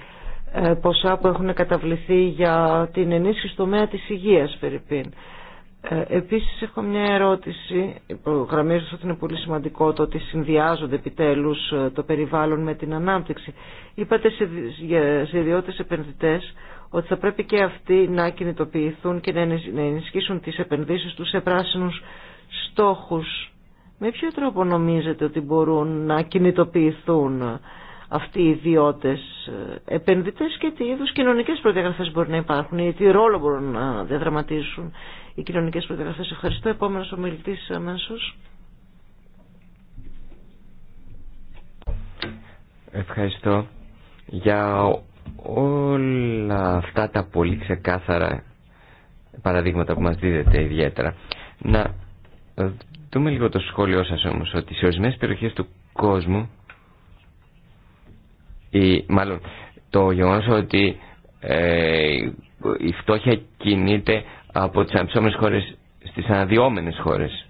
ε, ποσά που έχουν καταβληθεί για την ενίσχυση τομέα της υγείας, περιπίν. Ε, επίσης έχω μια ερώτηση, Γραμμίζω ότι είναι πολύ σημαντικό το ότι συνδυάζονται επιτέλους το περιβάλλον με την ανάπτυξη. Είπατε σε ιδιώτες επενδυτές ότι θα πρέπει και αυτοί να κινητοποιηθούν και να ενισχύσουν τις επενδύσεις τους σε πράσινους στόχους. Με ποιο τρόπο νομίζετε ότι μπορούν να κινητοποιηθούν αυτοί οι ιδιώτες ε, επενδυτές και τι είδους κοινωνικές προδιαγραφές μπορεί να υπάρχουν ή τι ρόλο μπορούν να διαδραματίσουν οι κοινωνικές προδιαγραφές. Ευχαριστώ. Επόμενος ομιλητής ε, αμέσως. Ευχαριστώ όλα αυτά τα πολύ ξεκάθαρα παραδείγματα που μας δίδεται ιδιαίτερα. Να δούμε λίγο το σχόλιο σας όμως, ότι σε ορισμένες περιοχές του κόσμου, ή, μάλλον το γεγονός ότι ε, η φτώχεια κινείται από τις αναψώμενες χώρες στις αναδυόμενες χώρες.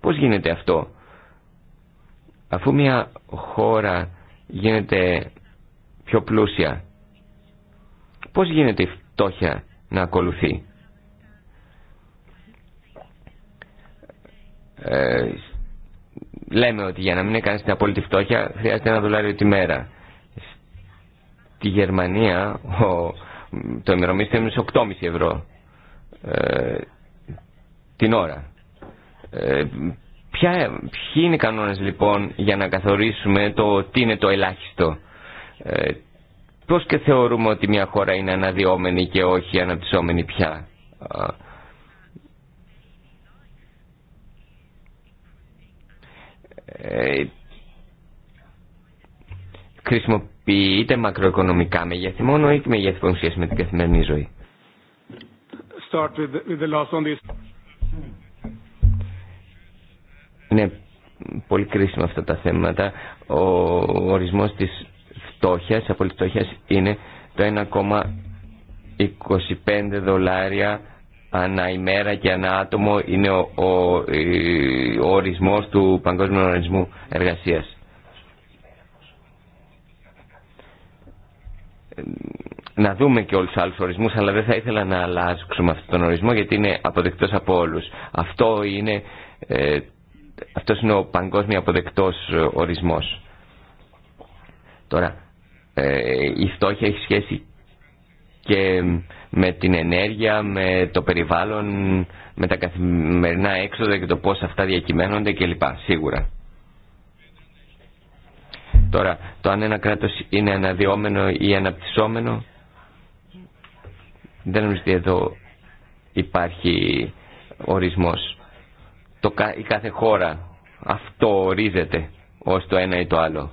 Πώς γίνεται αυτό, αφού μια χώρα γίνεται πιο πλούσια Πώς γίνεται η φτώχεια να ακολουθεί. Ε, λέμε ότι για να μην έκανε την απόλυτη φτώχεια χρειάζεται ένα δολάριο τη μέρα. Στη Γερμανία ο, το ημερομίσθιο είναι 8,5 ευρώ ε, την ώρα. Ε, ποια, ποιοι είναι οι κανόνες λοιπόν για να καθορίσουμε το τι είναι το ελάχιστο. Ε, Πώς και θεωρούμε ότι μια χώρα είναι αναδυόμενη και όχι αναπτυσσόμενη πια. Ε, χρησιμοποιείται μακροοικονομικά μεγέθη μόνο ή μεγέθη που με την καθημερινή ζωή. Start ναι, πολύ κρίσιμα αυτά τα θέματα. Ο ορισμός της φτώχειας, απόλυτη φτώχειας είναι το 1,25 δολάρια ανά ημέρα και ανά άτομο είναι ο, ο, ορισμός του Παγκόσμιου Οργανισμού Εργασίας. Να δούμε και όλους τους άλλους ορισμούς, αλλά δεν θα ήθελα να αλλάξουμε αυτόν τον ορισμό γιατί είναι αποδεκτός από όλους. Αυτό είναι, ε, αυτός είναι ο παγκόσμιο αποδεκτός ορισμός. Τώρα, ε, η φτώχεια έχει σχέση και με την ενέργεια, με το περιβάλλον, με τα καθημερινά έξοδα και το πώς αυτά διακυμαίνονται κλπ. Σίγουρα. Τώρα, το αν ένα κράτος είναι αναδυόμενο ή αναπτυσσόμενο, δεν νομίζω ότι εδώ υπάρχει ορισμός. Το, η κάθε χώρα αυτό ορίζεται ως το ένα ή το άλλο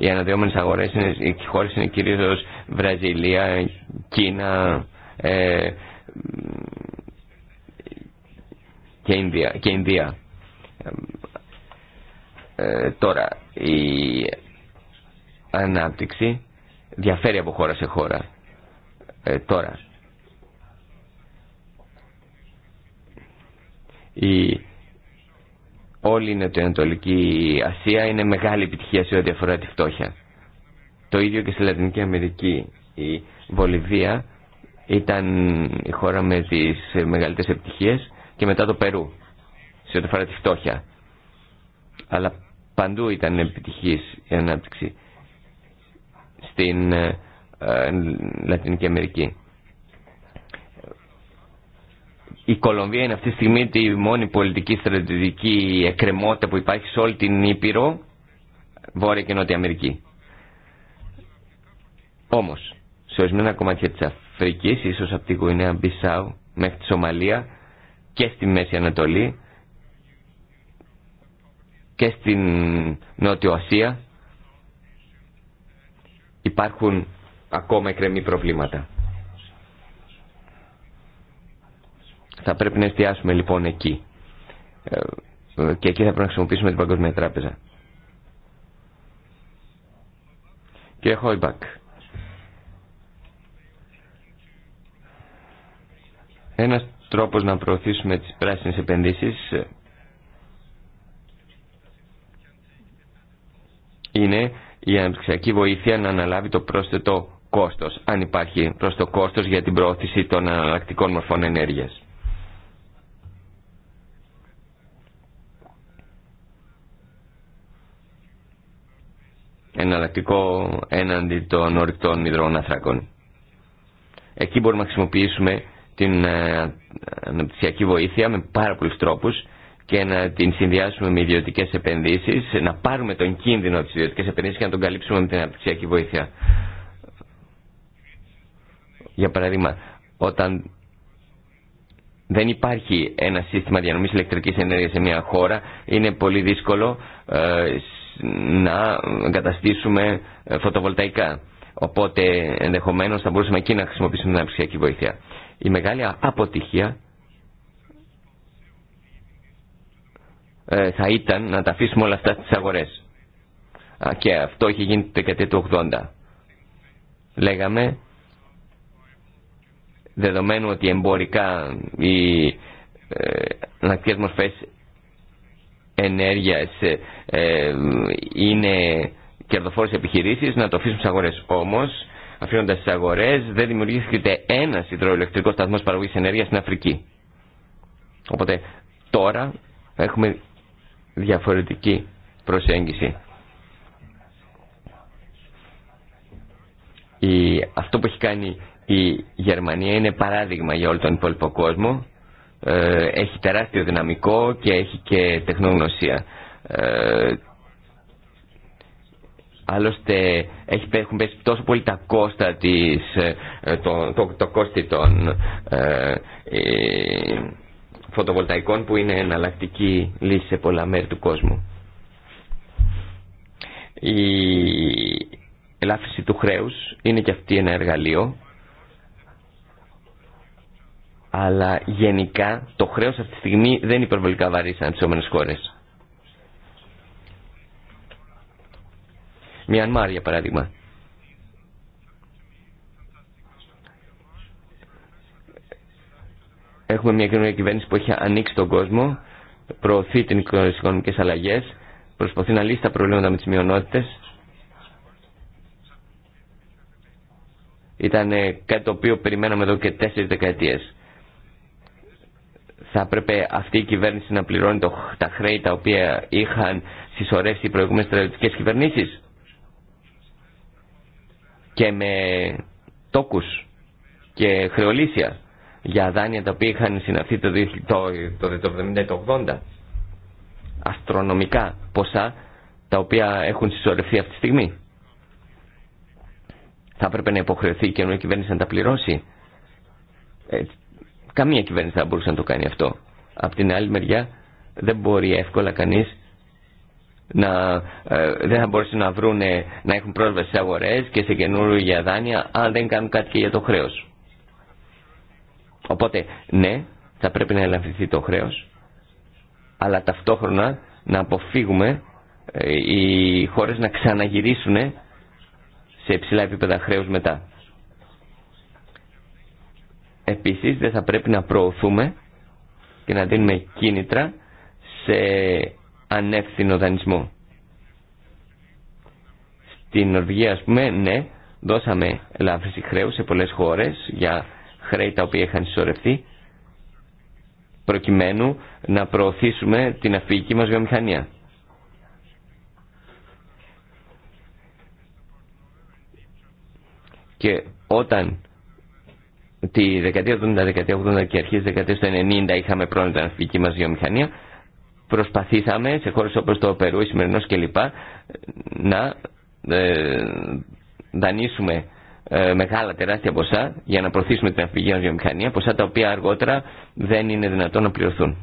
οι αναδυόμενες αγορές, είναι, οι χώρες είναι κυρίως Βραζιλία, Κίνα ε, και Ινδία. Ινδία. Ε, τώρα, η ανάπτυξη διαφέρει από χώρα σε χώρα. Ε, τώρα, η όλη η Νοτιοανατολική Ασία είναι μεγάλη επιτυχία σε ό,τι αφορά τη φτώχεια. Το ίδιο και στη Λατινική Αμερική. Η Βολιβία ήταν η χώρα με τις μεγαλύτερες επιτυχίες και μετά το Περού σε ό,τι αφορά τη φτώχεια. Αλλά παντού ήταν επιτυχής η ανάπτυξη στην ε, ε, Λατινική Αμερική. Η Κολομβία είναι αυτή τη στιγμή τη μόνη πολιτική στρατιωτική εκκρεμότητα που υπάρχει σε όλη την Ήπειρο, Βόρεια και Νότια Αμερική. Όμω, σε ορισμένα κομμάτια τη Αφρική, ίσω από τη Γουινέα Μπισάου μέχρι τη Σομαλία και στη Μέση Ανατολή και στην Νότιο Ασία υπάρχουν ακόμα εκκρεμή προβλήματα. Θα πρέπει να εστιάσουμε λοιπόν εκεί. Ε, και εκεί θα πρέπει να χρησιμοποιήσουμε την Παγκόσμια Τράπεζα. Κύριε Χόιμπακ. Ένας τρόπος να προωθήσουμε τις πράσινες επενδύσεις ε, είναι η αναπτυξιακή βοήθεια να αναλάβει το πρόσθετο κόστος, αν υπάρχει προς το κόστος για την προώθηση των αναλλακτικών μορφών ενέργειας. εναλλακτικό έναντι των ορυκτών υδρών αθράκων. Εκεί μπορούμε να χρησιμοποιήσουμε την ε, αναπτυξιακή βοήθεια με πάρα πολλού τρόπου και να την συνδυάσουμε με ιδιωτικέ επενδύσει, να πάρουμε τον κίνδυνο τη ιδιωτική επενδύση και να τον καλύψουμε με την αναπτυξιακή βοήθεια. Για παράδειγμα, όταν δεν υπάρχει ένα σύστημα διανομής ηλεκτρικής ενέργειας σε μια χώρα, είναι πολύ δύσκολο ε, να εγκαταστήσουμε ε, φωτοβολταϊκά. Οπότε ενδεχομένω θα μπορούσαμε εκεί να χρησιμοποιήσουμε την αναψυχιακή βοήθεια. Η μεγάλη αποτυχία ε, θα ήταν να τα αφήσουμε όλα αυτά στις αγορές. Και αυτό έχει γίνει το δεκαετία του 80. Λέγαμε, δεδομένου ότι εμπορικά οι ε, ανακτικές μορφές ενέργειας ε, είναι κερδοφόρες επιχειρήσεις, να το αφήσουμε στις αγορές όμως. Αφήνοντα τι αγορέ, δεν δημιουργήθηκε ένα υδροελεκτρικό σταθμό παραγωγή ενέργεια στην Αφρική. Οπότε τώρα έχουμε διαφορετική προσέγγιση. Η, αυτό που έχει κάνει η Γερμανία είναι παράδειγμα για όλο τον υπόλοιπο κόσμο. Ε, έχει τεράστιο δυναμικό και έχει και τεχνογνωσία. Ε, άλλωστε έχουν πέσει τόσο πολύ τα κόστα της, ε, το, κόστη των φωτοβολταϊκών που είναι εναλλακτική λύση σε πολλά μέρη του κόσμου. Η ελάφρυνση του χρέους είναι και αυτή ένα εργαλείο αλλά γενικά το χρέο αυτή τη στιγμή δεν είναι υπερβολικά βαρύ σαν τι επόμενε χώρε. Μιανμάρ για παράδειγμα. Έχουμε μια καινούργια κυβέρνηση που έχει ανοίξει τον κόσμο, προωθεί τι οικονομικέ αλλαγέ, προσπαθεί να λύσει τα προβλήματα με τι μειονότητε. Ήταν κάτι το οποίο περιμέναμε εδώ και τέσσερι δεκαετίε θα έπρεπε αυτή η κυβέρνηση να πληρώνει τα χρέη τα οποία είχαν συσσωρεύσει οι προηγούμενες στρατιωτικές κυβερνήσεις και με τόκους και χρεολύσια για δάνεια τα οποία είχαν συναφθεί το 1970 το, το, 80 αστρονομικά ποσά τα οποία έχουν συσσωρευτεί αυτή τη στιγμή. Θα έπρεπε να υποχρεωθεί η καινούργια κυβέρνηση να τα πληρώσει. Ε, Καμία κυβέρνηση θα μπορούσε να το κάνει αυτό. Απ' την άλλη μεριά δεν μπορεί εύκολα κανεί να, ε, δεν θα μπορούσαν να να έχουν πρόσβαση σε αγορές και σε καινούργια δάνεια αν δεν κάνουν κάτι και για το χρέο. Οπότε, ναι, θα πρέπει να ελαφρυνθεί το χρέο, αλλά ταυτόχρονα να αποφύγουμε ε, οι χώρε να ξαναγυρίσουν σε υψηλά επίπεδα χρέου μετά. Επίσης δεν θα πρέπει να προωθούμε και να δίνουμε κίνητρα σε ανεύθυνο δανεισμό. Στην Νορβηγία, ας πούμε, ναι, δώσαμε ελάφρυνση χρέου σε πολλές χώρες για χρέη τα οποία είχαν συσσωρευτεί προκειμένου να προωθήσουμε την αφηγική μας βιομηχανία. Και όταν τη δεκαετία του 1980 δεκαετία 80 και δεκαετία του 90 είχαμε πρώτα την αφηγική μας βιομηχανία. Προσπαθήσαμε σε χώρες όπως το Περού, η Σημερινός κλπ. να ε, δανείσουμε ε, μεγάλα τεράστια ποσά για να προωθήσουμε την αφηγή μας βιομηχανία, ποσά τα οποία αργότερα δεν είναι δυνατόν να πληρωθούν.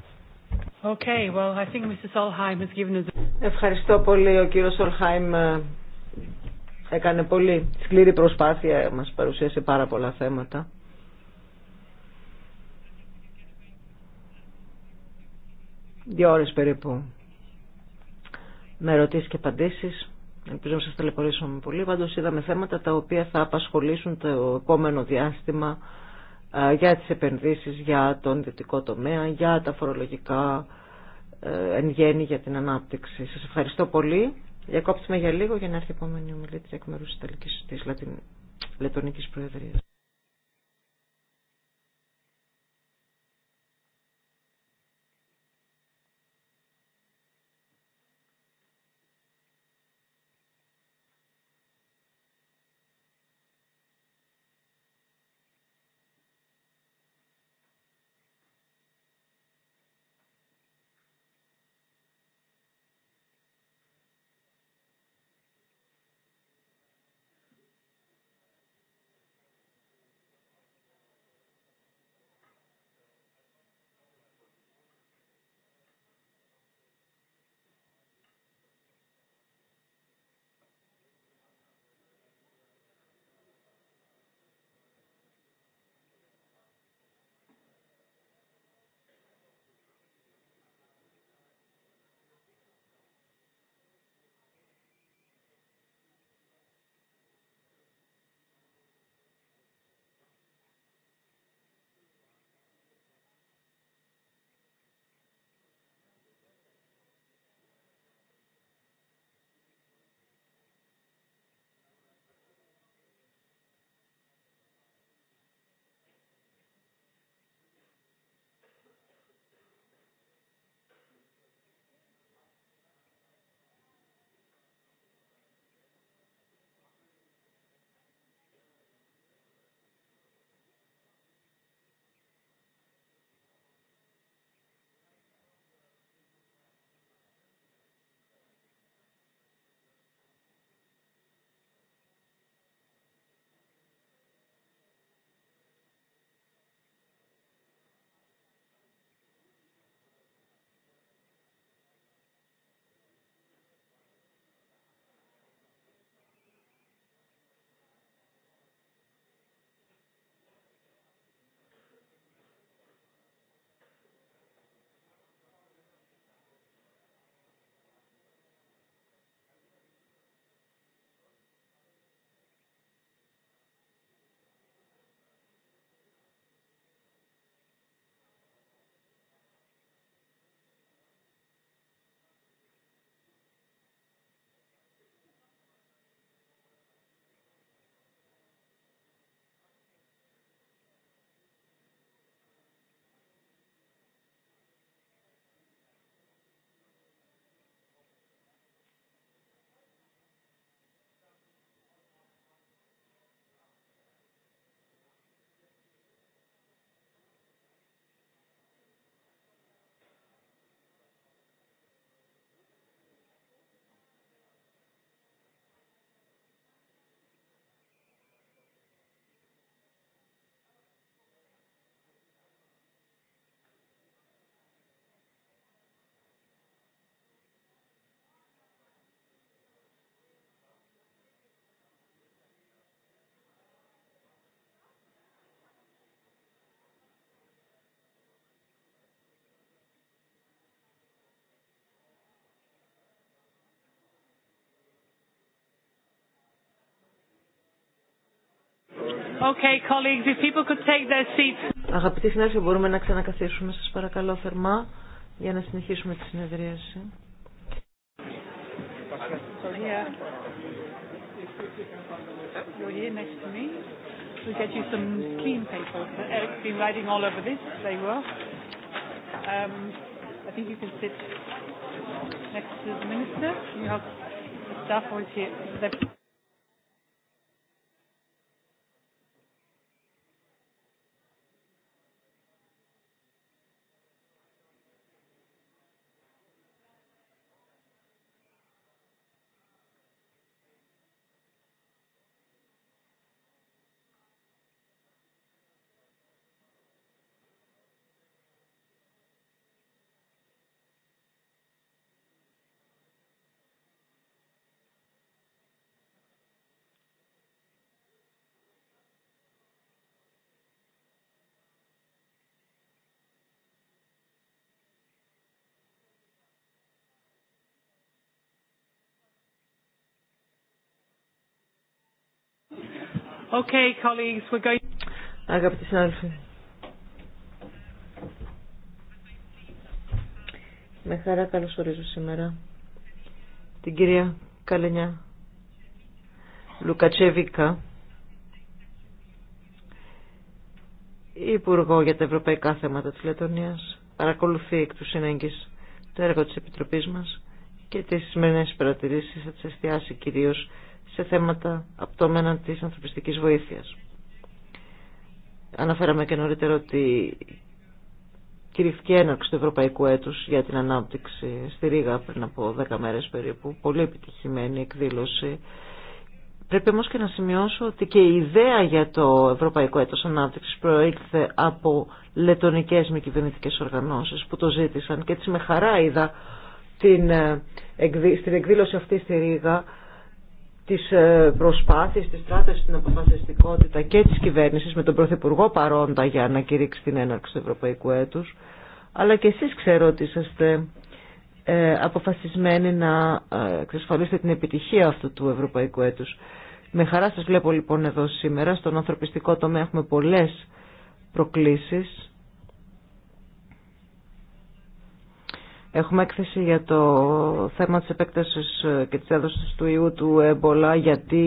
Okay, well, I think Mr. Solheim has given us... Ευχαριστώ πολύ. Ο κύριος Σολχάιμ ε, έκανε πολύ σκληρή προσπάθεια, μας παρουσίασε πάρα πολλά θέματα. δύο ώρες περίπου με ερωτήσεις και απαντήσεις. Ελπίζω να σας ταλαιπωρήσουμε πολύ. Πάντως είδαμε θέματα τα οποία θα απασχολήσουν το επόμενο διάστημα ε, για τις επενδύσεις, για τον δυτικό τομέα, για τα φορολογικά ε, εν γέννη για την ανάπτυξη. Σας ευχαριστώ πολύ. Διακόψουμε για λίγο για να έρθει η επόμενη ομιλήτρια εκ μέρους της Λετωνική Προεδρίας. Okay, colleagues, if people could take their seats. Αγαπητοί συνάδελφοι, μπορούμε να ξανακαθίσουμε σας παρακαλώ θερμά για να συνεχίσουμε τη συνεδρίαση. I think you can sit next to the minister. You have staff here. Okay, colleagues, we're going... Αγαπητοί συνάδελφοι, με χαρά καλωσορίζω σήμερα την κυρία Καλενιά Λουκατσεβίκα, Υπουργό για τα Ευρωπαϊκά Θέματα της Λετωνίας, παρακολουθεί εκ του συνέγγυ το έργο της Επιτροπής μας και τις σημερινές παρατηρήσεις θα τις εστιάσει κυρίω σε θέματα απτώμενα της ανθρωπιστικής βοήθειας. Αναφέραμε και νωρίτερα ότι κηρύχθηκε έναρξη του Ευρωπαϊκού Έτους για την ανάπτυξη στη Ρήγα πριν από 10 μέρες περίπου. Πολύ επιτυχημένη εκδήλωση. Πρέπει όμως και να σημειώσω ότι και η ιδέα για το Ευρωπαϊκό Έτος Ανάπτυξης προήλθε από λετονικές μη κυβερνητικέ οργανώσεις που το ζήτησαν και έτσι με χαρά είδα την, ε, στην εκδήλωση αυτή στη Ρήγα τις ε, προσπάθειες, τις στράτες στην αποφασιστικότητα και της κυβέρνησης με τον Πρωθυπουργό παρόντα για να κηρύξει την έναρξη του Ευρωπαϊκού έτους. Αλλά και εσείς ξέρω ότι είσαστε ε, αποφασισμένοι να ε, εξασφαλίσετε την επιτυχία αυτού του Ευρωπαϊκού έτους. Με χαρά σας βλέπω λοιπόν εδώ σήμερα. Στον ανθρωπιστικό τομέα έχουμε πολλές προκλήσεις Έχουμε έκθεση για το θέμα της επέκτασης ε, και της έδωσης του ιού του έμπολα, γιατί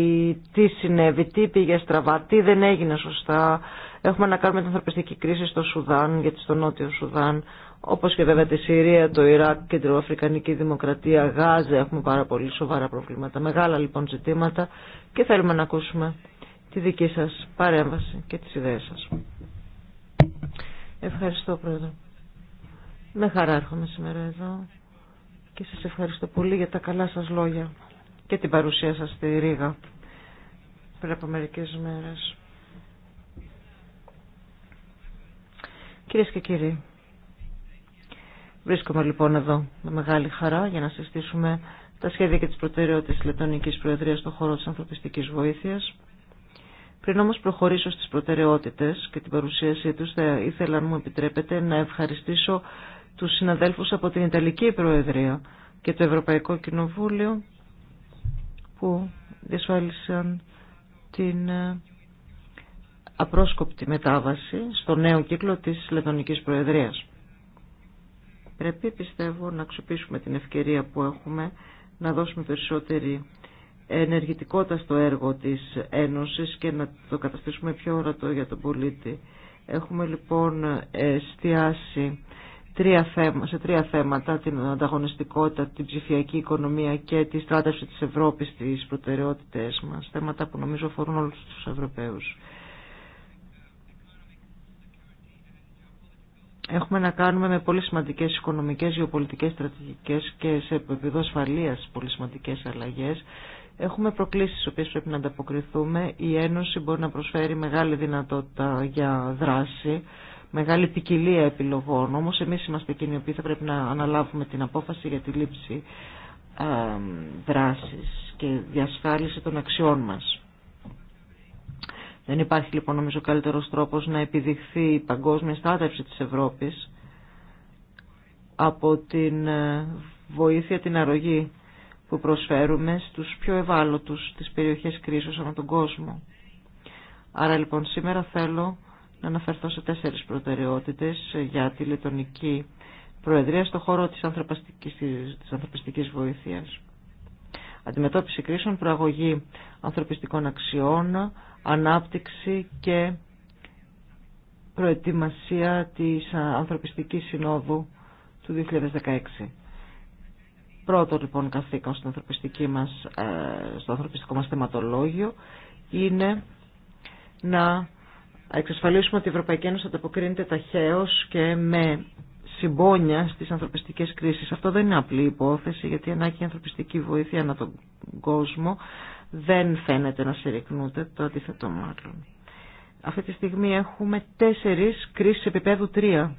τι συνέβη, τι πήγε στραβά, τι δεν έγινε σωστά. Έχουμε να κάνουμε την ανθρωπιστική κρίση στο Σουδάν, γιατί στο Νότιο Σουδάν, όπως και βέβαια τη Συρία, το Ιράκ, Κεντροαφρικανική Δημοκρατία, Γάζα, έχουμε πάρα πολύ σοβαρά προβλήματα. Μεγάλα λοιπόν ζητήματα και θέλουμε να ακούσουμε τη δική σας παρέμβαση και τις ιδέες σας. Ευχαριστώ Πρόεδρε. Με χαρά έρχομαι σήμερα εδώ και σας ευχαριστώ πολύ για τα καλά σας λόγια και την παρουσία σας στη Ρήγα πριν από μερικές μέρες. Κυρίες και κύριοι, βρίσκομαι λοιπόν εδώ με μεγάλη χαρά για να συστήσουμε τα σχέδια και τις προτεραιότητες της Λετωνικής Προεδρίας στον χώρο της ανθρωπιστικής βοήθειας. Πριν όμως προχωρήσω στις προτεραιότητες και την παρουσίασή τους, θα ήθελα, αν μου επιτρέπετε, να ευχαριστήσω τους συναδέλφους από την Ιταλική Προεδρία και το Ευρωπαϊκό Κοινοβούλιο που διασφάλισαν την ε, απρόσκοπτη μετάβαση στο νέο κύκλο της Λετωνικής Προεδρίας. Πρέπει πιστεύω να αξιοποιήσουμε την ευκαιρία που έχουμε να δώσουμε περισσότερη ενεργητικότητα στο έργο της Ένωσης και να το καταστήσουμε πιο ορατό για τον πολίτη. Έχουμε λοιπόν εστιάσει σε τρία θέματα, την ανταγωνιστικότητα, την ψηφιακή οικονομία και τη στράτευση της Ευρώπης στις προτεραιότητες μας, θέματα που νομίζω αφορούν όλους τους Ευρωπαίους. Έχουμε να κάνουμε με πολύ σημαντικές οικονομικές, γεωπολιτικές, στρατηγικές και σε επίπεδο ασφαλείας πολύ σημαντικές αλλαγές. Έχουμε προκλήσεις στις οποίες πρέπει να ανταποκριθούμε. Η Ένωση μπορεί να προσφέρει μεγάλη δυνατότητα για δράση μεγάλη ποικιλία επιλογών. Όμως εμείς είμαστε εκείνοι οι οποίοι θα πρέπει να αναλάβουμε την απόφαση για τη λήψη δράση και διασφάλιση των αξιών μας. Δεν υπάρχει λοιπόν νομίζω καλύτερο τρόπος να επιδειχθεί η παγκόσμια στάδευση της Ευρώπης από την ε, βοήθεια την αρρωγή που προσφέρουμε στους πιο ευάλωτους της περιοχές κρίσεως ανά τον κόσμο. Άρα λοιπόν σήμερα θέλω να αναφερθώ σε τέσσερις προτεραιότητες για τη λετωνική προεδρία στο χώρο της ανθρωπιστικής, της ανθρωπιστικής βοήθειας. Αντιμετώπιση κρίσεων, προαγωγή ανθρωπιστικών αξιών, ανάπτυξη και προετοιμασία της Ανθρωπιστικής Συνόδου του 2016. Πρώτο λοιπόν καθήκον μας, ε, στο ανθρωπιστικό μας θεματολόγιο είναι να εξασφαλίσουμε ότι η Ευρωπαϊκή Ένωση ανταποκρίνεται ταχαίω και με συμπόνια στι ανθρωπιστικέ κρίσει. Αυτό δεν είναι απλή υπόθεση γιατί ανάγκη ανθρωπιστική βοήθεια ανά τον κόσμο δεν φαίνεται να συρρυκνούνται το αντίθετο μάλλον. Αυτή τη στιγμή έχουμε τέσσερι κρίσει επίπεδου τρία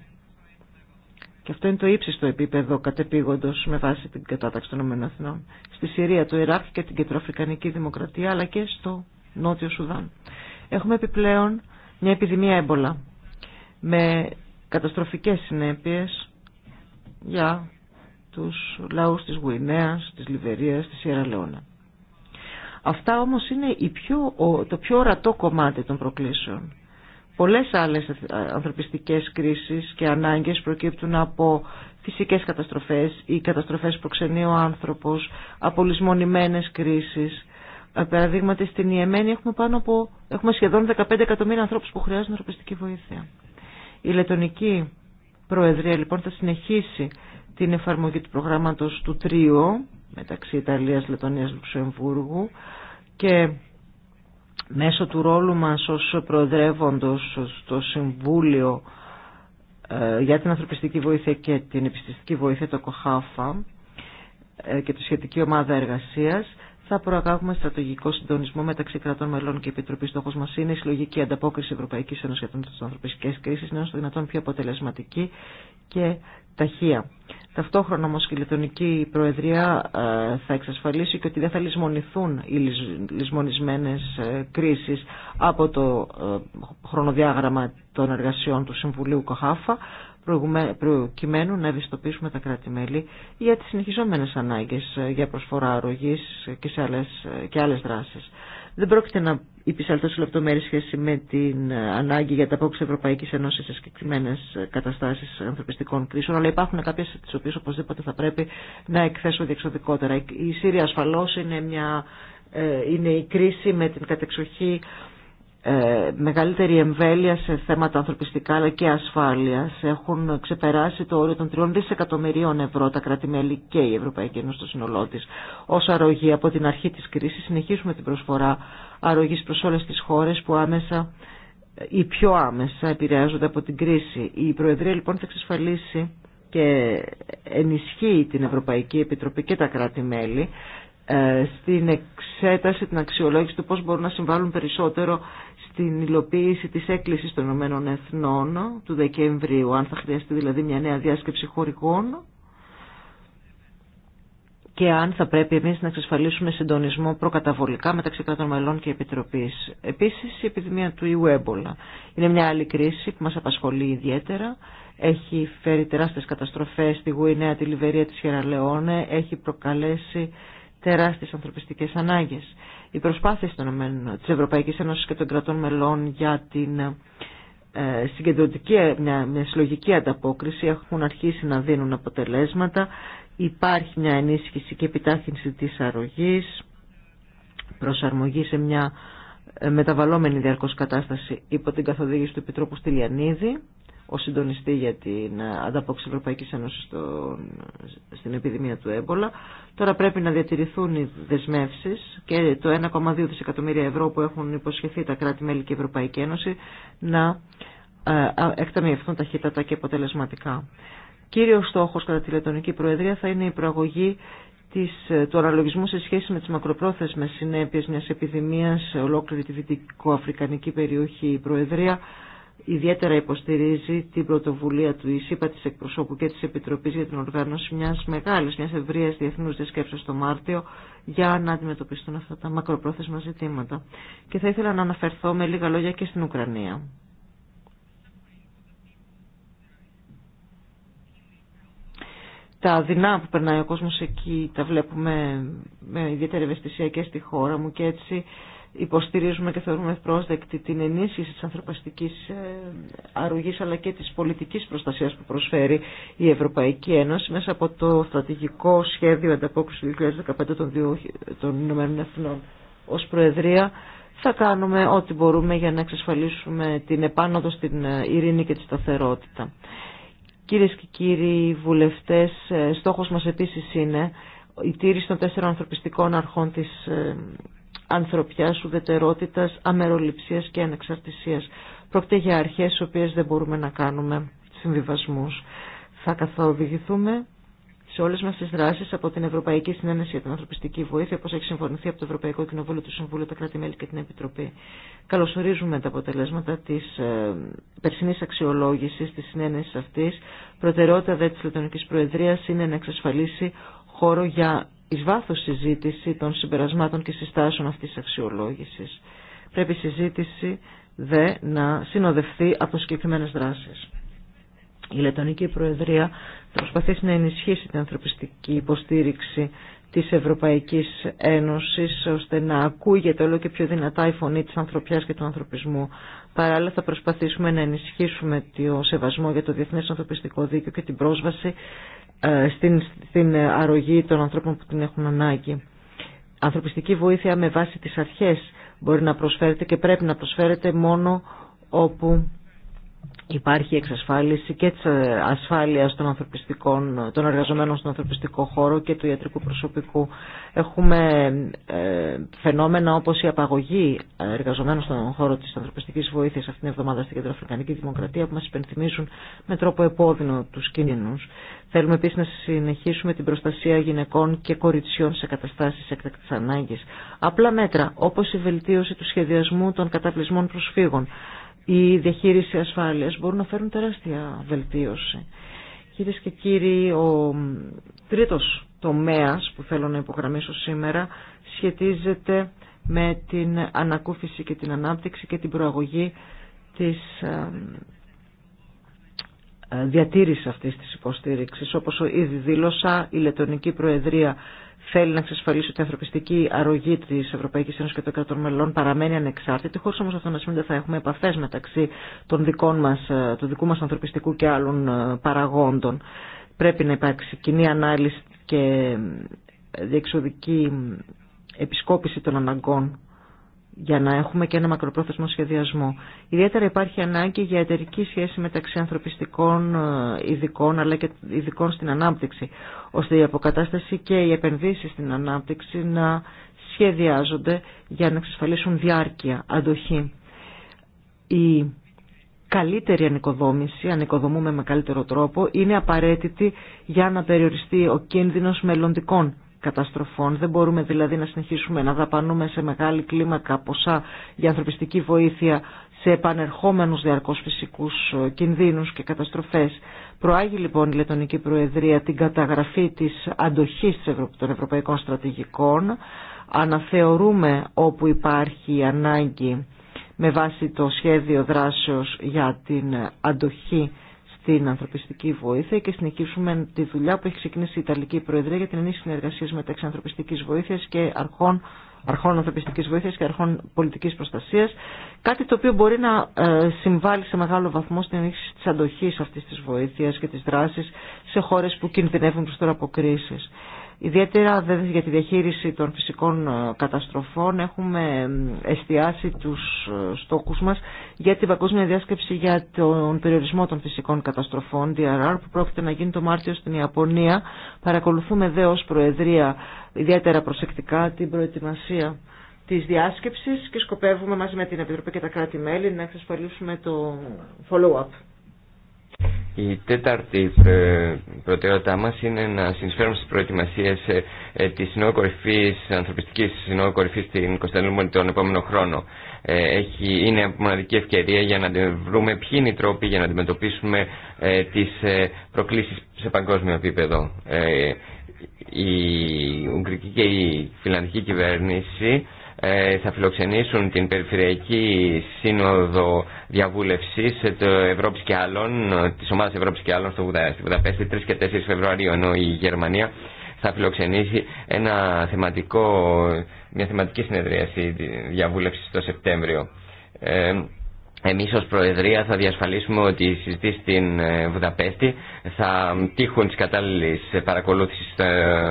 Και αυτό είναι το ύψιστο επίπεδο κατεπήγοντο με βάση την κατάταξη των ΗΠΑ. Στη Συρία, το Ιράκ και την Κεντροαφρικανική Δημοκρατία, αλλά και στο Νότιο Σουδάν. Έχουμε επιπλέον μια επιδημία έμπολα με καταστροφικές συνέπειες για τους λαούς της Γουινέας, της Λιβερίας, της Ιεραλαιώνα. Αυτά όμως είναι η πιο, το πιο ορατό κομμάτι των προκλήσεων. Πολλές άλλες ανθρωπιστικές κρίσεις και ανάγκες προκύπτουν από φυσικές καταστροφές ή καταστροφές που ξενεί ο άνθρωπος, απολυσμονημένες κρίσεις, Παραδείγματι στην Ιεμένη έχουμε, πάνω από, έχουμε σχεδόν 15 εκατομμύρια ανθρώπους που χρειάζονται ανθρωπιστική βοήθεια. Η Λετωνική Προεδρία λοιπόν θα συνεχίσει την εφαρμογή του προγράμματος του τρίου μεταξύ Ιταλίας, Λετωνίας, Λουξεμβούργου και μέσω του ρόλου μας ως προεδρεύοντος στο Συμβούλιο ε, για την ανθρωπιστική βοήθεια και την επιστηστική βοήθεια, το ΚΟΧΑΦΑ ε, και τη σχετική ομάδα εργασίας θα προαγάγουμε στρατηγικό συντονισμό μεταξύ κρατών μελών και επιτροπή. Στόχο μα είναι η συλλογική ανταπόκριση Ευρωπαϊκή Ένωση για τι ανθρωπιστικέ κρίσει να είναι στο δυνατόν πιο αποτελεσματική και ταχεία. Ταυτόχρονα όμω η Λετωνική Προεδρία ε, θα εξασφαλίσει και ότι δεν θα λησμονηθούν οι λησμονισμένε ε, κρίσει από το ε, χρονοδιάγραμμα των εργασιών του Συμβουλίου Κοχάφα προκειμένου να ευαισθητοποιήσουμε τα κράτη-μέλη για τις συνεχιζόμενες ανάγκες ε, για προσφορά αρρωγής και, σε άλλες, ε, και άλλες δράσεις. Δεν πρόκειται να υπησαλθώ σε λεπτομέρειε σχέση με την ε, ανάγκη για τα απόψη Ευρωπαϊκής Ένωση σε συγκεκριμένε καταστάσεις ανθρωπιστικών κρίσεων, αλλά υπάρχουν κάποιε τι οποίε οπωσδήποτε θα πρέπει να εκθέσω διεξοδικότερα. Η Σύρια ασφαλώς είναι μια είναι η κρίση με την κατεξοχή ε, μεγαλύτερη εμβέλεια σε θέματα ανθρωπιστικά αλλά και ασφάλειας έχουν ξεπεράσει το όριο των 3 δισεκατομμυρίων ευρώ τα κράτη-μέλη και η Ευρωπαϊκή Ένωση στο σύνολό της ως αρρωγή από την αρχή της κρίσης συνεχίσουμε την προσφορά αρρωγής προς όλες τις χώρες που άμεσα ή πιο άμεσα επηρεάζονται από την κρίση η Προεδρία λοιπόν θα εξασφαλίσει και ενισχύει την Ευρωπαϊκή Επιτροπή και τα κράτη-μέλη ε, στην εξέταση, την αξιολόγηση του πώς μπορούν να συμβάλλουν περισσότερο στην υλοποίηση της έκκλησης των Ηνωμένων Εθνών του Δεκεμβρίου, αν θα χρειαστεί δηλαδή μια νέα διάσκεψη χορηγών και αν θα πρέπει εμείς να εξασφαλίσουμε συντονισμό προκαταβολικά μεταξύ κρατών μελών και επιτροπής. Επίσης η επιδημία του ιού έμπολα είναι μια άλλη κρίση που μας απασχολεί ιδιαίτερα. Έχει φέρει τεράστιες καταστροφές στη Γουινέα, τη Λιβερία, τη Σιεραλεόνε. έχει προκαλέσει τεράστιες ανθρωπιστικές ανάγκες οι προσπάθειες της Ευρωπαϊκής Ένωσης και των κρατών μελών για την ε, συγκεντρωτική, μια, μια συλλογική ανταπόκριση έχουν αρχίσει να δίνουν αποτελέσματα. Υπάρχει μια ενίσχυση και επιτάχυνση της αρρωγής, προσαρμογή σε μια ε, μεταβαλλόμενη διαρκώς κατάσταση υπό την καθοδήγηση του Επιτρόπου Στυλιανίδη ο συντονιστή για την ε, ανταπόκριση Ευρωπαϊκής Ένωσης στην επιδημία του έμπολα. Τώρα πρέπει να διατηρηθούν οι δεσμεύσεις και το 1,2 δισεκατομμύρια ευρώ που έχουν υποσχεθεί τα κράτη-μέλη και η Ευρωπαϊκή Ένωση να ε, εκταμιευθούν ταχύτατα και αποτελεσματικά. Κύριος στόχος κατά τη Λετωνική Προεδρία θα είναι η προαγωγή της, ε, του αναλογισμού σε σχέση με τις μακροπρόθεσμες συνέπειες μιας επιδημίας σε ολόκληρη τη Δυτικοαφρικανική περιοχή. Η Προεδρία ιδιαίτερα υποστηρίζει την πρωτοβουλία του ΙΣΥΠΑ της Εκπροσώπου και της Επιτροπής για την Οργάνωση μιας μεγάλης, μιας ευρείας διεθνούς διασκέψεως το Μάρτιο για να αντιμετωπιστούν αυτά τα μακροπρόθεσμα ζητήματα. Και θα ήθελα να αναφερθώ με λίγα λόγια και στην Ουκρανία. τα δεινά που περνάει ο κόσμος εκεί τα βλέπουμε με ιδιαίτερη ευαισθησία και στη χώρα μου και έτσι υποστηρίζουμε και θεωρούμε πρόσδεκτη την ενίσχυση της ανθρωπιστικής ε, αρρωγής αλλά και της πολιτικής προστασίας που προσφέρει η Ευρωπαϊκή Ένωση μέσα από το στρατηγικό σχέδιο ανταπόκριση 2015 των Ηνωμένων Εθνών ως Προεδρία θα κάνουμε ό,τι μπορούμε για να εξασφαλίσουμε την επάνωδο στην ε, ειρήνη και τη σταθερότητα. Κύριε και κύριοι βουλευτές, ε, στόχος μας επίσης είναι η τήρηση των τέσσερων ανθρωπιστικών αρχών της ανθρωπιάς, ουδετερότητας, αμεροληψίας και ανεξαρτησίας. Πρόκειται για αρχές οι οποίες δεν μπορούμε να κάνουμε συμβιβασμούς. Θα καθοδηγηθούμε σε όλες μας τις δράσεις από την Ευρωπαϊκή Συνένεση για την Ανθρωπιστική Βοήθεια, όπως έχει συμφωνηθεί από το Ευρωπαϊκό Κοινοβούλιο, το Συμβούλιο, τα κράτη-μέλη και την Επιτροπή. Καλωσορίζουμε τα αποτελέσματα της ε, περσινής αξιολόγησης της συνένεσης αυτής. Προτεραιότητα δε της Λετωνικής Προεδρίας είναι να εξασφαλίσει χώρο για εις βάθος συζήτηση των συμπερασμάτων και συστάσεων αυτής της αξιολόγησης. Πρέπει η συζήτηση δε να συνοδευτεί από συγκεκριμένε δράσεις. Η Λετωνική Προεδρία θα προσπαθήσει να ενισχύσει την ανθρωπιστική υποστήριξη της Ευρωπαϊκής Ένωσης ώστε να ακούγεται όλο και πιο δυνατά η φωνή της ανθρωπιάς και του ανθρωπισμού. Παράλληλα θα προσπαθήσουμε να ενισχύσουμε το σεβασμό για το Διεθνές Ανθρωπιστικό Δίκαιο και την πρόσβαση ε, στην, στην αρρωγή των ανθρώπων που την έχουν ανάγκη. Ανθρωπιστική βοήθεια με βάση τις αρχές μπορεί να προσφέρεται και πρέπει να προσφέρεται μόνο όπου υπάρχει εξασφάλιση και της ε, ασφάλειας των, ανθρωπιστικών, των εργαζομένων στον ανθρωπιστικό χώρο και του ιατρικού προσωπικού. Έχουμε ε, φαινόμενα όπως η απαγωγή ε, εργαζομένων στον χώρο της ανθρωπιστικής βοήθειας αυτήν την εβδομάδα στην Κεντροαφρικανική Δημοκρατία που μας υπενθυμίζουν με τρόπο επώδυνο τους κίνδυνους. Θέλουμε επίση να συνεχίσουμε την προστασία γυναικών και κοριτσιών σε καταστάσει έκτακτη ανάγκη. Απλά μέτρα όπω η βελτίωση του σχεδιασμού των καταπλησμών προσφύγων η διαχείριση ασφάλειας μπορούν να φέρουν τεράστια βελτίωση. Κυρίε και κύριοι, ο τρίτος τομέας που θέλω να υπογραμμίσω σήμερα σχετίζεται με την ανακούφιση και την ανάπτυξη και την προαγωγή της ε, διατήρησης αυτής της υποστήριξης. Όπως ήδη δήλωσα, η Λετωνική Προεδρία θέλει να εξασφαλίσει ότι η ανθρωπιστική αρρωγή τη Ευρωπαϊκή Ένωση και των κρατών μελών παραμένει ανεξάρτητη, χωρί όμω αυτό να σημαίνει ότι θα έχουμε επαφέ μεταξύ των δικών μας, ε, του δικού μα ανθρωπιστικού και άλλων ε, παραγόντων. Πρέπει να υπάρξει κοινή ανάλυση και ε, διεξοδική επισκόπηση των αναγκών για να έχουμε και ένα μακροπρόθεσμο σχεδιασμό. Ιδιαίτερα υπάρχει ανάγκη για εταιρική σχέση μεταξύ ανθρωπιστικών ε, ειδικών αλλά και ειδικών στην ανάπτυξη, ώστε η αποκατάσταση και οι επενδύσεις στην ανάπτυξη να σχεδιάζονται για να εξασφαλίσουν διάρκεια, αντοχή. Η καλύτερη ανοικοδόμηση, οικοδομούμε με καλύτερο τρόπο, είναι απαραίτητη για να περιοριστεί ο κίνδυνος μελλοντικών καταστροφών. Δεν μπορούμε δηλαδή να συνεχίσουμε να δαπανούμε σε μεγάλη κλίμακα ποσά για ανθρωπιστική βοήθεια σε επανερχόμενους διαρκώς φυσικούς ε, κινδύνους και καταστροφές. Προάγει λοιπόν η Λετωνική Προεδρία την καταγραφή της αντοχής των ευρωπαϊκών στρατηγικών. Αναθεωρούμε όπου υπάρχει ανάγκη με βάση το σχέδιο δράσεως για την αντοχή την ανθρωπιστική βοήθεια και συνεχίσουμε τη δουλειά που έχει ξεκινήσει η Ιταλική Προεδρία για την ενίσχυση συνεργασία μεταξύ ανθρωπιστική βοήθεια και αρχών, αρχών ανθρωπιστική βοήθεια και αρχών πολιτική προστασία. Κάτι το οποίο μπορεί να ε, συμβάλλει σε μεγάλο βαθμό στην ενίσχυση τη αντοχή αυτή τη βοήθεια και τη δράση σε χώρε που κινδυνεύουν προ τώρα από κρίσει. Ιδιαίτερα για τη διαχείριση των φυσικών ε, καταστροφών έχουμε εστιάσει τους ε, στόχους μας για την παγκόσμια διάσκεψη για τον περιορισμό των φυσικών καταστροφών DRR που πρόκειται να γίνει το Μάρτιο στην Ιαπωνία. Παρακολουθούμε δε ως Προεδρία ιδιαίτερα προσεκτικά την προετοιμασία της διάσκεψης και σκοπεύουμε μαζί με την Επιτροπή και τα κράτη-μέλη να εξασφαλίσουμε το follow-up. Η τέταρτη προτεραιότητά μας είναι να συνεισφέρουμε στις προετοιμασίες ε, ε, της ανθρωπιστική ανθρωπιστικής Συνόδου στην Κωνσταντινούπολη τον επόμενο χρόνο. Ε, έχει, είναι μοναδική ευκαιρία για να βρούμε ποιοι είναι οι τρόποι για να αντιμετωπίσουμε τις προκλήσεις σε παγκόσμιο επίπεδο. Η Ουγγρική και η Φιλανδική κυβέρνηση ε, θα φιλοξενήσουν την Περιφερειακή Σύνοδο Διαβούλευσης Ευρώπης και άλλων, της Ομάδας Ευρώπης και άλλων στο Βουδαπέστη 3 και 4 Φεβρουαρίου, ενώ η Γερμανία θα φιλοξενήσει ένα θεματικό, μια θεματική συνεδρίαση διαβούλευση το Σεπτέμβριο. Ε, εμείς ως Προεδρία θα διασφαλίσουμε ότι οι συζητήσεις στην ε, Βουδαπέστη θα τύχουν τις κατάλληλες παρακολούθησης στο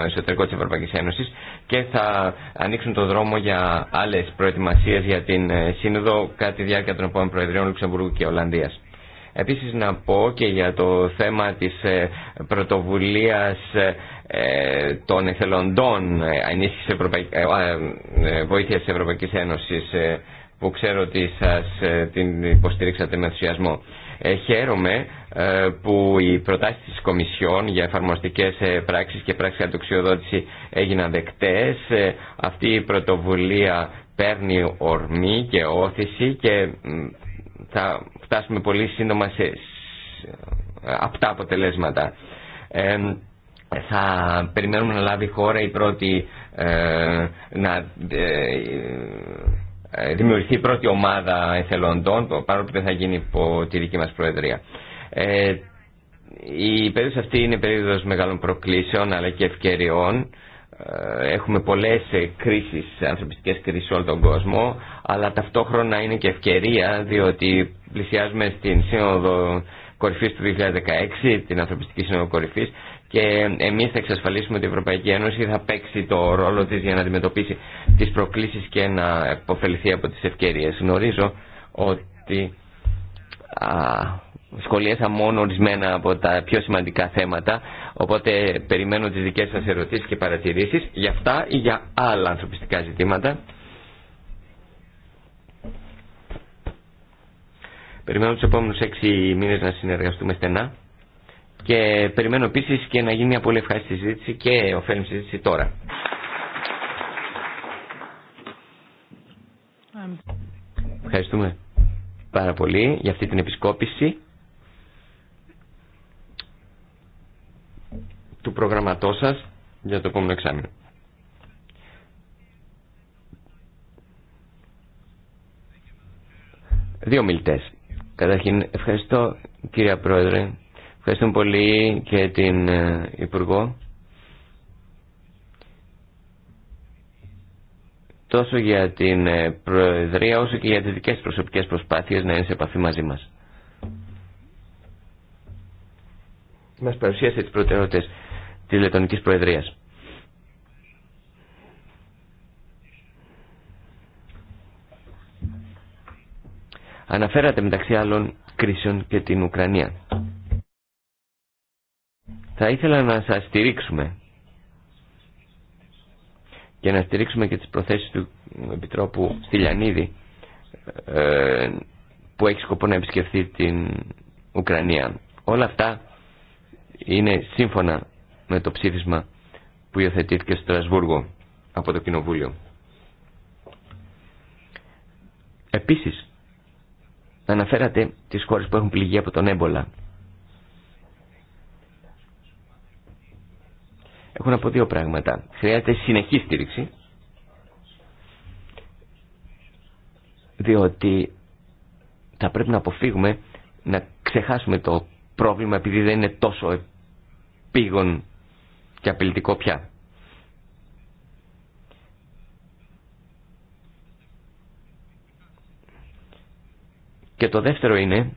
εσωτερικό της Ευρωπαϊκής Ένωσης και θα ανοίξουν το δρόμο για άλλε προετοιμασίε για την ε, Σύνοδο κατά τη διάρκεια των επόμενων Προεδριών Λουξεμβούργου και Ολλανδίας. Επίσης να πω και για το θέμα της ε, πρωτοβουλίας ε, των εθελοντών ενίσχυση βοήθεια τη Ευρωπαϊκής Ένωση, που ξέρω ότι σας την υποστηρίξατε με ενθουσιασμό. Χαίρομαι ε, που οι προτάσεις της Κομισιόν για εφαρμοστικές ε, πράξεις και πράξεις αντοξιοδότηση έγιναν δεκτές. Ε, αυτή η πρωτοβουλία παίρνει ορμή και όθηση και θα φτάσουμε πολύ σύντομα σε απτά αποτελέσματα. Ε, θα περιμένουμε να λάβει χώρα η πρώτη να δημιουργηθεί η πρώτη ομάδα εθελοντών παρόλο που δεν θα γίνει υπό τη δική μας προεδρία. Ε, η περίοδος αυτή είναι περίοδος μεγάλων προκλήσεων αλλά και ευκαιριών. Ε, έχουμε πολλές ε, κρίσεις, ανθρωπιστικές κρίσεις σε όλο τον κόσμο, αλλά ταυτόχρονα είναι και ευκαιρία διότι πλησιάζουμε στην Σύνοδο Κορυφής του 2016, την Ανθρωπιστική Σύνοδο Κορυφής, και εμείς θα εξασφαλίσουμε ότι η Ευρωπαϊκή Ένωση θα παίξει το ρόλο της για να αντιμετωπίσει τις προκλήσεις και να υποφεληθεί από τις ευκαιρίες. Γνωρίζω ότι... Α, σχολίασα μόνο ορισμένα από τα πιο σημαντικά θέματα, οπότε περιμένω τις δικές σας ερωτήσεις και παρατηρήσεις για αυτά ή για άλλα ανθρωπιστικά ζητήματα. Περιμένω τους επόμενους έξι μήνες να συνεργαστούμε στενά και περιμένω επίσης και να γίνει μια πολύ ευχάριστη συζήτηση και ωφέλιμη συζήτηση τώρα. Ευχαριστούμε πάρα πολύ για αυτή την επισκόπηση. του προγραμματός σας για το επόμενο εξάμεινο. Δύο μιλτές. Καταρχήν ευχαριστώ κυρία Πρόεδρε, Ευχαριστώ πολύ και την ε, Υπουργό. τόσο για την ε, Προεδρία όσο και για τις δικές προσωπικές προσπάθειες να είναι σε επαφή μαζί μας. μας παρουσίασε τις προτεραιότητες της Λετωνικής Προεδρίας. Αναφέρατε μεταξύ άλλων κρίσεων και την Ουκρανία. Θα ήθελα να σας στηρίξουμε και να στηρίξουμε και τις προθέσεις του Επιτρόπου Στυλιανίδη ε, που έχει σκοπό να επισκεφθεί την Ουκρανία. Όλα αυτά είναι σύμφωνα με το ψήφισμα που υιοθετήθηκε στο Στρασβούργο από το Κοινοβούλιο. Επίσης, αναφέρατε τις χώρες που έχουν πληγεί από τον έμπολα. Έχουν από δύο πράγματα. Χρειάζεται συνεχή στήριξη, διότι θα πρέπει να αποφύγουμε να ξεχάσουμε το πρόβλημα επειδή δεν είναι τόσο επίγον και απειλητικό πια. Και το δεύτερο είναι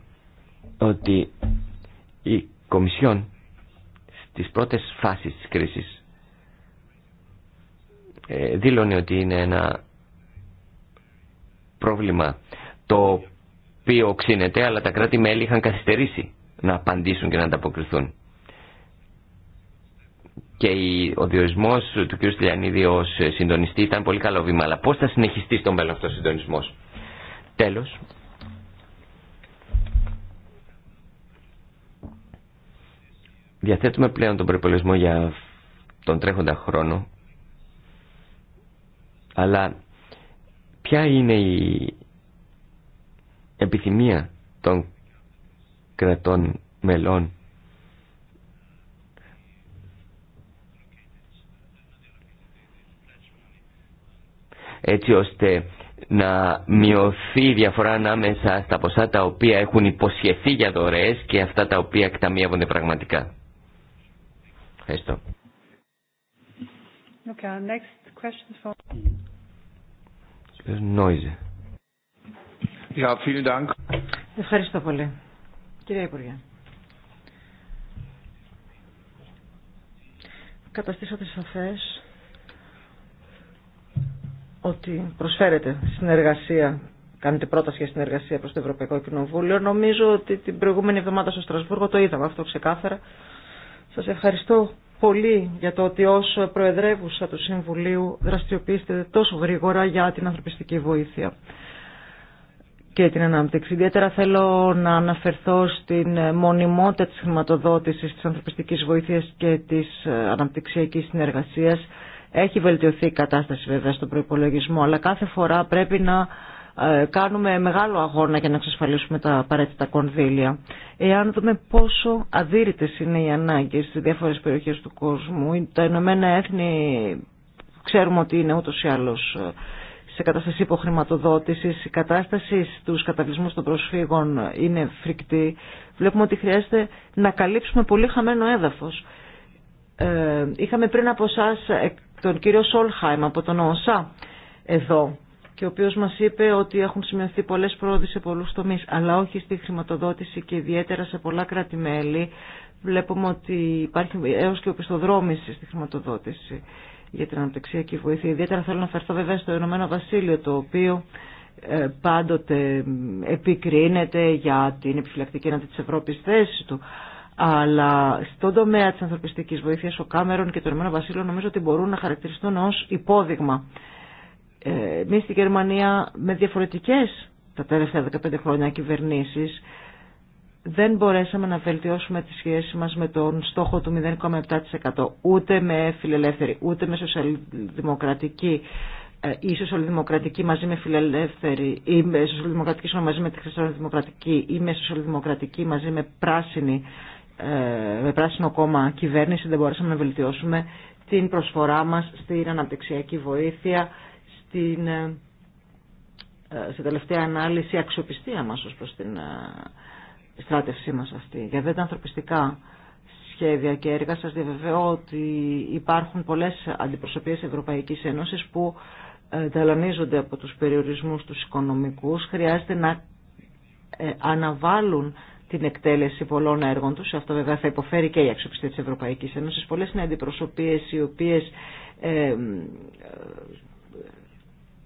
ότι η Κομισιόν στις πρώτες φάσεις της κρίσης ε, δήλωνε ότι είναι ένα πρόβλημα το οποίο ξύνεται αλλά τα κράτη-μέλη είχαν καθυστερήσει να απαντήσουν και να ανταποκριθούν. Και ο διορισμό του κ. Στυλιανίδη ω συντονιστή ήταν πολύ καλό βήμα. Αλλά πώ θα συνεχιστεί στο μέλλον αυτό ο συντονισμό. Τέλο. Διαθέτουμε πλέον τον προπολογισμό για τον τρέχοντα χρόνο. Αλλά ποια είναι η επιθυμία των κρατών μελών έτσι ώστε να μειωθεί η διαφορά ανάμεσα στα ποσά τα οποία έχουν υποσχεθεί για δωρεές και αυτά τα οποία εκταμείευονται πραγματικά. Ευχαριστώ. Okay, Ευχαριστώ πολύ. Κυρία Υπουργέ. Καταστήσατε σαφές ότι προσφέρετε συνεργασία, κάνετε πρόταση για συνεργασία προς το Ευρωπαϊκό Κοινοβούλιο. Νομίζω ότι την προηγούμενη εβδομάδα στο Στρασβούργο το είδαμε αυτό ξεκάθαρα. Σας ευχαριστώ πολύ για το ότι ως Προεδρεύουσα του Συμβουλίου δραστηριοποιήσετε τόσο γρήγορα για την ανθρωπιστική βοήθεια και την ανάπτυξη. Ιδιαίτερα θέλω να αναφερθώ στην μονιμότητα της χρηματοδότησης της ανθρωπιστικής βοήθειας και της ε, αναπτυξιακής συνεργασίας. Έχει βελτιωθεί η κατάσταση βέβαια στον προϋπολογισμό, αλλά κάθε φορά πρέπει να ε, κάνουμε μεγάλο αγώνα για να εξασφαλίσουμε τα απαραίτητα κονδύλια. Εάν δούμε πόσο αδύρυτες είναι οι ανάγκες σε διάφορες περιοχές του κόσμου, τα Ηνωμένα Έθνη ξέρουμε ότι είναι ούτως ή άλλως ε, σε κατάσταση υποχρηματοδότησης, η κατάσταση στους καταβλισμούς των προσφύγων είναι φρικτή, βλέπουμε ότι χρειάζεται να καλύψουμε πολύ χαμένο έδαφος. Ε, είχαμε πριν από εσά τον κύριο Σόλχαϊμ από τον ΟΣΑ εδώ και ο οποίος μας είπε ότι έχουν σημειωθεί πολλές πρόοδοι σε πολλούς τομείς, αλλά όχι στη χρηματοδότηση και ιδιαίτερα σε πολλά κράτη-μέλη. Βλέπουμε ότι υπάρχει έως και οπισθοδρόμηση στη χρηματοδότηση για την αναπτυξιακή βοήθεια. Ιδιαίτερα θέλω να αφαιρθώ βέβαια στο Ηνωμένο Βασίλειο, το οποίο ε, πάντοτε επικρίνεται για την επιφυλακτική έναντι της Ευρώπης θέση του. Αλλά στον τομέα τη ανθρωπιστικής βοήθειας ο Κάμερον και το Ηνωμένο Βασίλειο νομίζω ότι μπορούν να χαρακτηριστούν ω υπόδειγμα. Ε, Εμεί στη Γερμανία με διαφορετικέ τα τελευταία 15 χρόνια κυβερνήσει δεν μπορέσαμε να βελτιώσουμε τη σχέση μας με τον στόχο του 0,7% ούτε με φιλελεύθερη ούτε με σοσιαλδημοκρατική ε, η σοσιαλδημοκρατική μαζί με φιλελεύθερη ή με σοσιαλδημοκρατική μαζί με τη χριστιανοδημοκρατική ή με σοσιαλδημοκρατική μαζί με πράσινη ε, με πράσινο κόμμα κυβέρνηση δεν μπορέσαμε να βελτιώσουμε την προσφορά μας στην αναπτυξιακή βοήθεια στην, ε, τελευταία ανάλυση αξιοπιστία μας ως προς την στράτευσή μας αυτή. Για δε τα ανθρωπιστικά σχέδια και έργα σας διαβεβαιώ ότι υπάρχουν πολλές αντιπροσωπείες Ευρωπαϊκής Ένωσης που ταλανίζονται ε, από τους περιορισμούς τους οικονομικούς. Χρειάζεται να ε, αναβάλουν την εκτέλεση πολλών έργων τους. Αυτό βέβαια θα υποφέρει και η αξιοπιστή της Ευρωπαϊκής Ένωσης. Πολλές είναι αντιπροσωπείες οι οποίες ε,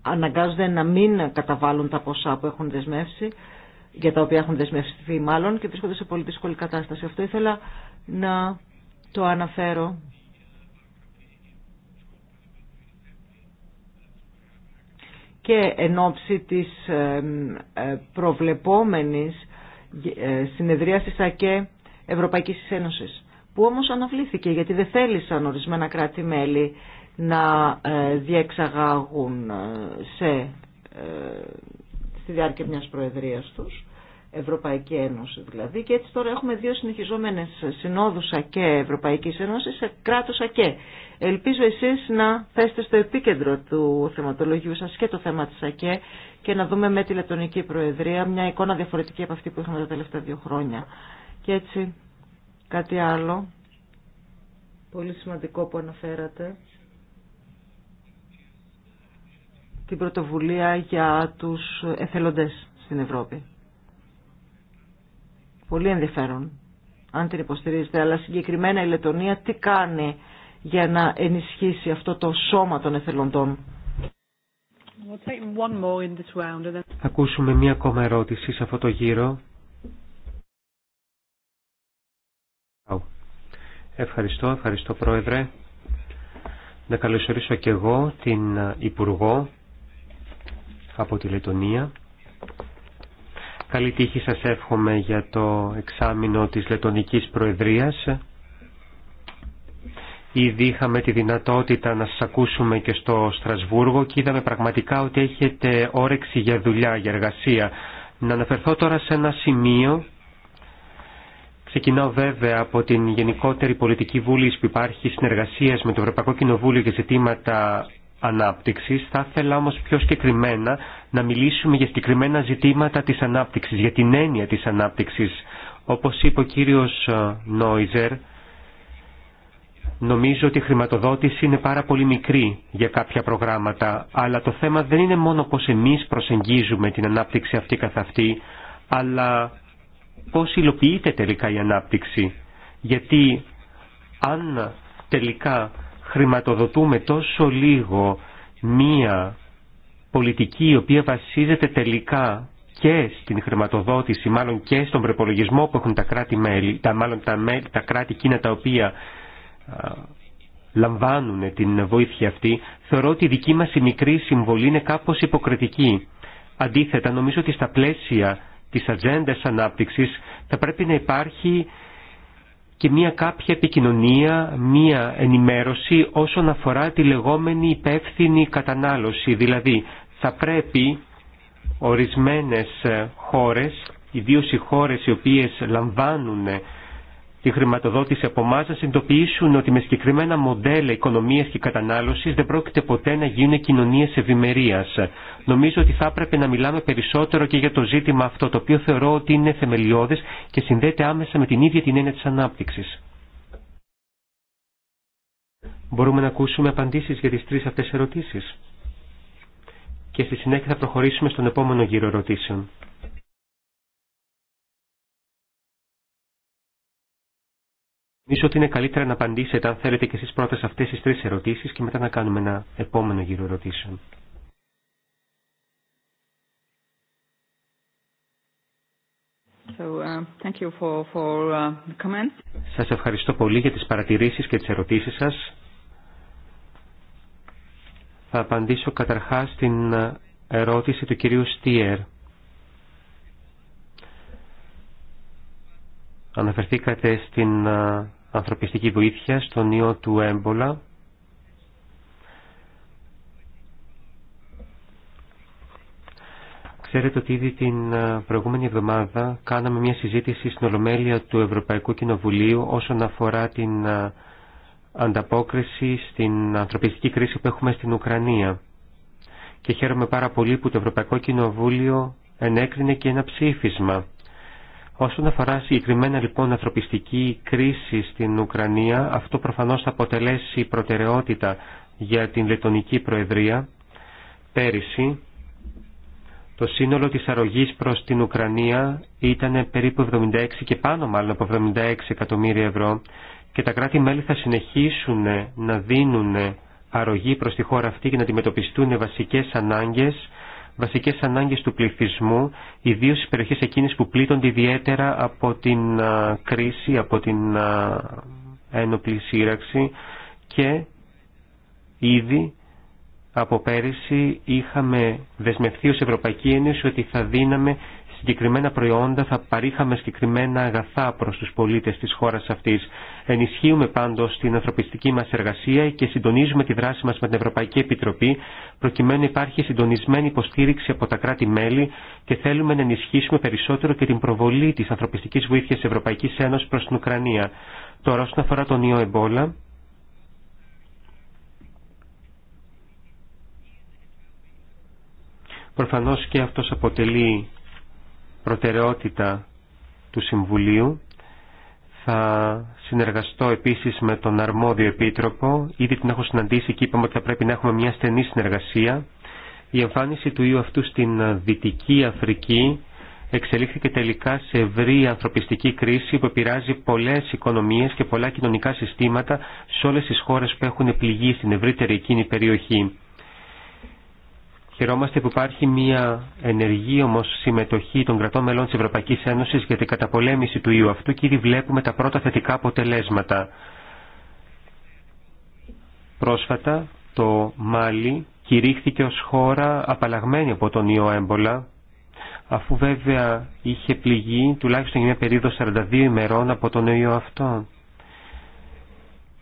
αναγκάζονται να μην καταβάλουν τα ποσά που έχουν δεσμεύσει για τα οποία έχουν δεσμευστεί μάλλον και βρίσκονται σε πολύ δύσκολη κατάσταση. Αυτό ήθελα να το αναφέρω. και εν ώψη της ε, προβλεπόμενης ε, συνεδρίασης ΑΚΕ Ευρωπαϊκής Ένωσης, που όμως αναβλήθηκε γιατί δεν θέλησαν ορισμένα κράτη-μέλη να ε, διεξαγάγουν σε στη διάρκεια μιας προεδρίας τους, Ευρωπαϊκή Ένωση δηλαδή, και έτσι τώρα έχουμε δύο συνεχιζόμενες συνόδους ΑΚΕ Ευρωπαϊκής Ένωσης κράτος ΑΚΕ. Ελπίζω εσείς να θέσετε στο επίκεντρο του θεματολογίου σας και το θέμα της ΑΚΕ και να δούμε με τη Λεπτονική Προεδρία μια εικόνα διαφορετική από αυτή που είχαμε τα τελευταία δύο χρόνια. Και έτσι κάτι άλλο, πολύ σημαντικό που αναφέρατε, την πρωτοβουλία για τους εθελοντές στην Ευρώπη. Πολύ ενδιαφέρον, αν την υποστηρίζετε, αλλά συγκεκριμένα η Λετωνία τι κάνει για να ενισχύσει αυτό το σώμα των εθελοντών. Θα ακούσουμε μία ακόμα ερώτηση σε αυτό το γύρο. Ευχαριστώ, ευχαριστώ Πρόεδρε. Να καλωσορίσω και εγώ την Υπουργό από τη Λετωνία. Καλή τύχη σας εύχομαι για το εξάμεινο της Λετωνικής Προεδρίας. Ήδη είχαμε τη δυνατότητα να σας ακούσουμε και στο Στρασβούργο και είδαμε πραγματικά ότι έχετε όρεξη για δουλειά, για εργασία. Να αναφερθώ τώρα σε ένα σημείο. Ξεκινάω βέβαια από την γενικότερη πολιτική βούληση που υπάρχει συνεργασίας με το Ευρωπαϊκό Κοινοβούλιο για ζητήματα ανάπτυξης. Θα ήθελα όμως πιο συγκεκριμένα να μιλήσουμε για συγκεκριμένα ζητήματα της ανάπτυξης, για την έννοια της ανάπτυξης. Όπως είπε ο κύριος ε, Νόιζερ, Νομίζω ότι η χρηματοδότηση είναι πάρα πολύ μικρή για κάποια προγράμματα, αλλά το θέμα δεν είναι μόνο πώς εμείς προσεγγίζουμε την ανάπτυξη αυτή καθ' αυτή, αλλά πώς υλοποιείται τελικά η ανάπτυξη. Γιατί αν τελικά χρηματοδοτούμε τόσο λίγο μία πολιτική η οποία βασίζεται τελικά και στην χρηματοδότηση, μάλλον και στον προπολογισμό που έχουν τα κράτη-μέλη, τα, μάλλον τα, μέλη, τα κράτη εκείνα τα οποία α, λαμβάνουν την βοήθεια αυτή, θεωρώ ότι η δική μας η μικρή συμβολή είναι κάπως υποκριτική. Αντίθετα, νομίζω ότι στα πλαίσια της ατζέντα ανάπτυξης θα πρέπει να υπάρχει και μία κάποια επικοινωνία, μία ενημέρωση όσον αφορά τη λεγόμενη υπεύθυνη κατανάλωση. Δηλαδή, θα πρέπει ορισμένες χώρες, ιδίως οι χώρες οι οποίες λαμβάνουν τη χρηματοδότηση από εμά να συνειδητοποιήσουν ότι με συγκεκριμένα μοντέλα οικονομία και κατανάλωση δεν πρόκειται ποτέ να γίνουν κοινωνίε ευημερία. Νομίζω ότι θα έπρεπε να μιλάμε περισσότερο και για το ζήτημα αυτό, το οποίο θεωρώ ότι είναι θεμελιώδε και συνδέεται άμεσα με την ίδια την έννοια τη ανάπτυξη. Μπορούμε να ακούσουμε απαντήσει για τι τρει αυτέ ερωτήσει. Και στη συνέχεια θα προχωρήσουμε στον επόμενο γύρο ερωτήσεων. Νομίζω ότι είναι καλύτερα να απαντήσετε αν θέλετε και εσείς πρώτα σε αυτές τις τρεις ερωτήσεις και μετά να κάνουμε ένα επόμενο γύρο ερωτήσεων. So, uh, thank you for, for, uh, Σας ευχαριστώ πολύ για τις παρατηρήσεις και τις ερωτήσεις σας. Θα απαντήσω καταρχάς στην ε, ερώτηση του κυρίου Στίερ. Αναφερθήκατε στην ε, ανθρωπιστική βοήθεια στον ιό του έμπολα. Ξέρετε ότι ήδη την ε, προηγούμενη εβδομάδα κάναμε μια συζήτηση στην Ολομέλεια του Ευρωπαϊκού Κοινοβουλίου όσον αφορά την ε, ανταπόκριση στην ανθρωπιστική κρίση που έχουμε στην Ουκρανία. Και χαίρομαι πάρα πολύ που το Ευρωπαϊκό Κοινοβούλιο ενέκρινε και ένα ψήφισμα Όσον αφορά συγκεκριμένα λοιπόν ανθρωπιστική κρίση στην Ουκρανία, αυτό προφανώς θα αποτελέσει προτεραιότητα για την Λετωνική Προεδρία. Πέρυσι, το σύνολο της αρρωγής προς την Ουκρανία ήταν περίπου 76 και πάνω μάλλον από 76 εκατομμύρια ευρώ και τα κράτη-μέλη θα συνεχίσουν να δίνουν αρρωγή προς τη χώρα αυτή και να αντιμετωπιστούν βασικές ανάγκες βασικές ανάγκες του πληθυσμού, ιδίως στις περιοχές εκείνες που πλήττονται ιδιαίτερα από την κρίση, από την ένοπλη σύραξη και ήδη από πέρυσι είχαμε δεσμευθεί ως Ευρωπαϊκή Ένωση ότι θα δίναμε συγκεκριμένα προϊόντα, θα παρήχαμε συγκεκριμένα αγαθά προς τους πολίτες της χώρας αυτής. Ενισχύουμε πάντως την ανθρωπιστική μας εργασία και συντονίζουμε τη δράση μας με την Ευρωπαϊκή Επιτροπή, προκειμένου υπάρχει συντονισμένη υποστήριξη από τα κράτη-μέλη και θέλουμε να ενισχύσουμε περισσότερο και την προβολή της ανθρωπιστικής βοήθειας Ευρωπαϊκής Ένωσης προς την Ουκρανία. Τώρα όσον αφορά τον ιό εμπόλα, Προφανώς και αυτός αποτελεί προτεραιότητα του Συμβουλίου. Θα συνεργαστώ επίσης με τον αρμόδιο επίτροπο. Ήδη την έχω συναντήσει και είπαμε ότι θα πρέπει να έχουμε μια στενή συνεργασία. Η εμφάνιση του ιού αυτού στην Δυτική Αφρική εξελίχθηκε τελικά σε ευρύ ανθρωπιστική κρίση που επηρεάζει πολλές οικονομίες και πολλά κοινωνικά συστήματα σε όλες τις χώρες που έχουν πληγεί στην ευρύτερη εκείνη περιοχή. Χαιρόμαστε που υπάρχει μια ενεργή όμω συμμετοχή των κρατών μελών τη Ευρωπαϊκή Ένωση για την καταπολέμηση του ιού αυτού και ήδη βλέπουμε τα πρώτα θετικά αποτελέσματα. Πρόσφατα το Μάλι κηρύχθηκε ως χώρα απαλλαγμένη από τον ιό έμπολα, αφού βέβαια είχε πληγεί τουλάχιστον για μια περίοδο 42 ημερών από τον ιό αυτό.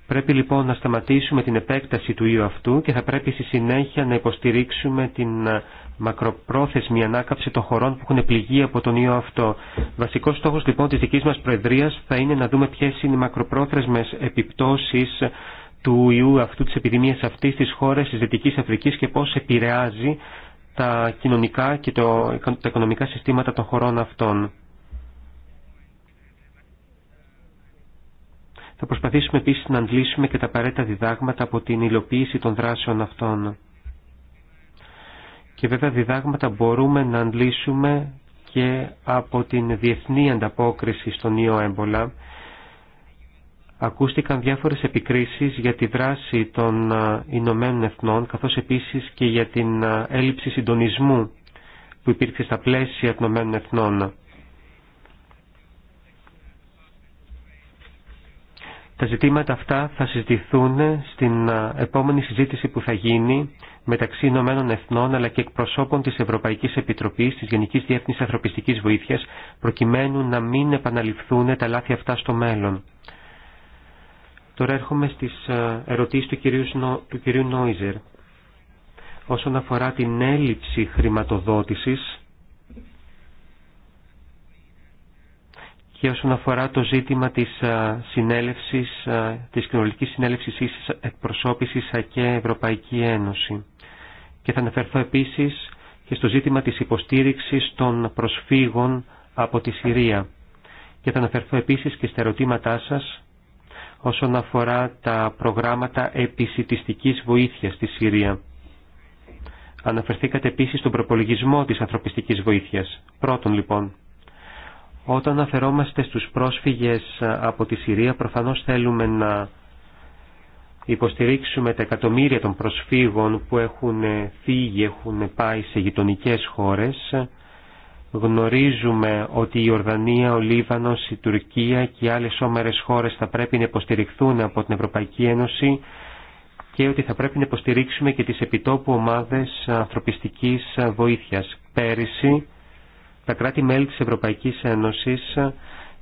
Πρέπει λοιπόν να σταματήσουμε την επέκταση του ιού αυτού και θα πρέπει στη συνέχεια να υποστηρίξουμε την ε, μακροπρόθεσμη ανάκαψη των χωρών που έχουν πληγεί από τον ιό αυτό. Βασικό στόχο λοιπόν τη δική μα Προεδρία θα είναι να δούμε ποιε είναι οι μακροπρόθεσμε επιπτώσει του ιού αυτού, τη επιδημία αυτή στι χώρε τη Δυτική Αφρική και πώ επηρεάζει τα κοινωνικά και τα οικονομικά συστήματα των χωρών αυτών. Θα προσπαθήσουμε επίσης να αντλήσουμε και τα απαραίτητα διδάγματα από την υλοποίηση των δράσεων αυτών. Και βέβαια διδάγματα μπορούμε να αντλήσουμε και από την διεθνή ανταπόκριση στον ιό έμπολα. Ακούστηκαν διάφορες επικρίσεις για τη δράση των ε, Ηνωμένων Εθνών, καθώς επίσης και για την ε, έλλειψη συντονισμού που υπήρξε στα πλαίσια των Ηνωμένων Εθνών. Τα ζητήματα αυτά θα συζητηθούν στην επόμενη συζήτηση που θα γίνει μεταξύ Ηνωμένων Εθνών αλλά και εκπροσώπων της Ευρωπαϊκής Επιτροπής της Γενικής Διεύθυνσης Ανθρωπιστικής Βοήθειας προκειμένου να μην επαναληφθούν τα λάθη αυτά στο μέλλον. Τώρα έρχομαι στις ερωτήσεις του κυρίου, του κυρίου Νόιζερ όσον αφορά την έλλειψη χρηματοδότησης και όσον αφορά το ζήτημα της ε, συνέλευσης, ε, της κοινωνικής συνέλευσης εκπροσώπησης και Ευρωπαϊκή Ένωση. Και θα αναφερθώ επίσης και στο ζήτημα της υποστήριξης των προσφύγων από τη Συρία. Και θα αναφερθώ επίσης και στα ερωτήματά σας όσον αφορά τα προγράμματα επισητιστικής βοήθειας στη Συρία. Αναφερθήκατε επίσης στον προπολογισμό της ανθρωπιστικής βοήθειας. Πρώτον λοιπόν, όταν αφαιρόμαστε στους πρόσφυγες ε, από τη Συρία προφανώς θέλουμε να υποστηρίξουμε τα εκατομμύρια των προσφύγων που έχουν ε, φύγει, έχουν πάει σε γειτονικέ χώρες. Γνωρίζουμε ότι η Ορδανία, ο Λίβανος, η Τουρκία και οι άλλες όμερες χώρες θα πρέπει να υποστηριχθούν από την Ευρωπαϊκή Ένωση και ότι θα πρέπει να υποστηρίξουμε και τις επιτόπου ομάδες ανθρωπιστικής βοήθειας. Πέρυσι τα κράτη-μέλη της Ευρωπαϊκής Ένωσης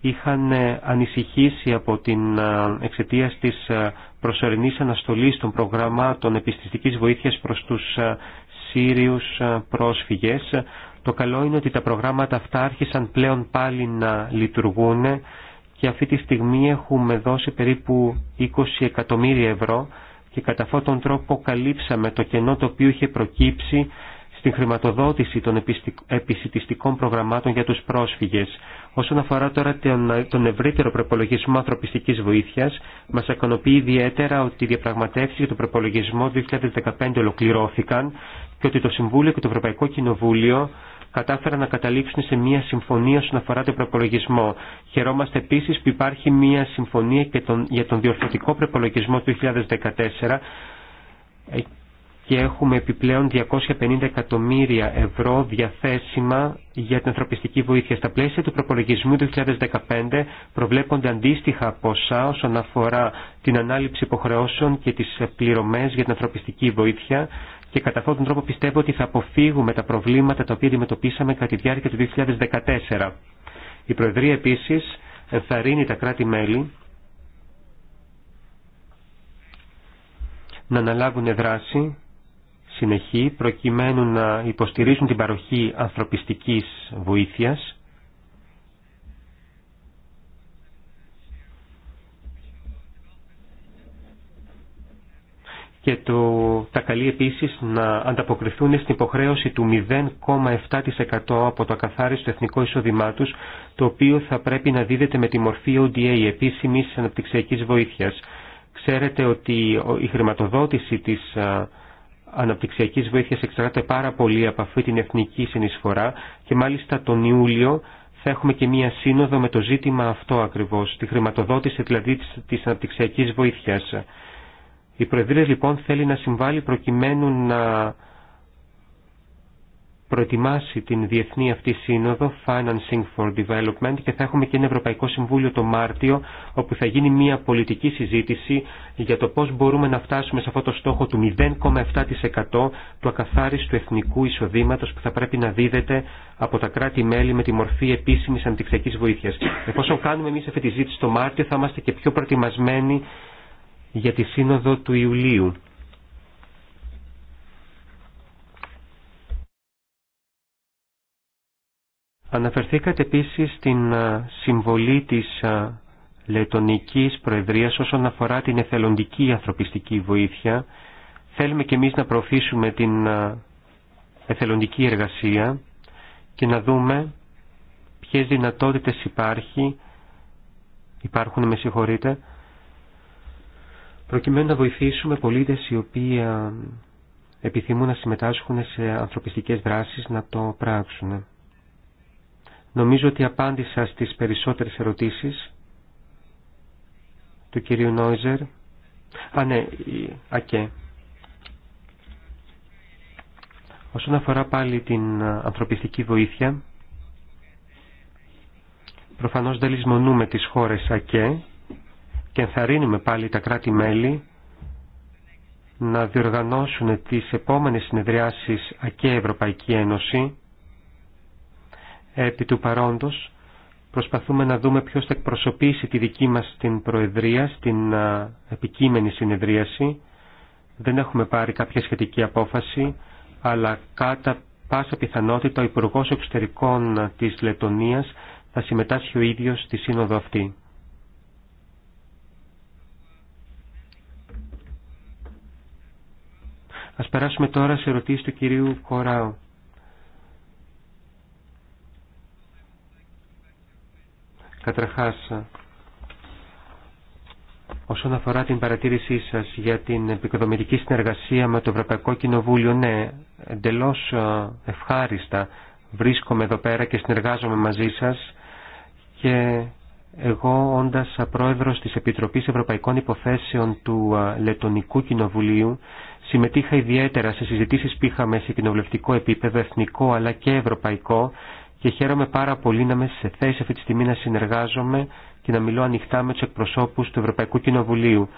είχαν ε, ανησυχήσει από την ε, εξαιτία της ε, προσωρινής αναστολής των προγραμμάτων επιστηστικής βοήθειας προς τους Σύριους πρόσφυγες. Το καλό είναι ότι τα προγράμματα αυτά άρχισαν πλέον πάλι να λειτουργούν και αυτή τη στιγμή έχουμε δώσει περίπου 20 εκατομμύρια ευρώ και κατά αυτόν τον τρόπο καλύψαμε το κενό το οποίο είχε προκύψει στην χρηματοδότηση των επισητιστικών προγραμμάτων για τους πρόσφυγες. Όσον αφορά τώρα τον ευρύτερο προπολογισμό ανθρωπιστικής βοήθειας, μας ικανοποιεί ιδιαίτερα ότι οι διαπραγματεύσεις για τον προπολογισμό 2015 ολοκληρώθηκαν και ότι το Συμβούλιο και το Ευρωπαϊκό Κοινοβούλιο κατάφεραν να καταλήξουν σε μια συμφωνία όσον αφορά τον προπολογισμό. Χαιρόμαστε επίσης που υπάρχει μια συμφωνία και τον, για τον διορθωτικό προπολογισμό του 2014 και έχουμε επιπλέον 250 εκατομμύρια ευρώ διαθέσιμα για την ανθρωπιστική βοήθεια. Στα πλαίσια του προπολογισμού 2015 προβλέπονται αντίστοιχα ποσά όσον αφορά την ανάληψη υποχρεώσεων και τις πληρωμές για την ανθρωπιστική βοήθεια και κατά αυτόν τον τρόπο πιστεύω ότι θα αποφύγουμε τα προβλήματα τα οποία αντιμετωπίσαμε κατά τη διάρκεια του 2014. Η Προεδρία επίσης ενθαρρύνει τα κράτη-μέλη να αναλάβουν δράση προκειμένου να υποστηρίζουν την παροχή ανθρωπιστικής βοήθειας και το, τα καλεί επίσης να ανταποκριθούν στην υποχρέωση του 0,7% από το ακαθάριστο εθνικό εισόδημά τους, το οποίο θα πρέπει να δίδεται με τη μορφή ODA, επίσημης αναπτυξιακής βοήθειας. Ξέρετε ότι η χρηματοδότηση της αναπτυξιακής βοήθειας εξαρτάται πάρα πολύ από αυτή την εθνική συνεισφορά και μάλιστα τον Ιούλιο θα έχουμε και μία σύνοδο με το ζήτημα αυτό ακριβώς, τη χρηματοδότηση δηλαδή της αναπτυξιακής βοήθειας. Η Προεδρία λοιπόν θέλει να συμβάλλει προκειμένου να προετοιμάσει την διεθνή αυτή σύνοδο Financing for Development και θα έχουμε και ένα Ευρωπαϊκό Συμβούλιο το Μάρτιο όπου θα γίνει μια πολιτική συζήτηση για το πώς μπορούμε να φτάσουμε σε αυτό το στόχο του 0,7% του ακαθάριστου εθνικού εισοδήματος που θα πρέπει να δίδεται από τα κράτη-μέλη με τη μορφή επίσημης αντιξιακής βοήθειας. Εφόσον κάνουμε εμείς αυτή τη ζήτηση το Μάρτιο θα είμαστε και πιο προετοιμασμένοι για τη σύνοδο του Ιουλίου. Αναφερθήκατε επίσης στην συμβολή της λετονικής Προεδρίας όσον αφορά την εθελοντική ανθρωπιστική βοήθεια. Θέλουμε και εμείς να προωθήσουμε την εθελοντική εργασία και να δούμε ποιες δυνατότητες υπάρχει, υπάρχουν, με συγχωρείτε, προκειμένου να βοηθήσουμε πολίτες οι οποίοι επιθυμούν να συμμετάσχουν σε ανθρωπιστικές δράσεις να το πράξουν. Νομίζω ότι απάντησα στις περισσότερες ερωτήσεις του κυρίου Νόιζερ. Α, ναι, ΑΚΕ. Όσον αφορά πάλι την ε, ανθρωπιστική βοήθεια, προφανώς δεν λησμονούμε τις χώρες ΑΚΕ και ενθαρρύνουμε πάλι τα κράτη-μέλη να διοργανώσουν τις επόμενες συνεδριάσεις ΑΚΕ Ευρωπαϊκή Ένωση Επί του παρόντος προσπαθούμε να δούμε ποιος θα εκπροσωπήσει τη δική μας την Προεδρία στην επικείμενη συνεδρίαση. Δεν έχουμε πάρει κάποια σχετική απόφαση, αλλά κατά πάσα πιθανότητα ο Υπουργός Εξωτερικών της Λετωνίας θα συμμετάσχει ο ίδιος στη σύνοδο αυτή. Ας περάσουμε τώρα σε ερωτήσεις του κυρίου Κοράου. Καταρχάς, όσον αφορά την παρατήρησή σας για την επικοδομητική συνεργασία με το Ευρωπαϊκό Κοινοβούλιο, ναι, εντελώ ε, ευχάριστα βρίσκομαι εδώ πέρα και συνεργάζομαι μαζί σας και εγώ όντας πρόεδρος της Επιτροπής Ευρωπαϊκών Υποθέσεων του ε, Λετωνικού Κοινοβουλίου συμμετείχα ιδιαίτερα σε συζητήσεις που είχαμε σε κοινοβουλευτικό επίπεδο, εθνικό αλλά και ευρωπαϊκό και χαίρομαι πάρα πολύ να είμαι σε θέση αυτή τη στιγμή να συνεργάζομαι και να μιλώ ανοιχτά με του εκπροσώπου του Ευρωπαϊκού Κοινοβουλίου.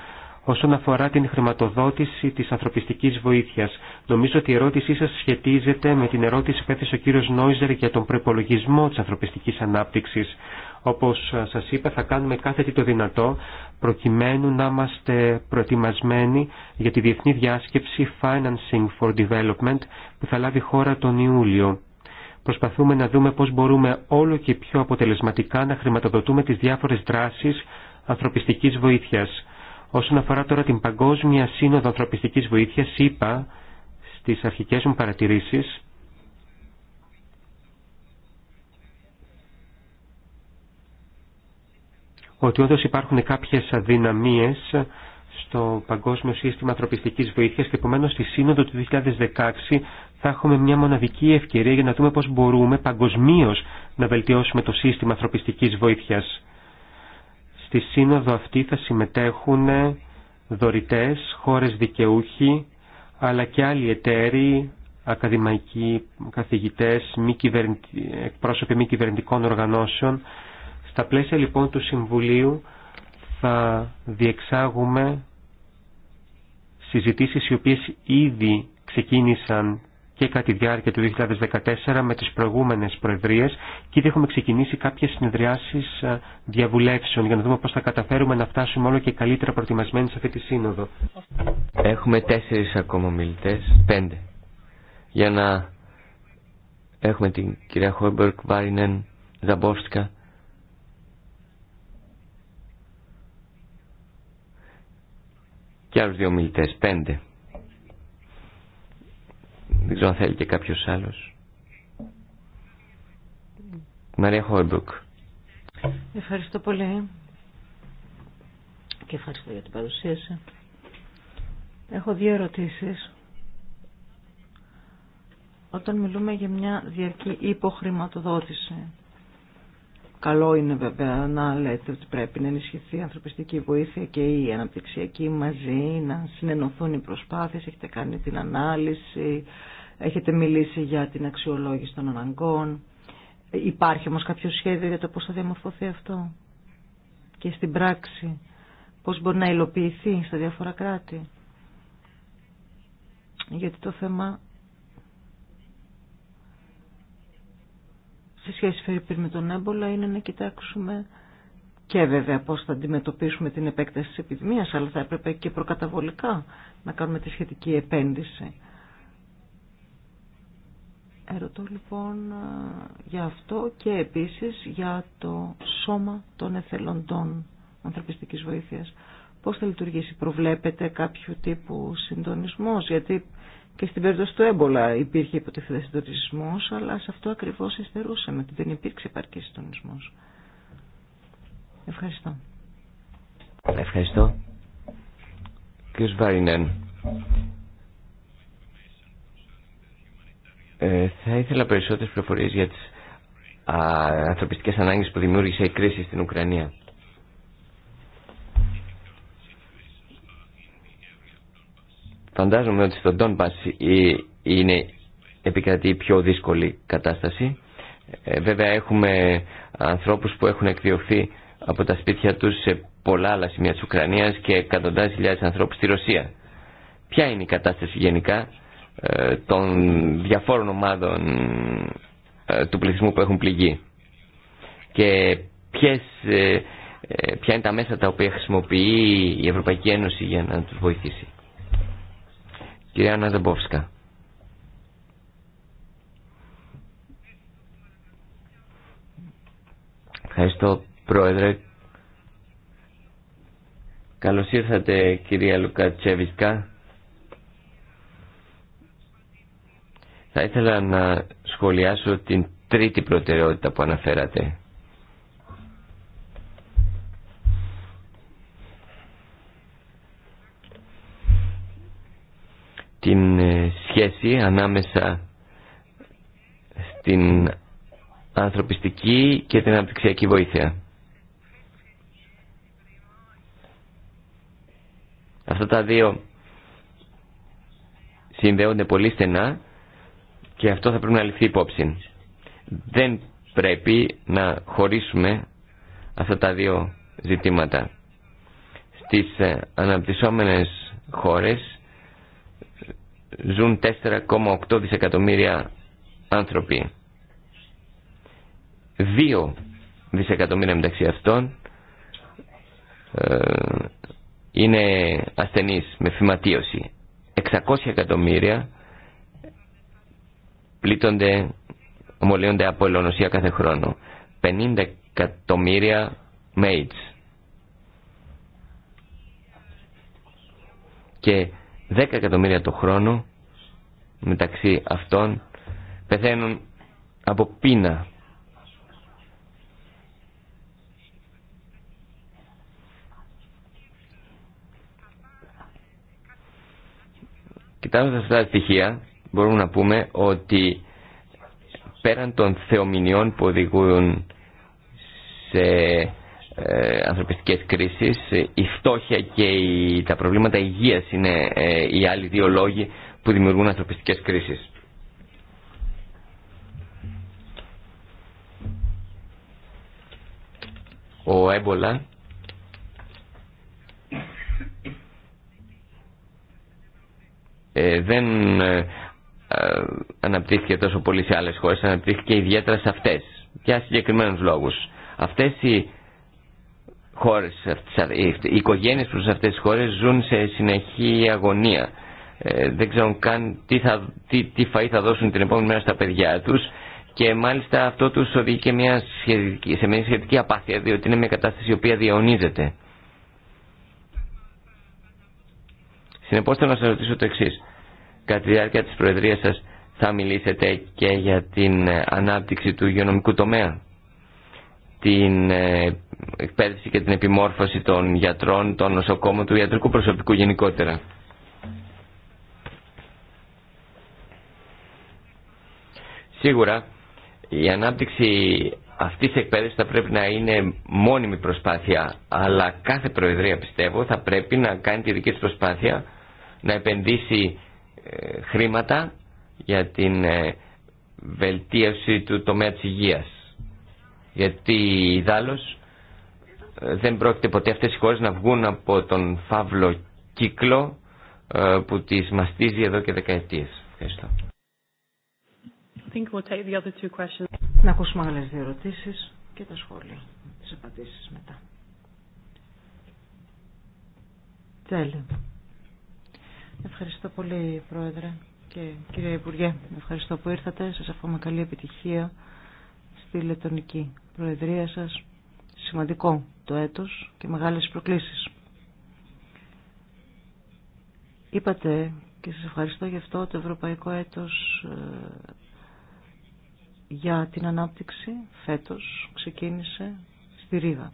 Όσον αφορά την χρηματοδότηση τη ανθρωπιστική βοήθεια, νομίζω ότι η ερώτησή σα σχετίζεται με την ερώτηση που έθεσε ο κύριο Νόιζερ για τον προπολογισμό τη ανθρωπιστική ανάπτυξη, όπω σα είπα θα κάνουμε κάθε τι το δυνατό προκειμένου να είμαστε προετοιμασμένοι για τη διεθνή διάσκεψη Financing for Development που θα λάβει χώρα τον Ιούλιο προσπαθούμε να δούμε πώς μπορούμε όλο και πιο αποτελεσματικά να χρηματοδοτούμε τις διάφορες δράσεις ανθρωπιστικής βοήθειας. Όσον αφορά τώρα την Παγκόσμια Σύνοδο Ανθρωπιστικής Βοήθειας, είπα στις αρχικές μου παρατηρήσεις ότι όντως υπάρχουν κάποιες αδυναμίες το Παγκόσμιο Σύστημα Ανθρωπιστικής Βοήθειας και επομένως στη Σύνοδο του 2016 θα έχουμε μια μοναδική ευκαιρία για να δούμε πώς μπορούμε παγκοσμίω να βελτιώσουμε το σύστημα ανθρωπιστικής βοήθειας. Στη Σύνοδο αυτή θα συμμετέχουν δωρητές, χώρες δικαιούχοι, αλλά και άλλοι εταίροι, ακαδημαϊκοί καθηγητές, μη εκπρόσωποι μη κυβερνητικών οργανώσεων. Στα πλαίσια λοιπόν του Συμβουλίου θα διεξάγουμε συζητήσεις οι οποίες ήδη ξεκίνησαν και κατά τη διάρκεια του 2014 με τις προηγούμενες προεδρίες και ήδη έχουμε ξεκινήσει κάποιες συνεδριάσεις ε, διαβουλεύσεων για να δούμε πώς θα καταφέρουμε να φτάσουμε όλο και καλύτερα προετοιμασμένοι σε αυτή τη σύνοδο. Έχουμε τέσσερις ακόμα μιλητές, πέντε, για να έχουμε την κυρία Χόιμπερκ, Βάρινεν, Ζαμπόφσκα, και άλλους δύο μιλητές, πέντε. Δεν ξέρω αν θέλει και κάποιος άλλος. Μαρία Χόιμπρουκ. Ευχαριστώ πολύ και ευχαριστώ για την παρουσίαση. Έχω δύο ερωτήσεις. Όταν μιλούμε για μια διαρκή υποχρηματοδότηση Καλό είναι βέβαια να λέτε ότι πρέπει να ενισχυθεί η ανθρωπιστική βοήθεια και η αναπτυξιακή μαζί, να συνενωθούν οι προσπάθειες, έχετε κάνει την ανάλυση, έχετε μιλήσει για την αξιολόγηση των αναγκών. Υπάρχει όμως κάποιο σχέδιο για το πώς θα διαμορφωθεί αυτό και στην πράξη, πώς μπορεί να υλοποιηθεί στα διάφορα κράτη. Γιατί το θέμα σε σχέση με τον έμπολα είναι να κοιτάξουμε και βέβαια πώς θα αντιμετωπίσουμε την επέκταση της επιδημίας, αλλά θα έπρεπε και προκαταβολικά να κάνουμε τη σχετική επένδυση. Ερωτώ λοιπόν για αυτό και επίσης για το σώμα των εθελοντών ανθρωπιστικής βοήθειας. Πώς θα λειτουργήσει, προβλέπετε κάποιο τύπου συντονισμός, γιατί και στην περίπτωση του έμπολα υπήρχε υποτίθεται συντονισμό, αλλά σε αυτό ακριβώ ειστερούσαμε, ότι δεν υπήρξε επαρκή συντονισμό. Ευχαριστώ. Ευχαριστώ. Κύριος Βαρινέν, ε, θα ήθελα περισσότερες πληροφορίες για τις α, ανθρωπιστικές ανάγκες που δημιούργησε η κρίση στην Ουκρανία. Φαντάζομαι ότι στον Τόνπας είναι επικρατεί η πιο δύσκολη κατάσταση. Ε, βέβαια έχουμε ανθρώπους που έχουν εκδιωχθεί από τα σπίτια τους σε πολλά άλλα σημεία της Ουκρανίας και εκατοντάδες χιλιάδες ανθρώπους στη Ρωσία. Ποια είναι η κατάσταση γενικά ε, των διαφόρων ομάδων ε, του πληθυσμού που έχουν πληγεί και ποιες, ποια είναι τα μέσα τα οποία χρησιμοποιεί η Ευρωπαϊκή Ένωση για να τους βοηθήσει. Κυρία Αναζεμπόφσκα. Ευχαριστώ Πρόεδρε. Καλώς ήρθατε κυρία Λουκατσέβισκα. Θα ήθελα να σχολιάσω την τρίτη προτεραιότητα που αναφέρατε. την ε, σχέση ανάμεσα στην ανθρωπιστική και την αναπτυξιακή βοήθεια. Αυτά τα δύο συνδέονται πολύ στενά και αυτό θα πρέπει να ληφθεί υπόψη. Δεν πρέπει να χωρίσουμε αυτά τα δύο ζητήματα. Στις ε, αναπτυσσόμενες χώρες ζουν 4,8 δισεκατομμύρια άνθρωποι. 2 δισεκατομμύρια μεταξύ αυτών ε, είναι ασθενείς με φυματίωση. 600 εκατομμύρια πλήττονται, ομολύονται από ελονοσία κάθε χρόνο. 50 εκατομμύρια με Και 10 εκατομμύρια το χρόνο μεταξύ αυτών πεθαίνουν από πείνα. Κοιτάζοντας αυτά τα στοιχεία μπορούμε να πούμε ότι πέραν των θεομηνιών που οδηγούν σε ε, ανθρωπιστικές κρίσεις. Η φτώχεια και τα προβλήματα υγείας είναι ε, οι άλλοι δύο λόγοι που δημιουργούν ανθρωπιστικές κρίσεις. Ο έμπολα ε, δεν ε, ε, αναπτύχθηκε τόσο πολύ σε άλλες χώρες, αναπτύχθηκε ιδιαίτερα σε αυτές, για συγκεκριμένους λόγους. Αυτές οι χώρες, ε, οι οικογένειες προς αυτές τις χώρες ζουν σε συνεχή αγωνία. Ε, δεν ξέρουν καν τι, θα, τι, τι φαΐ θα δώσουν την επόμενη μέρα στα παιδιά τους και μάλιστα αυτό τους οδηγεί και μια σε μια σχετική απάθεια διότι είναι μια κατάσταση η οποία διαιωνίζεται. Συνεπώς θέλω να σας ρωτήσω το εξή. Κατά τη διάρκεια της Προεδρίας σας θα μιλήσετε και για την ε, ανάπτυξη του υγειονομικού τομέα την ε, εκπαίδευση και την επιμόρφωση των γιατρών, των νοσοκόμων, του ιατρικού προσωπικού γενικότερα. Σίγουρα η ανάπτυξη αυτή τη εκπαίδευση θα πρέπει να είναι μόνιμη προσπάθεια, αλλά κάθε Προεδρία πιστεύω θα πρέπει να κάνει τη δική της προσπάθεια να επενδύσει ε, χρήματα για την ε, βελτίωση του τομέα της υγείας. Γιατί δάλλος ε, δεν πρόκειται ποτέ αυτές οι χώρες να βγουν από τον φαύλο κύκλο ε, που τις μαστίζει εδώ και δεκαετίες. Ευχαριστώ. να ακούσουμε άλλε δύο ερωτήσεις και τα σχόλια, τις απαντήσεις μετά. Τέλει. Ευχαριστώ πολύ, Πρόεδρε και κύριε Υπουργέ. Ευχαριστώ που ήρθατε. Σας ευχόμαι καλή επιτυχία στη Λετωνική Προεδρία σας σημαντικό το έτος και μεγάλες προκλήσεις. Είπατε και σας ευχαριστώ γι' αυτό το Ευρωπαϊκό Έτος ε, για την ανάπτυξη φέτος ξεκίνησε στη Ρήγα.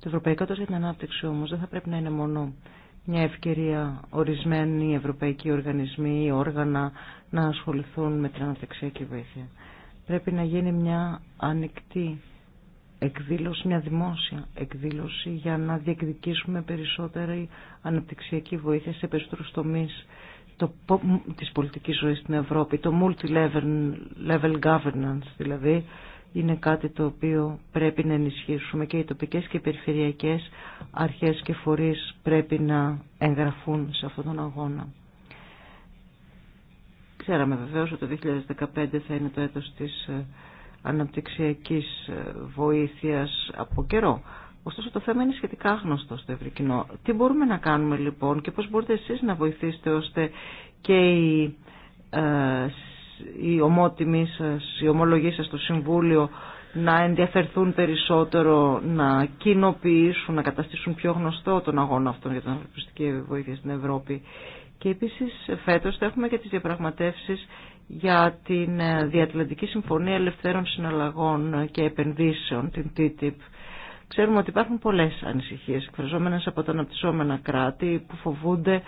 Το Ευρωπαϊκό Έτος για την ανάπτυξη όμως δεν θα πρέπει να είναι μόνο μια ευκαιρία ορισμένοι ευρωπαϊκοί οργανισμοί ή όργανα να ασχοληθούν με την αναπτυξιακή βοήθεια πρέπει να γίνει μια ανοιχτή εκδήλωση, μια δημόσια εκδήλωση για να διεκδικήσουμε περισσότερη αναπτυξιακή βοήθεια σε περισσότερους τομείς το, της πολιτικής ζωής στην Ευρώπη. Το multi-level governance δηλαδή είναι κάτι το οποίο πρέπει να ενισχύσουμε και οι τοπικές και οι περιφερειακές αρχές και φορείς πρέπει να εγγραφούν σε αυτόν τον αγώνα. Ξέραμε βεβαίως ότι το 2015 θα είναι το έτος της ε, αναπτυξιακής ε, βοήθειας από καιρό. Ωστόσο το θέμα είναι σχετικά γνωστό στο ευρύ κοινό. Τι μπορούμε να κάνουμε λοιπόν και πώς μπορείτε εσείς να βοηθήσετε ώστε και οι, ε, οι ομότιμοι σας, οι ομολογοί σας στο Συμβούλιο να ενδιαφερθούν περισσότερο, να κοινοποιήσουν, να καταστήσουν πιο γνωστό τον αγώνα αυτόν για την ανθρωπιστική βοήθεια στην Ευρώπη και επίσης φέτος θα έχουμε και τις διαπραγματεύσεις για την ε, Διατλαντική Συμφωνία Ελευθέρων Συναλλαγών και Επενδύσεων, την TTIP. Ξέρουμε ότι υπάρχουν πολλές ανησυχίες εκφραζόμενες από τα αναπτυσσόμενα κράτη που φοβούνται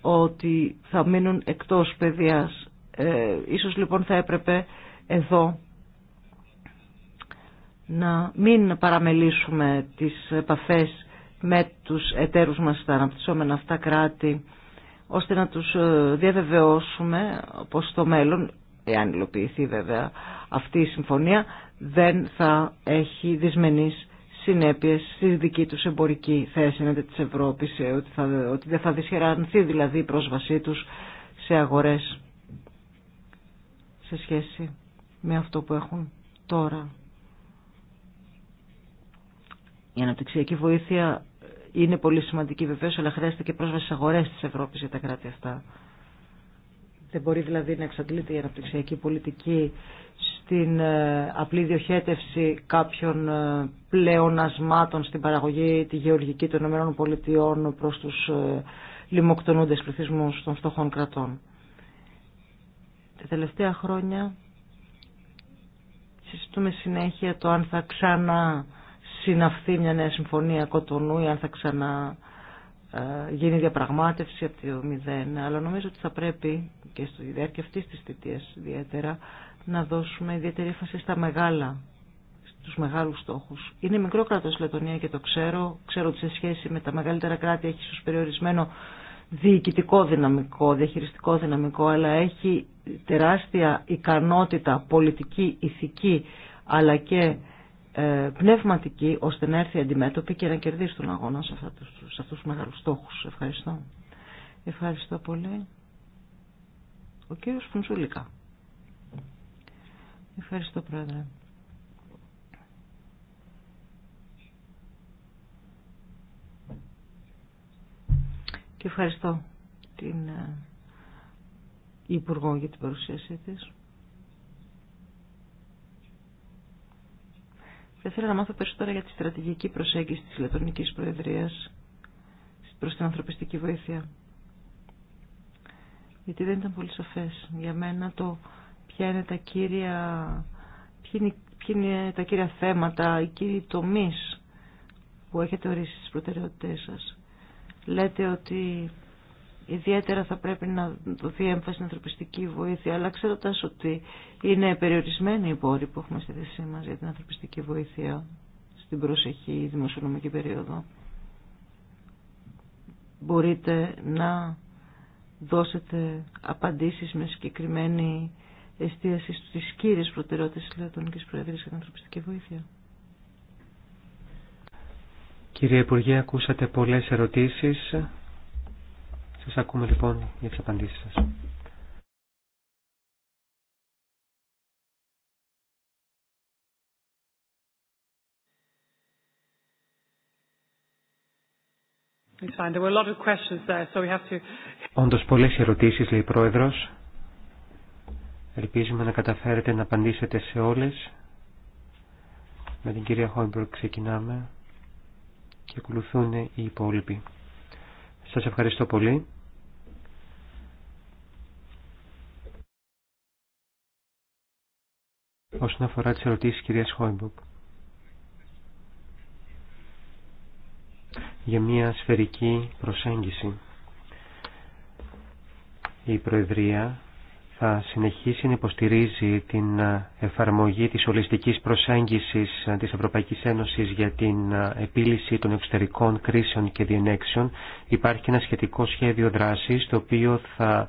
ότι θα μείνουν εκτός παιδείας. Ε, ίσως λοιπόν θα έπρεπε εδώ να μην παραμελήσουμε τις επαφές με τους εταίρους μας στα αναπτυσσόμενα αυτά κράτη ώστε να τους ε, διαβεβαιώσουμε πως στο μέλλον, εάν υλοποιηθεί βέβαια αυτή η συμφωνία, δεν θα έχει δυσμενείς συνέπειες στη δική τους εμπορική θέση έναντι της Ευρώπης, ότι, θα, ότι δεν θα δυσχερανθεί δηλαδή η πρόσβασή τους σε αγορές σε σχέση με αυτό που έχουν τώρα. Η αναπτυξιακή βοήθεια είναι πολύ σημαντική βεβαίω, αλλά χρειάζεται και πρόσβαση στι αγορέ τη Ευρώπη για τα κράτη αυτά. Δεν μπορεί δηλαδή να εξαντλείται η αναπτυξιακή πολιτική στην ε, απλή διοχέτευση κάποιων ε, πλεονασμάτων στην παραγωγή τη γεωργική των ΗΠΑ προς τους ε, λιμοκτονούντες πληθυσμού των φτωχών κρατών. Τα τελευταία χρόνια συζητούμε συνέχεια το αν θα ξανά συναυθεί μια νέα συμφωνία κοτονού ή αν θα ξανά ε, γίνει διαπραγμάτευση από το μηδέν. Αλλά νομίζω ότι θα πρέπει και στη διάρκεια αυτή τη θητεία ιδιαίτερα να δώσουμε ιδιαίτερη έφαση στα μεγάλα στου μεγάλους στόχους. Είναι μικρό κράτο η Λετωνία και το ξέρω. Ξέρω ότι σε σχέση με τα μεγαλύτερα κράτη έχει σωσπεριορισμένο περιορισμένο διοικητικό δυναμικό, διαχειριστικό δυναμικό, αλλά έχει τεράστια ικανότητα πολιτική, ηθική, αλλά και ε, πνευματική ώστε να έρθει αντιμέτωπη και να κερδίσει τον αγώνα σε, αυτά, σε αυτούς τους μεγάλους στόχους. Ευχαριστώ. Ευχαριστώ πολύ. Ο κύριος Φουνσουλίκα. Ευχαριστώ πρόεδρε. Και ευχαριστώ την ε, Υπουργό για την παρουσίασή της. Θα ήθελα να μάθω περισσότερα για τη στρατηγική προσέγγιση της Λετωνικής Προεδρίας προς την ανθρωπιστική βοήθεια. Γιατί δεν ήταν πολύ σοφές Για μένα το ποια είναι τα κύρια, ποια είναι, τα κύρια θέματα, οι κύριοι τομείς που έχετε ορίσει στις προτεραιότητές σας. Λέτε ότι Ιδιαίτερα θα πρέπει να δοθεί έμφαση στην ανθρωπιστική βοήθεια, αλλά ξέροντα ότι είναι περιορισμένοι οι πόροι που έχουμε στη θέση μα για την ανθρωπιστική βοήθεια στην προσεχή δημοσιονομική περίοδο, μπορείτε να δώσετε απαντήσεις με συγκεκριμένη εστίαση στις κύριες προτεραιότητες της Λεωτονικής Προεδρίας για την ανθρωπιστική βοήθεια. Κύριε Υπουργέ, ακούσατε πολλές ερωτήσεις. Σας ακούμε λοιπόν για τις απαντήσεις σας. Όντως πολλές ερωτήσεις λέει η Πρόεδρος. Ελπίζουμε να καταφέρετε να απαντήσετε σε όλες. Με την κυρία Χόιμπροκ ξεκινάμε και ακολουθούν οι υπόλοιποι. Σας ευχαριστώ πολύ. όσον αφορά τις ερωτήσεις της κυρίας Χόιμποκ. Για μια σφαιρική προσέγγιση. Η Προεδρία θα συνεχίσει να υποστηρίζει την εφαρμογή της ολιστικής προσέγγισης της Ευρωπαϊκής Ένωσης για την επίλυση των εξωτερικών κρίσεων και διενέξεων. Υπάρχει ένα σχετικό σχέδιο δράσης το οποίο θα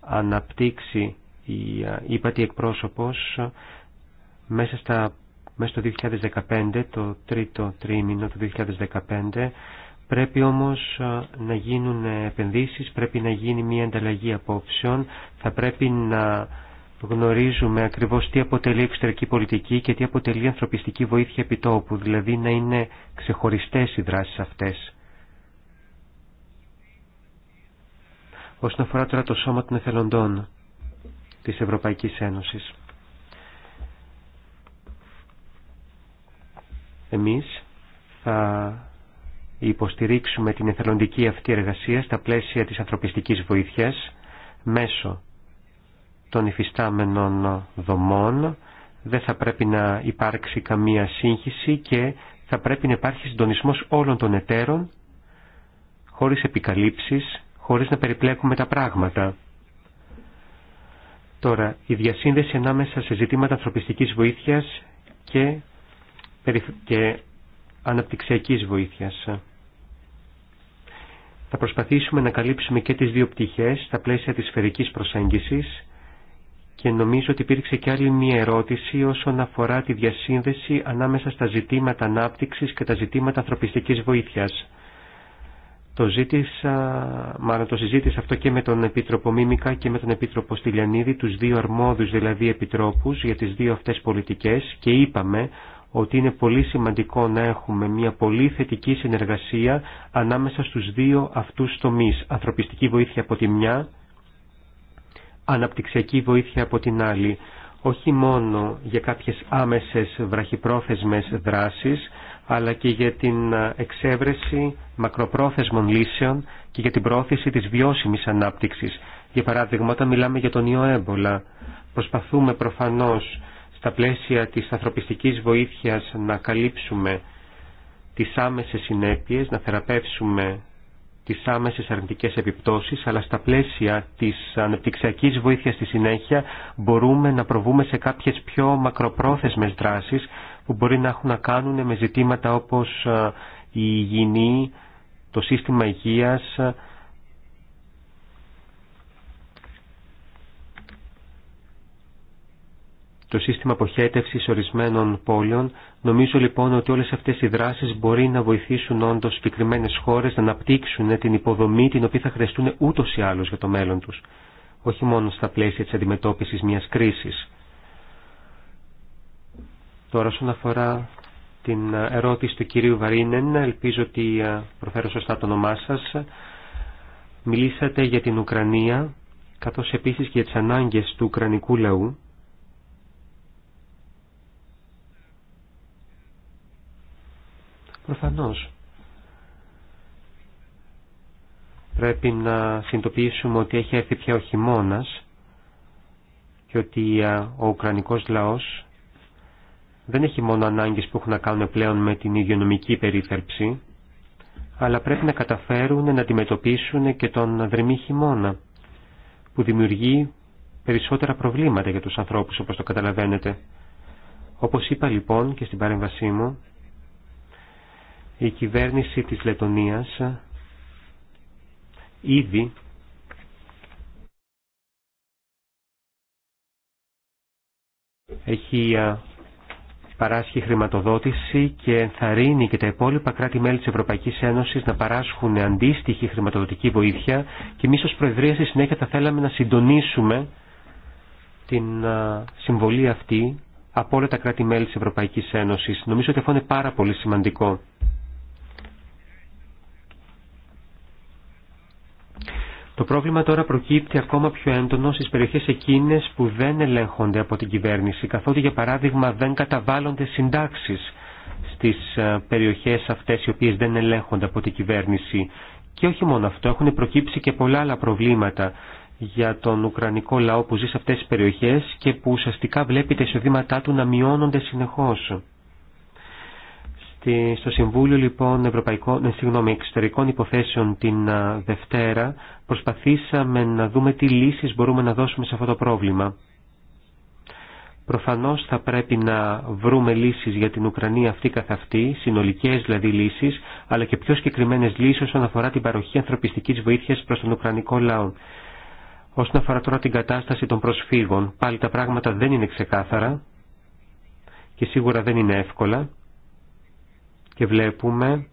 αναπτύξει η ύπατη εκπρόσωπος μέσα, στα, μέσα στο 2015, το τρίτο τρίμηνο του 2015, Πρέπει όμως να γίνουν επενδύσεις, πρέπει να γίνει μια ανταλλαγή απόψεων, θα πρέπει να γνωρίζουμε ακριβώς τι αποτελεί εξωτερική πολιτική και τι αποτελεί ανθρωπιστική βοήθεια επιτόπου, δηλαδή να είναι ξεχωριστές οι δράσεις αυτές. Όσον αφορά τώρα το σώμα των εθελοντών της Ευρωπαϊκής Ένωσης. Εμείς θα υποστηρίξουμε την εθελοντική αυτή εργασία στα πλαίσια της ανθρωπιστικής βοήθειας μέσω των υφιστάμενων δομών. Δεν θα πρέπει να υπάρξει καμία σύγχυση και θα πρέπει να υπάρχει συντονισμός όλων των εταίρων χωρίς επικαλύψεις, χωρίς να περιπλέκουμε τα πράγματα. Τώρα, η διασύνδεση ανάμεσα σε ζητήματα ανθρωπιστικής βοήθειας και και αναπτυξιακής βοήθειας. Θα προσπαθήσουμε να καλύψουμε και τις δύο πτυχές στα πλαίσια της σφαιρικής προσέγγισης και νομίζω ότι υπήρξε και άλλη μία ερώτηση όσον αφορά τη διασύνδεση ανάμεσα στα ζητήματα ανάπτυξης και τα ζητήματα ανθρωπιστικής βοήθειας. Το ζήτησα, μάλλον το συζήτησα αυτό και με τον Επίτροπο Μίμικα και με τον Επίτροπο Στυλιανίδη, τους δύο αρμόδιους δηλαδή επιτρόπους για τις δύο αυτές πολιτικές και είπαμε ότι είναι πολύ σημαντικό να έχουμε μια πολύ θετική συνεργασία ανάμεσα στους δύο αυτούς τομείς. Ανθρωπιστική βοήθεια από τη μια, αναπτυξιακή βοήθεια από την άλλη. Όχι μόνο για κάποιες άμεσες βραχυπρόθεσμες δράσεις, αλλά και για την εξέβρεση μακροπρόθεσμων λύσεων και για την πρόθεση της βιώσιμης ανάπτυξης. Για παράδειγμα, όταν μιλάμε για τον ιό έμπολα, προσπαθούμε προφανώς στα πλαίσια της ανθρωπιστικής βοήθειας να καλύψουμε τις άμεσες συνέπειες, να θεραπεύσουμε τις άμεσες αρνητικές επιπτώσεις, αλλά στα πλαίσια της ανεπτυξιακής βοήθειας στη συνέχεια μπορούμε να προβούμε σε κάποιες πιο μακροπρόθεσμες δράσεις που μπορεί να έχουν να κάνουν με ζητήματα όπως ε, η υγιεινή, το σύστημα υγείας, το σύστημα αποχέτευσης ορισμένων πόλεων. Νομίζω λοιπόν ότι όλες αυτές οι δράσεις μπορεί να βοηθήσουν όντως συγκεκριμένε χώρες να αναπτύξουν την υποδομή την οποία θα χρειαστούν ούτως ή άλλως για το μέλλον τους. Όχι μόνο στα πλαίσια της αντιμετώπισης μιας κρίσης. Τώρα όσον αφορά την ερώτηση του κυρίου Βαρίνεν, ελπίζω ότι ε, προφέρω σωστά το όνομά σας. Μιλήσατε για την Ουκρανία, καθώς επίσης και για τις ανάγκες του Ουκρανικού λαού. Προφανώς πρέπει να συνειδητοποιήσουμε ότι έχει έρθει πια ο χειμώνας και ότι ο Ουκρανικός λαός δεν έχει μόνο ανάγκες που έχουν να κάνουν πλέον με την υγειονομική περιθέρψη, αλλά πρέπει να καταφέρουν να αντιμετωπίσουν και τον δρυμή χειμώνα, που δημιουργεί περισσότερα προβλήματα για τους ανθρώπους όπως το καταλαβαίνετε. Όπως είπα λοιπόν και στην παρέμβασή μου, η κυβέρνηση της Λετωνίας ήδη έχει παράσχει χρηματοδότηση και ενθαρρύνει και τα υπόλοιπα κράτη-μέλη της Ευρωπαϊκής Ένωσης να παράσχουν αντίστοιχη χρηματοδοτική βοήθεια και εμείς ως Προεδρία στη συνέχεια θα θέλαμε να συντονίσουμε την συμβολή αυτή από όλα τα κράτη-μέλη της Ευρωπαϊκής Ένωσης. Νομίζω ότι αυτό είναι πάρα πολύ σημαντικό. Το πρόβλημα τώρα προκύπτει ακόμα πιο έντονο στις περιοχές εκείνες που δεν ελέγχονται από την κυβέρνηση, καθότι για παράδειγμα δεν καταβάλλονται συντάξεις στις ε, περιοχές αυτές οι οποίες δεν ελέγχονται από την κυβέρνηση. Και όχι μόνο αυτό, έχουν προκύψει και πολλά άλλα προβλήματα για τον Ουκρανικό λαό που ζει σε αυτές τις περιοχές και που ουσιαστικά βλέπει τα εισοδήματά του να μειώνονται συνεχώς. Στο Συμβούλιο λοιπόν Ευρωπαϊκών, ναι, συγγνώμη, Εξωτερικών Υποθέσεων την Δευτέρα προσπαθήσαμε να δούμε τι λύσεις μπορούμε να δώσουμε σε αυτό το πρόβλημα. Προφανώς θα πρέπει να βρούμε λύσεις για την Ουκρανία αυτή καθ' αυτή, συνολικές δηλαδή λύσεις, αλλά και πιο συγκεκριμένε λύσεις όσον αφορά την παροχή ανθρωπιστικής βοήθειας προς τον Ουκρανικό λαό. Όσον αφορά τώρα την κατάσταση των προσφύγων, πάλι τα πράγματα δεν είναι ξεκάθαρα και σίγουρα δεν είναι εύκολα και βλέπουμε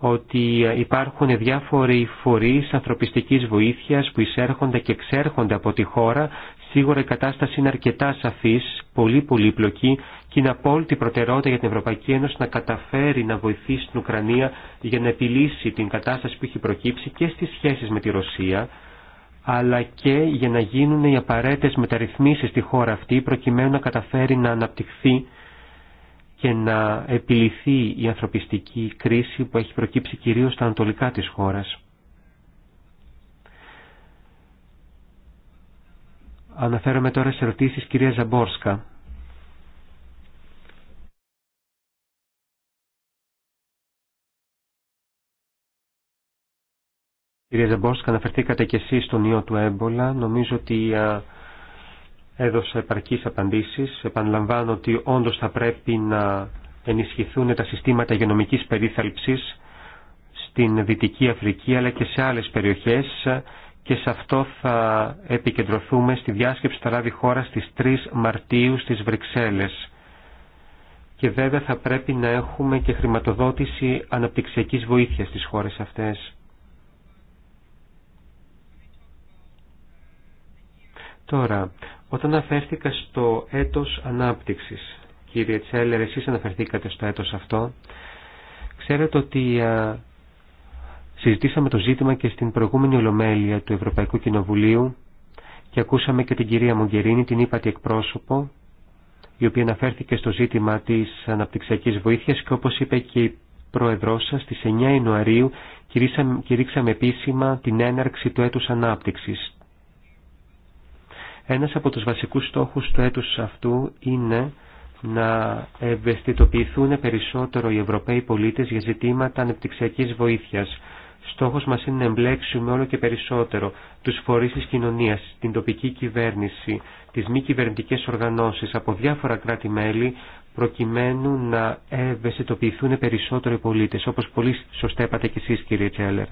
ότι υπάρχουν διάφοροι φορείς ανθρωπιστικής βοήθειας που εισέρχονται και εξέρχονται από τη χώρα. Σίγουρα η κατάσταση είναι αρκετά σαφής, πολύ πλοκή και είναι απόλυτη προτεραιότητα για την Ευρωπαϊκή Ένωση να καταφέρει να βοηθήσει την Ουκρανία για να επιλύσει την κατάσταση που έχει προκύψει και στις σχέσεις με τη Ρωσία αλλά και για να γίνουν οι απαραίτητες μεταρρυθμίσεις στη χώρα αυτή προκειμένου να καταφέρει να αναπτυχθεί και να επιληθεί η ανθρωπιστική κρίση που έχει προκύψει κυρίως στα ανατολικά της χώρας. Αναφέρομαι τώρα σε ερωτήσεις κυρία Ζαμπόρσκα. Κυρία Ζαμπόρσκα, αναφερθήκατε και εσείς στον ιό του έμπολα. Νομίζω ότι έδωσα επαρκείς απαντήσεις. Επαναλαμβάνω ότι όντως θα πρέπει να ενισχυθούν τα συστήματα υγειονομικής περίθαλψης στην Δυτική Αφρική αλλά και σε άλλες περιοχές και σε αυτό θα επικεντρωθούμε στη διάσκεψη θα λάβει χώρα στις 3 Μαρτίου στις Βρυξέλλες. Και βέβαια θα πρέπει να έχουμε και χρηματοδότηση αναπτυξιακής βοήθειας στις χώρες αυτές. Τώρα, όταν αναφέρθηκα στο έτος ανάπτυξης, κύριε Τσέλερ, εσείς αναφερθήκατε στο έτος αυτό, ξέρετε ότι συζητήσαμε το ζήτημα και στην προηγούμενη Ολομέλεια του Ευρωπαϊκού Κοινοβουλίου και ακούσαμε και την κυρία Μογκερίνη, την τη εκπρόσωπο, η οποία αναφέρθηκε στο ζήτημα της αναπτυξιακής βοήθειας και όπως είπε και η πρόεδρό σας, στις 9 Ιανουαρίου κηρύξαμε επίσημα την έναρξη του έτους ανάπτυξης, ένας από τους βασικούς στόχους του έτους αυτού είναι να ευαισθητοποιηθούν περισσότερο οι Ευρωπαίοι πολίτες για ζητήματα ανεπτυξιακής βοήθειας. Στόχος μας είναι να εμπλέξουμε όλο και περισσότερο τους φορείς της κοινωνίας, την τοπική κυβέρνηση, τις μη κυβερνητικέ οργανώσεις από διάφορα κράτη-μέλη προκειμένου να ευαισθητοποιηθούν περισσότερο οι πολίτες, όπως πολύ σωστά είπατε και εσείς κύριε Τσέλερ.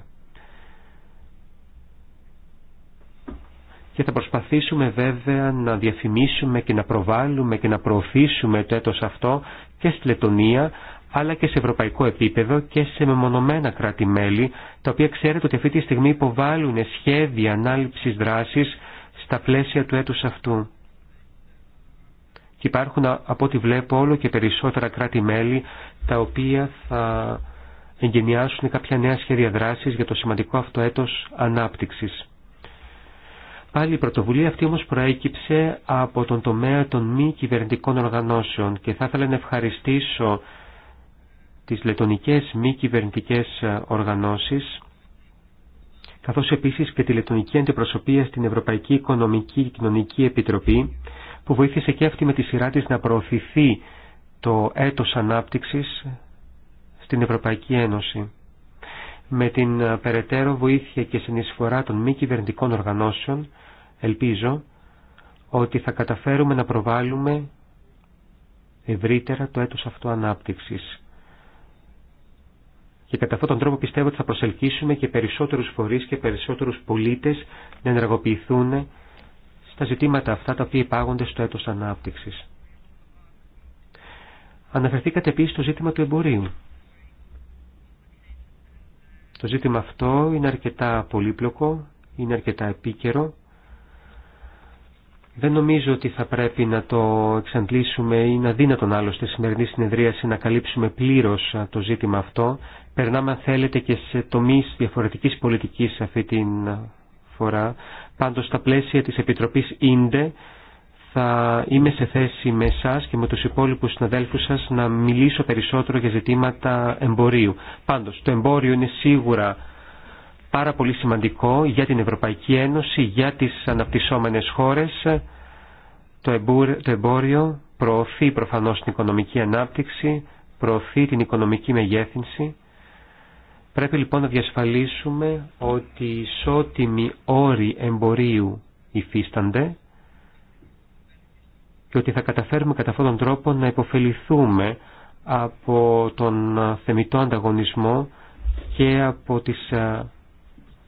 και θα προσπαθήσουμε βέβαια να διαφημίσουμε και να προβάλλουμε και να προωθήσουμε το έτος αυτό και στη Λετωνία αλλά και σε ευρωπαϊκό επίπεδο και σε μεμονωμένα κράτη-μέλη τα οποία ξέρετε ότι αυτή τη στιγμή υποβάλλουν σχέδια ανάληψης δράσης στα πλαίσια του έτους αυτού. Και υπάρχουν από ό,τι βλέπω όλο και περισσότερα κράτη-μέλη τα οποία θα εγκαινιάσουν κάποια νέα σχέδια δράσης για το σημαντικό αυτό έτος ανάπτυξης. Πάλι η πρωτοβουλία αυτή όμως προέκυψε από τον τομέα των μη κυβερνητικών οργανώσεων και θα ήθελα να ευχαριστήσω τις λετονικές μη κυβερνητικές ε, οργανώσεις καθώς επίσης και τη λετονική αντιπροσωπεία στην Ευρωπαϊκή Οικονομική και Κοινωνική Επιτροπή που βοήθησε και αυτή με τη σειρά της να προωθηθεί το έτος ανάπτυξης στην Ευρωπαϊκή Ένωση με την ε, περαιτέρω βοήθεια και συνεισφορά των μη κυβερνητικών οργανώσεων, ελπίζω ότι θα καταφέρουμε να προβάλλουμε ευρύτερα το έτος αυτό ανάπτυξης. Και κατά αυτόν τον τρόπο πιστεύω ότι θα προσελκύσουμε και περισσότερους φορείς και περισσότερους πολίτες να ενεργοποιηθούν στα ζητήματα αυτά τα οποία υπάγονται στο έτος ανάπτυξης. Αναφερθήκατε επίσης στο ζήτημα του εμπορίου. Το ζήτημα αυτό είναι αρκετά πολύπλοκο, είναι αρκετά επίκαιρο. Δεν νομίζω ότι θα πρέπει να το εξαντλήσουμε ή να τον άλλο στη σημερινή συνεδρίαση να καλύψουμε πλήρως το ζήτημα αυτό. Περνάμε αν θέλετε και σε τομείς διαφορετικής πολιτικής αυτή την φορά. Πάντως στα πλαίσια της Επιτροπής Ίντε θα είμαι σε θέση με εσά και με τους υπόλοιπους συναδέλφους σας να μιλήσω περισσότερο για ζητήματα εμπορίου. Πάντως, το εμπόριο είναι σίγουρα πάρα πολύ σημαντικό για την Ευρωπαϊκή Ένωση, για τις αναπτυσσόμενες χώρες. Το εμπόριο προωθεί προφανώς την οικονομική ανάπτυξη, προωθεί την οικονομική μεγέθυνση. Πρέπει λοιπόν να διασφαλίσουμε ότι ισότιμοι όροι εμπορίου υφίστανται και ότι θα καταφέρουμε κατά αυτόν τον τρόπο να υποφεληθούμε από τον θεμητό ανταγωνισμό και από τις ε,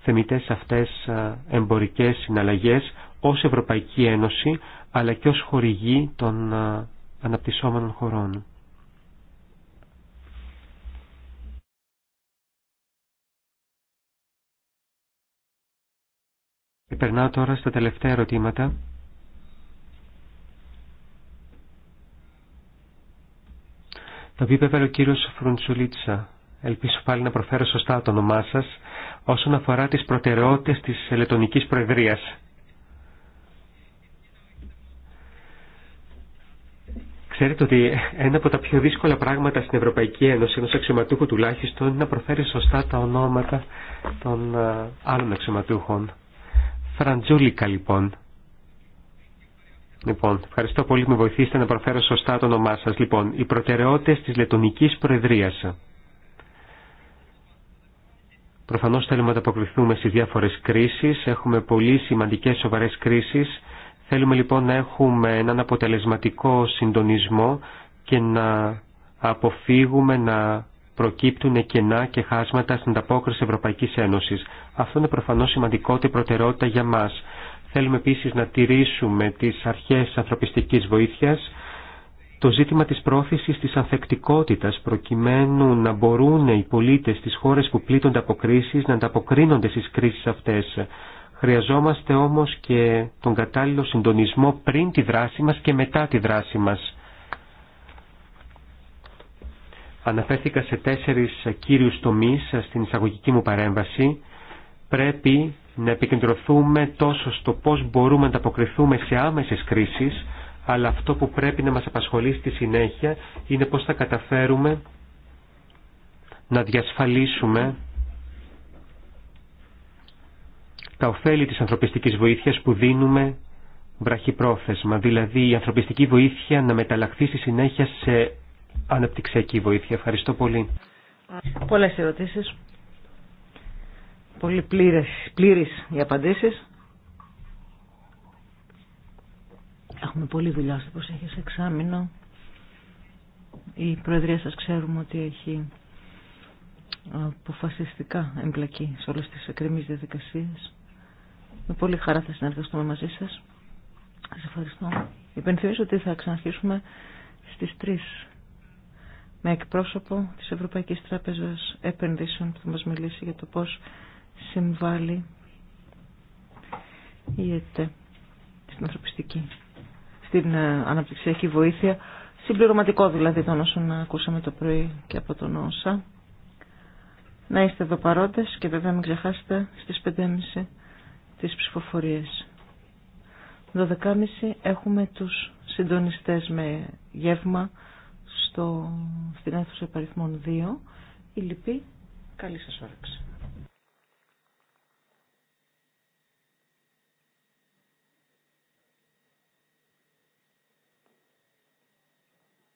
θεμητές αυτές ε, εμπορικές συναλλαγές ως Ευρωπαϊκή Ένωση αλλά και ως χορηγή των ε, αναπτυσσόμενων χωρών. Περνάω τώρα στα τελευταία ερωτήματα. το οποίο είπε ο κύριος Φρουντσουλίτσα. Ελπίζω πάλι να προφέρω σωστά το όνομά σας όσον αφορά τις προτεραιότητες της ελετονικής Προεδρίας. Ξέρετε ότι ένα από τα πιο δύσκολα πράγματα στην Ευρωπαϊκή Ένωση, ενός αξιωματούχου τουλάχιστον, είναι να προφέρει σωστά τα ονόματα των ε, άλλων αξιωματούχων. Φραντζούλικα λοιπόν. Λοιπόν, ευχαριστώ πολύ που με βοηθήσετε να προφέρω σωστά το όνομά σας. Λοιπόν, οι προτεραιότητες της Λετωνικής Προεδρίας. Προφανώς θέλουμε να ανταποκριθούμε στις διάφορες κρίσεις. Έχουμε πολύ σημαντικές σοβαρές κρίσεις. Θέλουμε λοιπόν να έχουμε έναν αποτελεσματικό συντονισμό και να αποφύγουμε να προκύπτουν κενά και χάσματα στην ανταπόκριση Ευρωπαϊκής Ένωσης. Αυτό είναι προφανώς σημαντικότερη προτεραιότητα για μας. Θέλουμε επίσης να τηρήσουμε τις αρχές ανθρωπιστικής βοήθειας, το ζήτημα της πρόθεσης της ανθεκτικότητας προκειμένου να μπορούν οι πολίτες στις χώρες που πλήττονται από κρίσεις να ανταποκρίνονται στις κρίσεις αυτές. Χρειαζόμαστε όμως και τον κατάλληλο συντονισμό πριν τη δράση μας και μετά τη δράση μας. Αναφέρθηκα σε τέσσερις κύριους τομείς στην εισαγωγική μου παρέμβαση. Πρέπει να επικεντρωθούμε τόσο στο πώς μπορούμε να ανταποκριθούμε σε άμεσες κρίσεις, αλλά αυτό που πρέπει να μας απασχολεί στη συνέχεια είναι πώς θα καταφέρουμε να διασφαλίσουμε τα ωφέλη της ανθρωπιστικής βοήθειας που δίνουμε βραχυπρόθεσμα, δηλαδή η ανθρωπιστική βοήθεια να μεταλλαχθεί στη συνέχεια σε αναπτυξιακή βοήθεια. Ευχαριστώ πολύ. Πολλές ερωτήσεις πολύ πλήρες, πλήρης οι απαντήσεις. Έχουμε πολύ δουλειά στο σε εξάμεινο. Η Προεδρία σας ξέρουμε ότι έχει αποφασιστικά εμπλακεί σε όλες τις εκκρεμίε διαδικασίες. Με πολύ χαρά θα συνεργαστούμε μαζί σας. Σας ευχαριστώ. Υπενθυμίζω ότι θα ξαναρχίσουμε στις 3 με εκπρόσωπο της Ευρωπαϊκής Τράπεζας Επενδύσεων που θα μας μιλήσει για το πώς συμβάλλει η ΕΤΕ στην ανθρωπιστική, στην ε, αναπτυξιακή βοήθεια, συμπληρωματικό δηλαδή των όσων ακούσαμε το πρωί και από τον Όσα. Να είστε εδώ παρόντες και βέβαια μην ξεχάσετε στις 5.30 τις ψηφοφορίες. 12.30 έχουμε τους συντονιστές με γεύμα στο, στην αίθουσα υπαριθμών 2. Η λυπή, καλή σας όρεξη.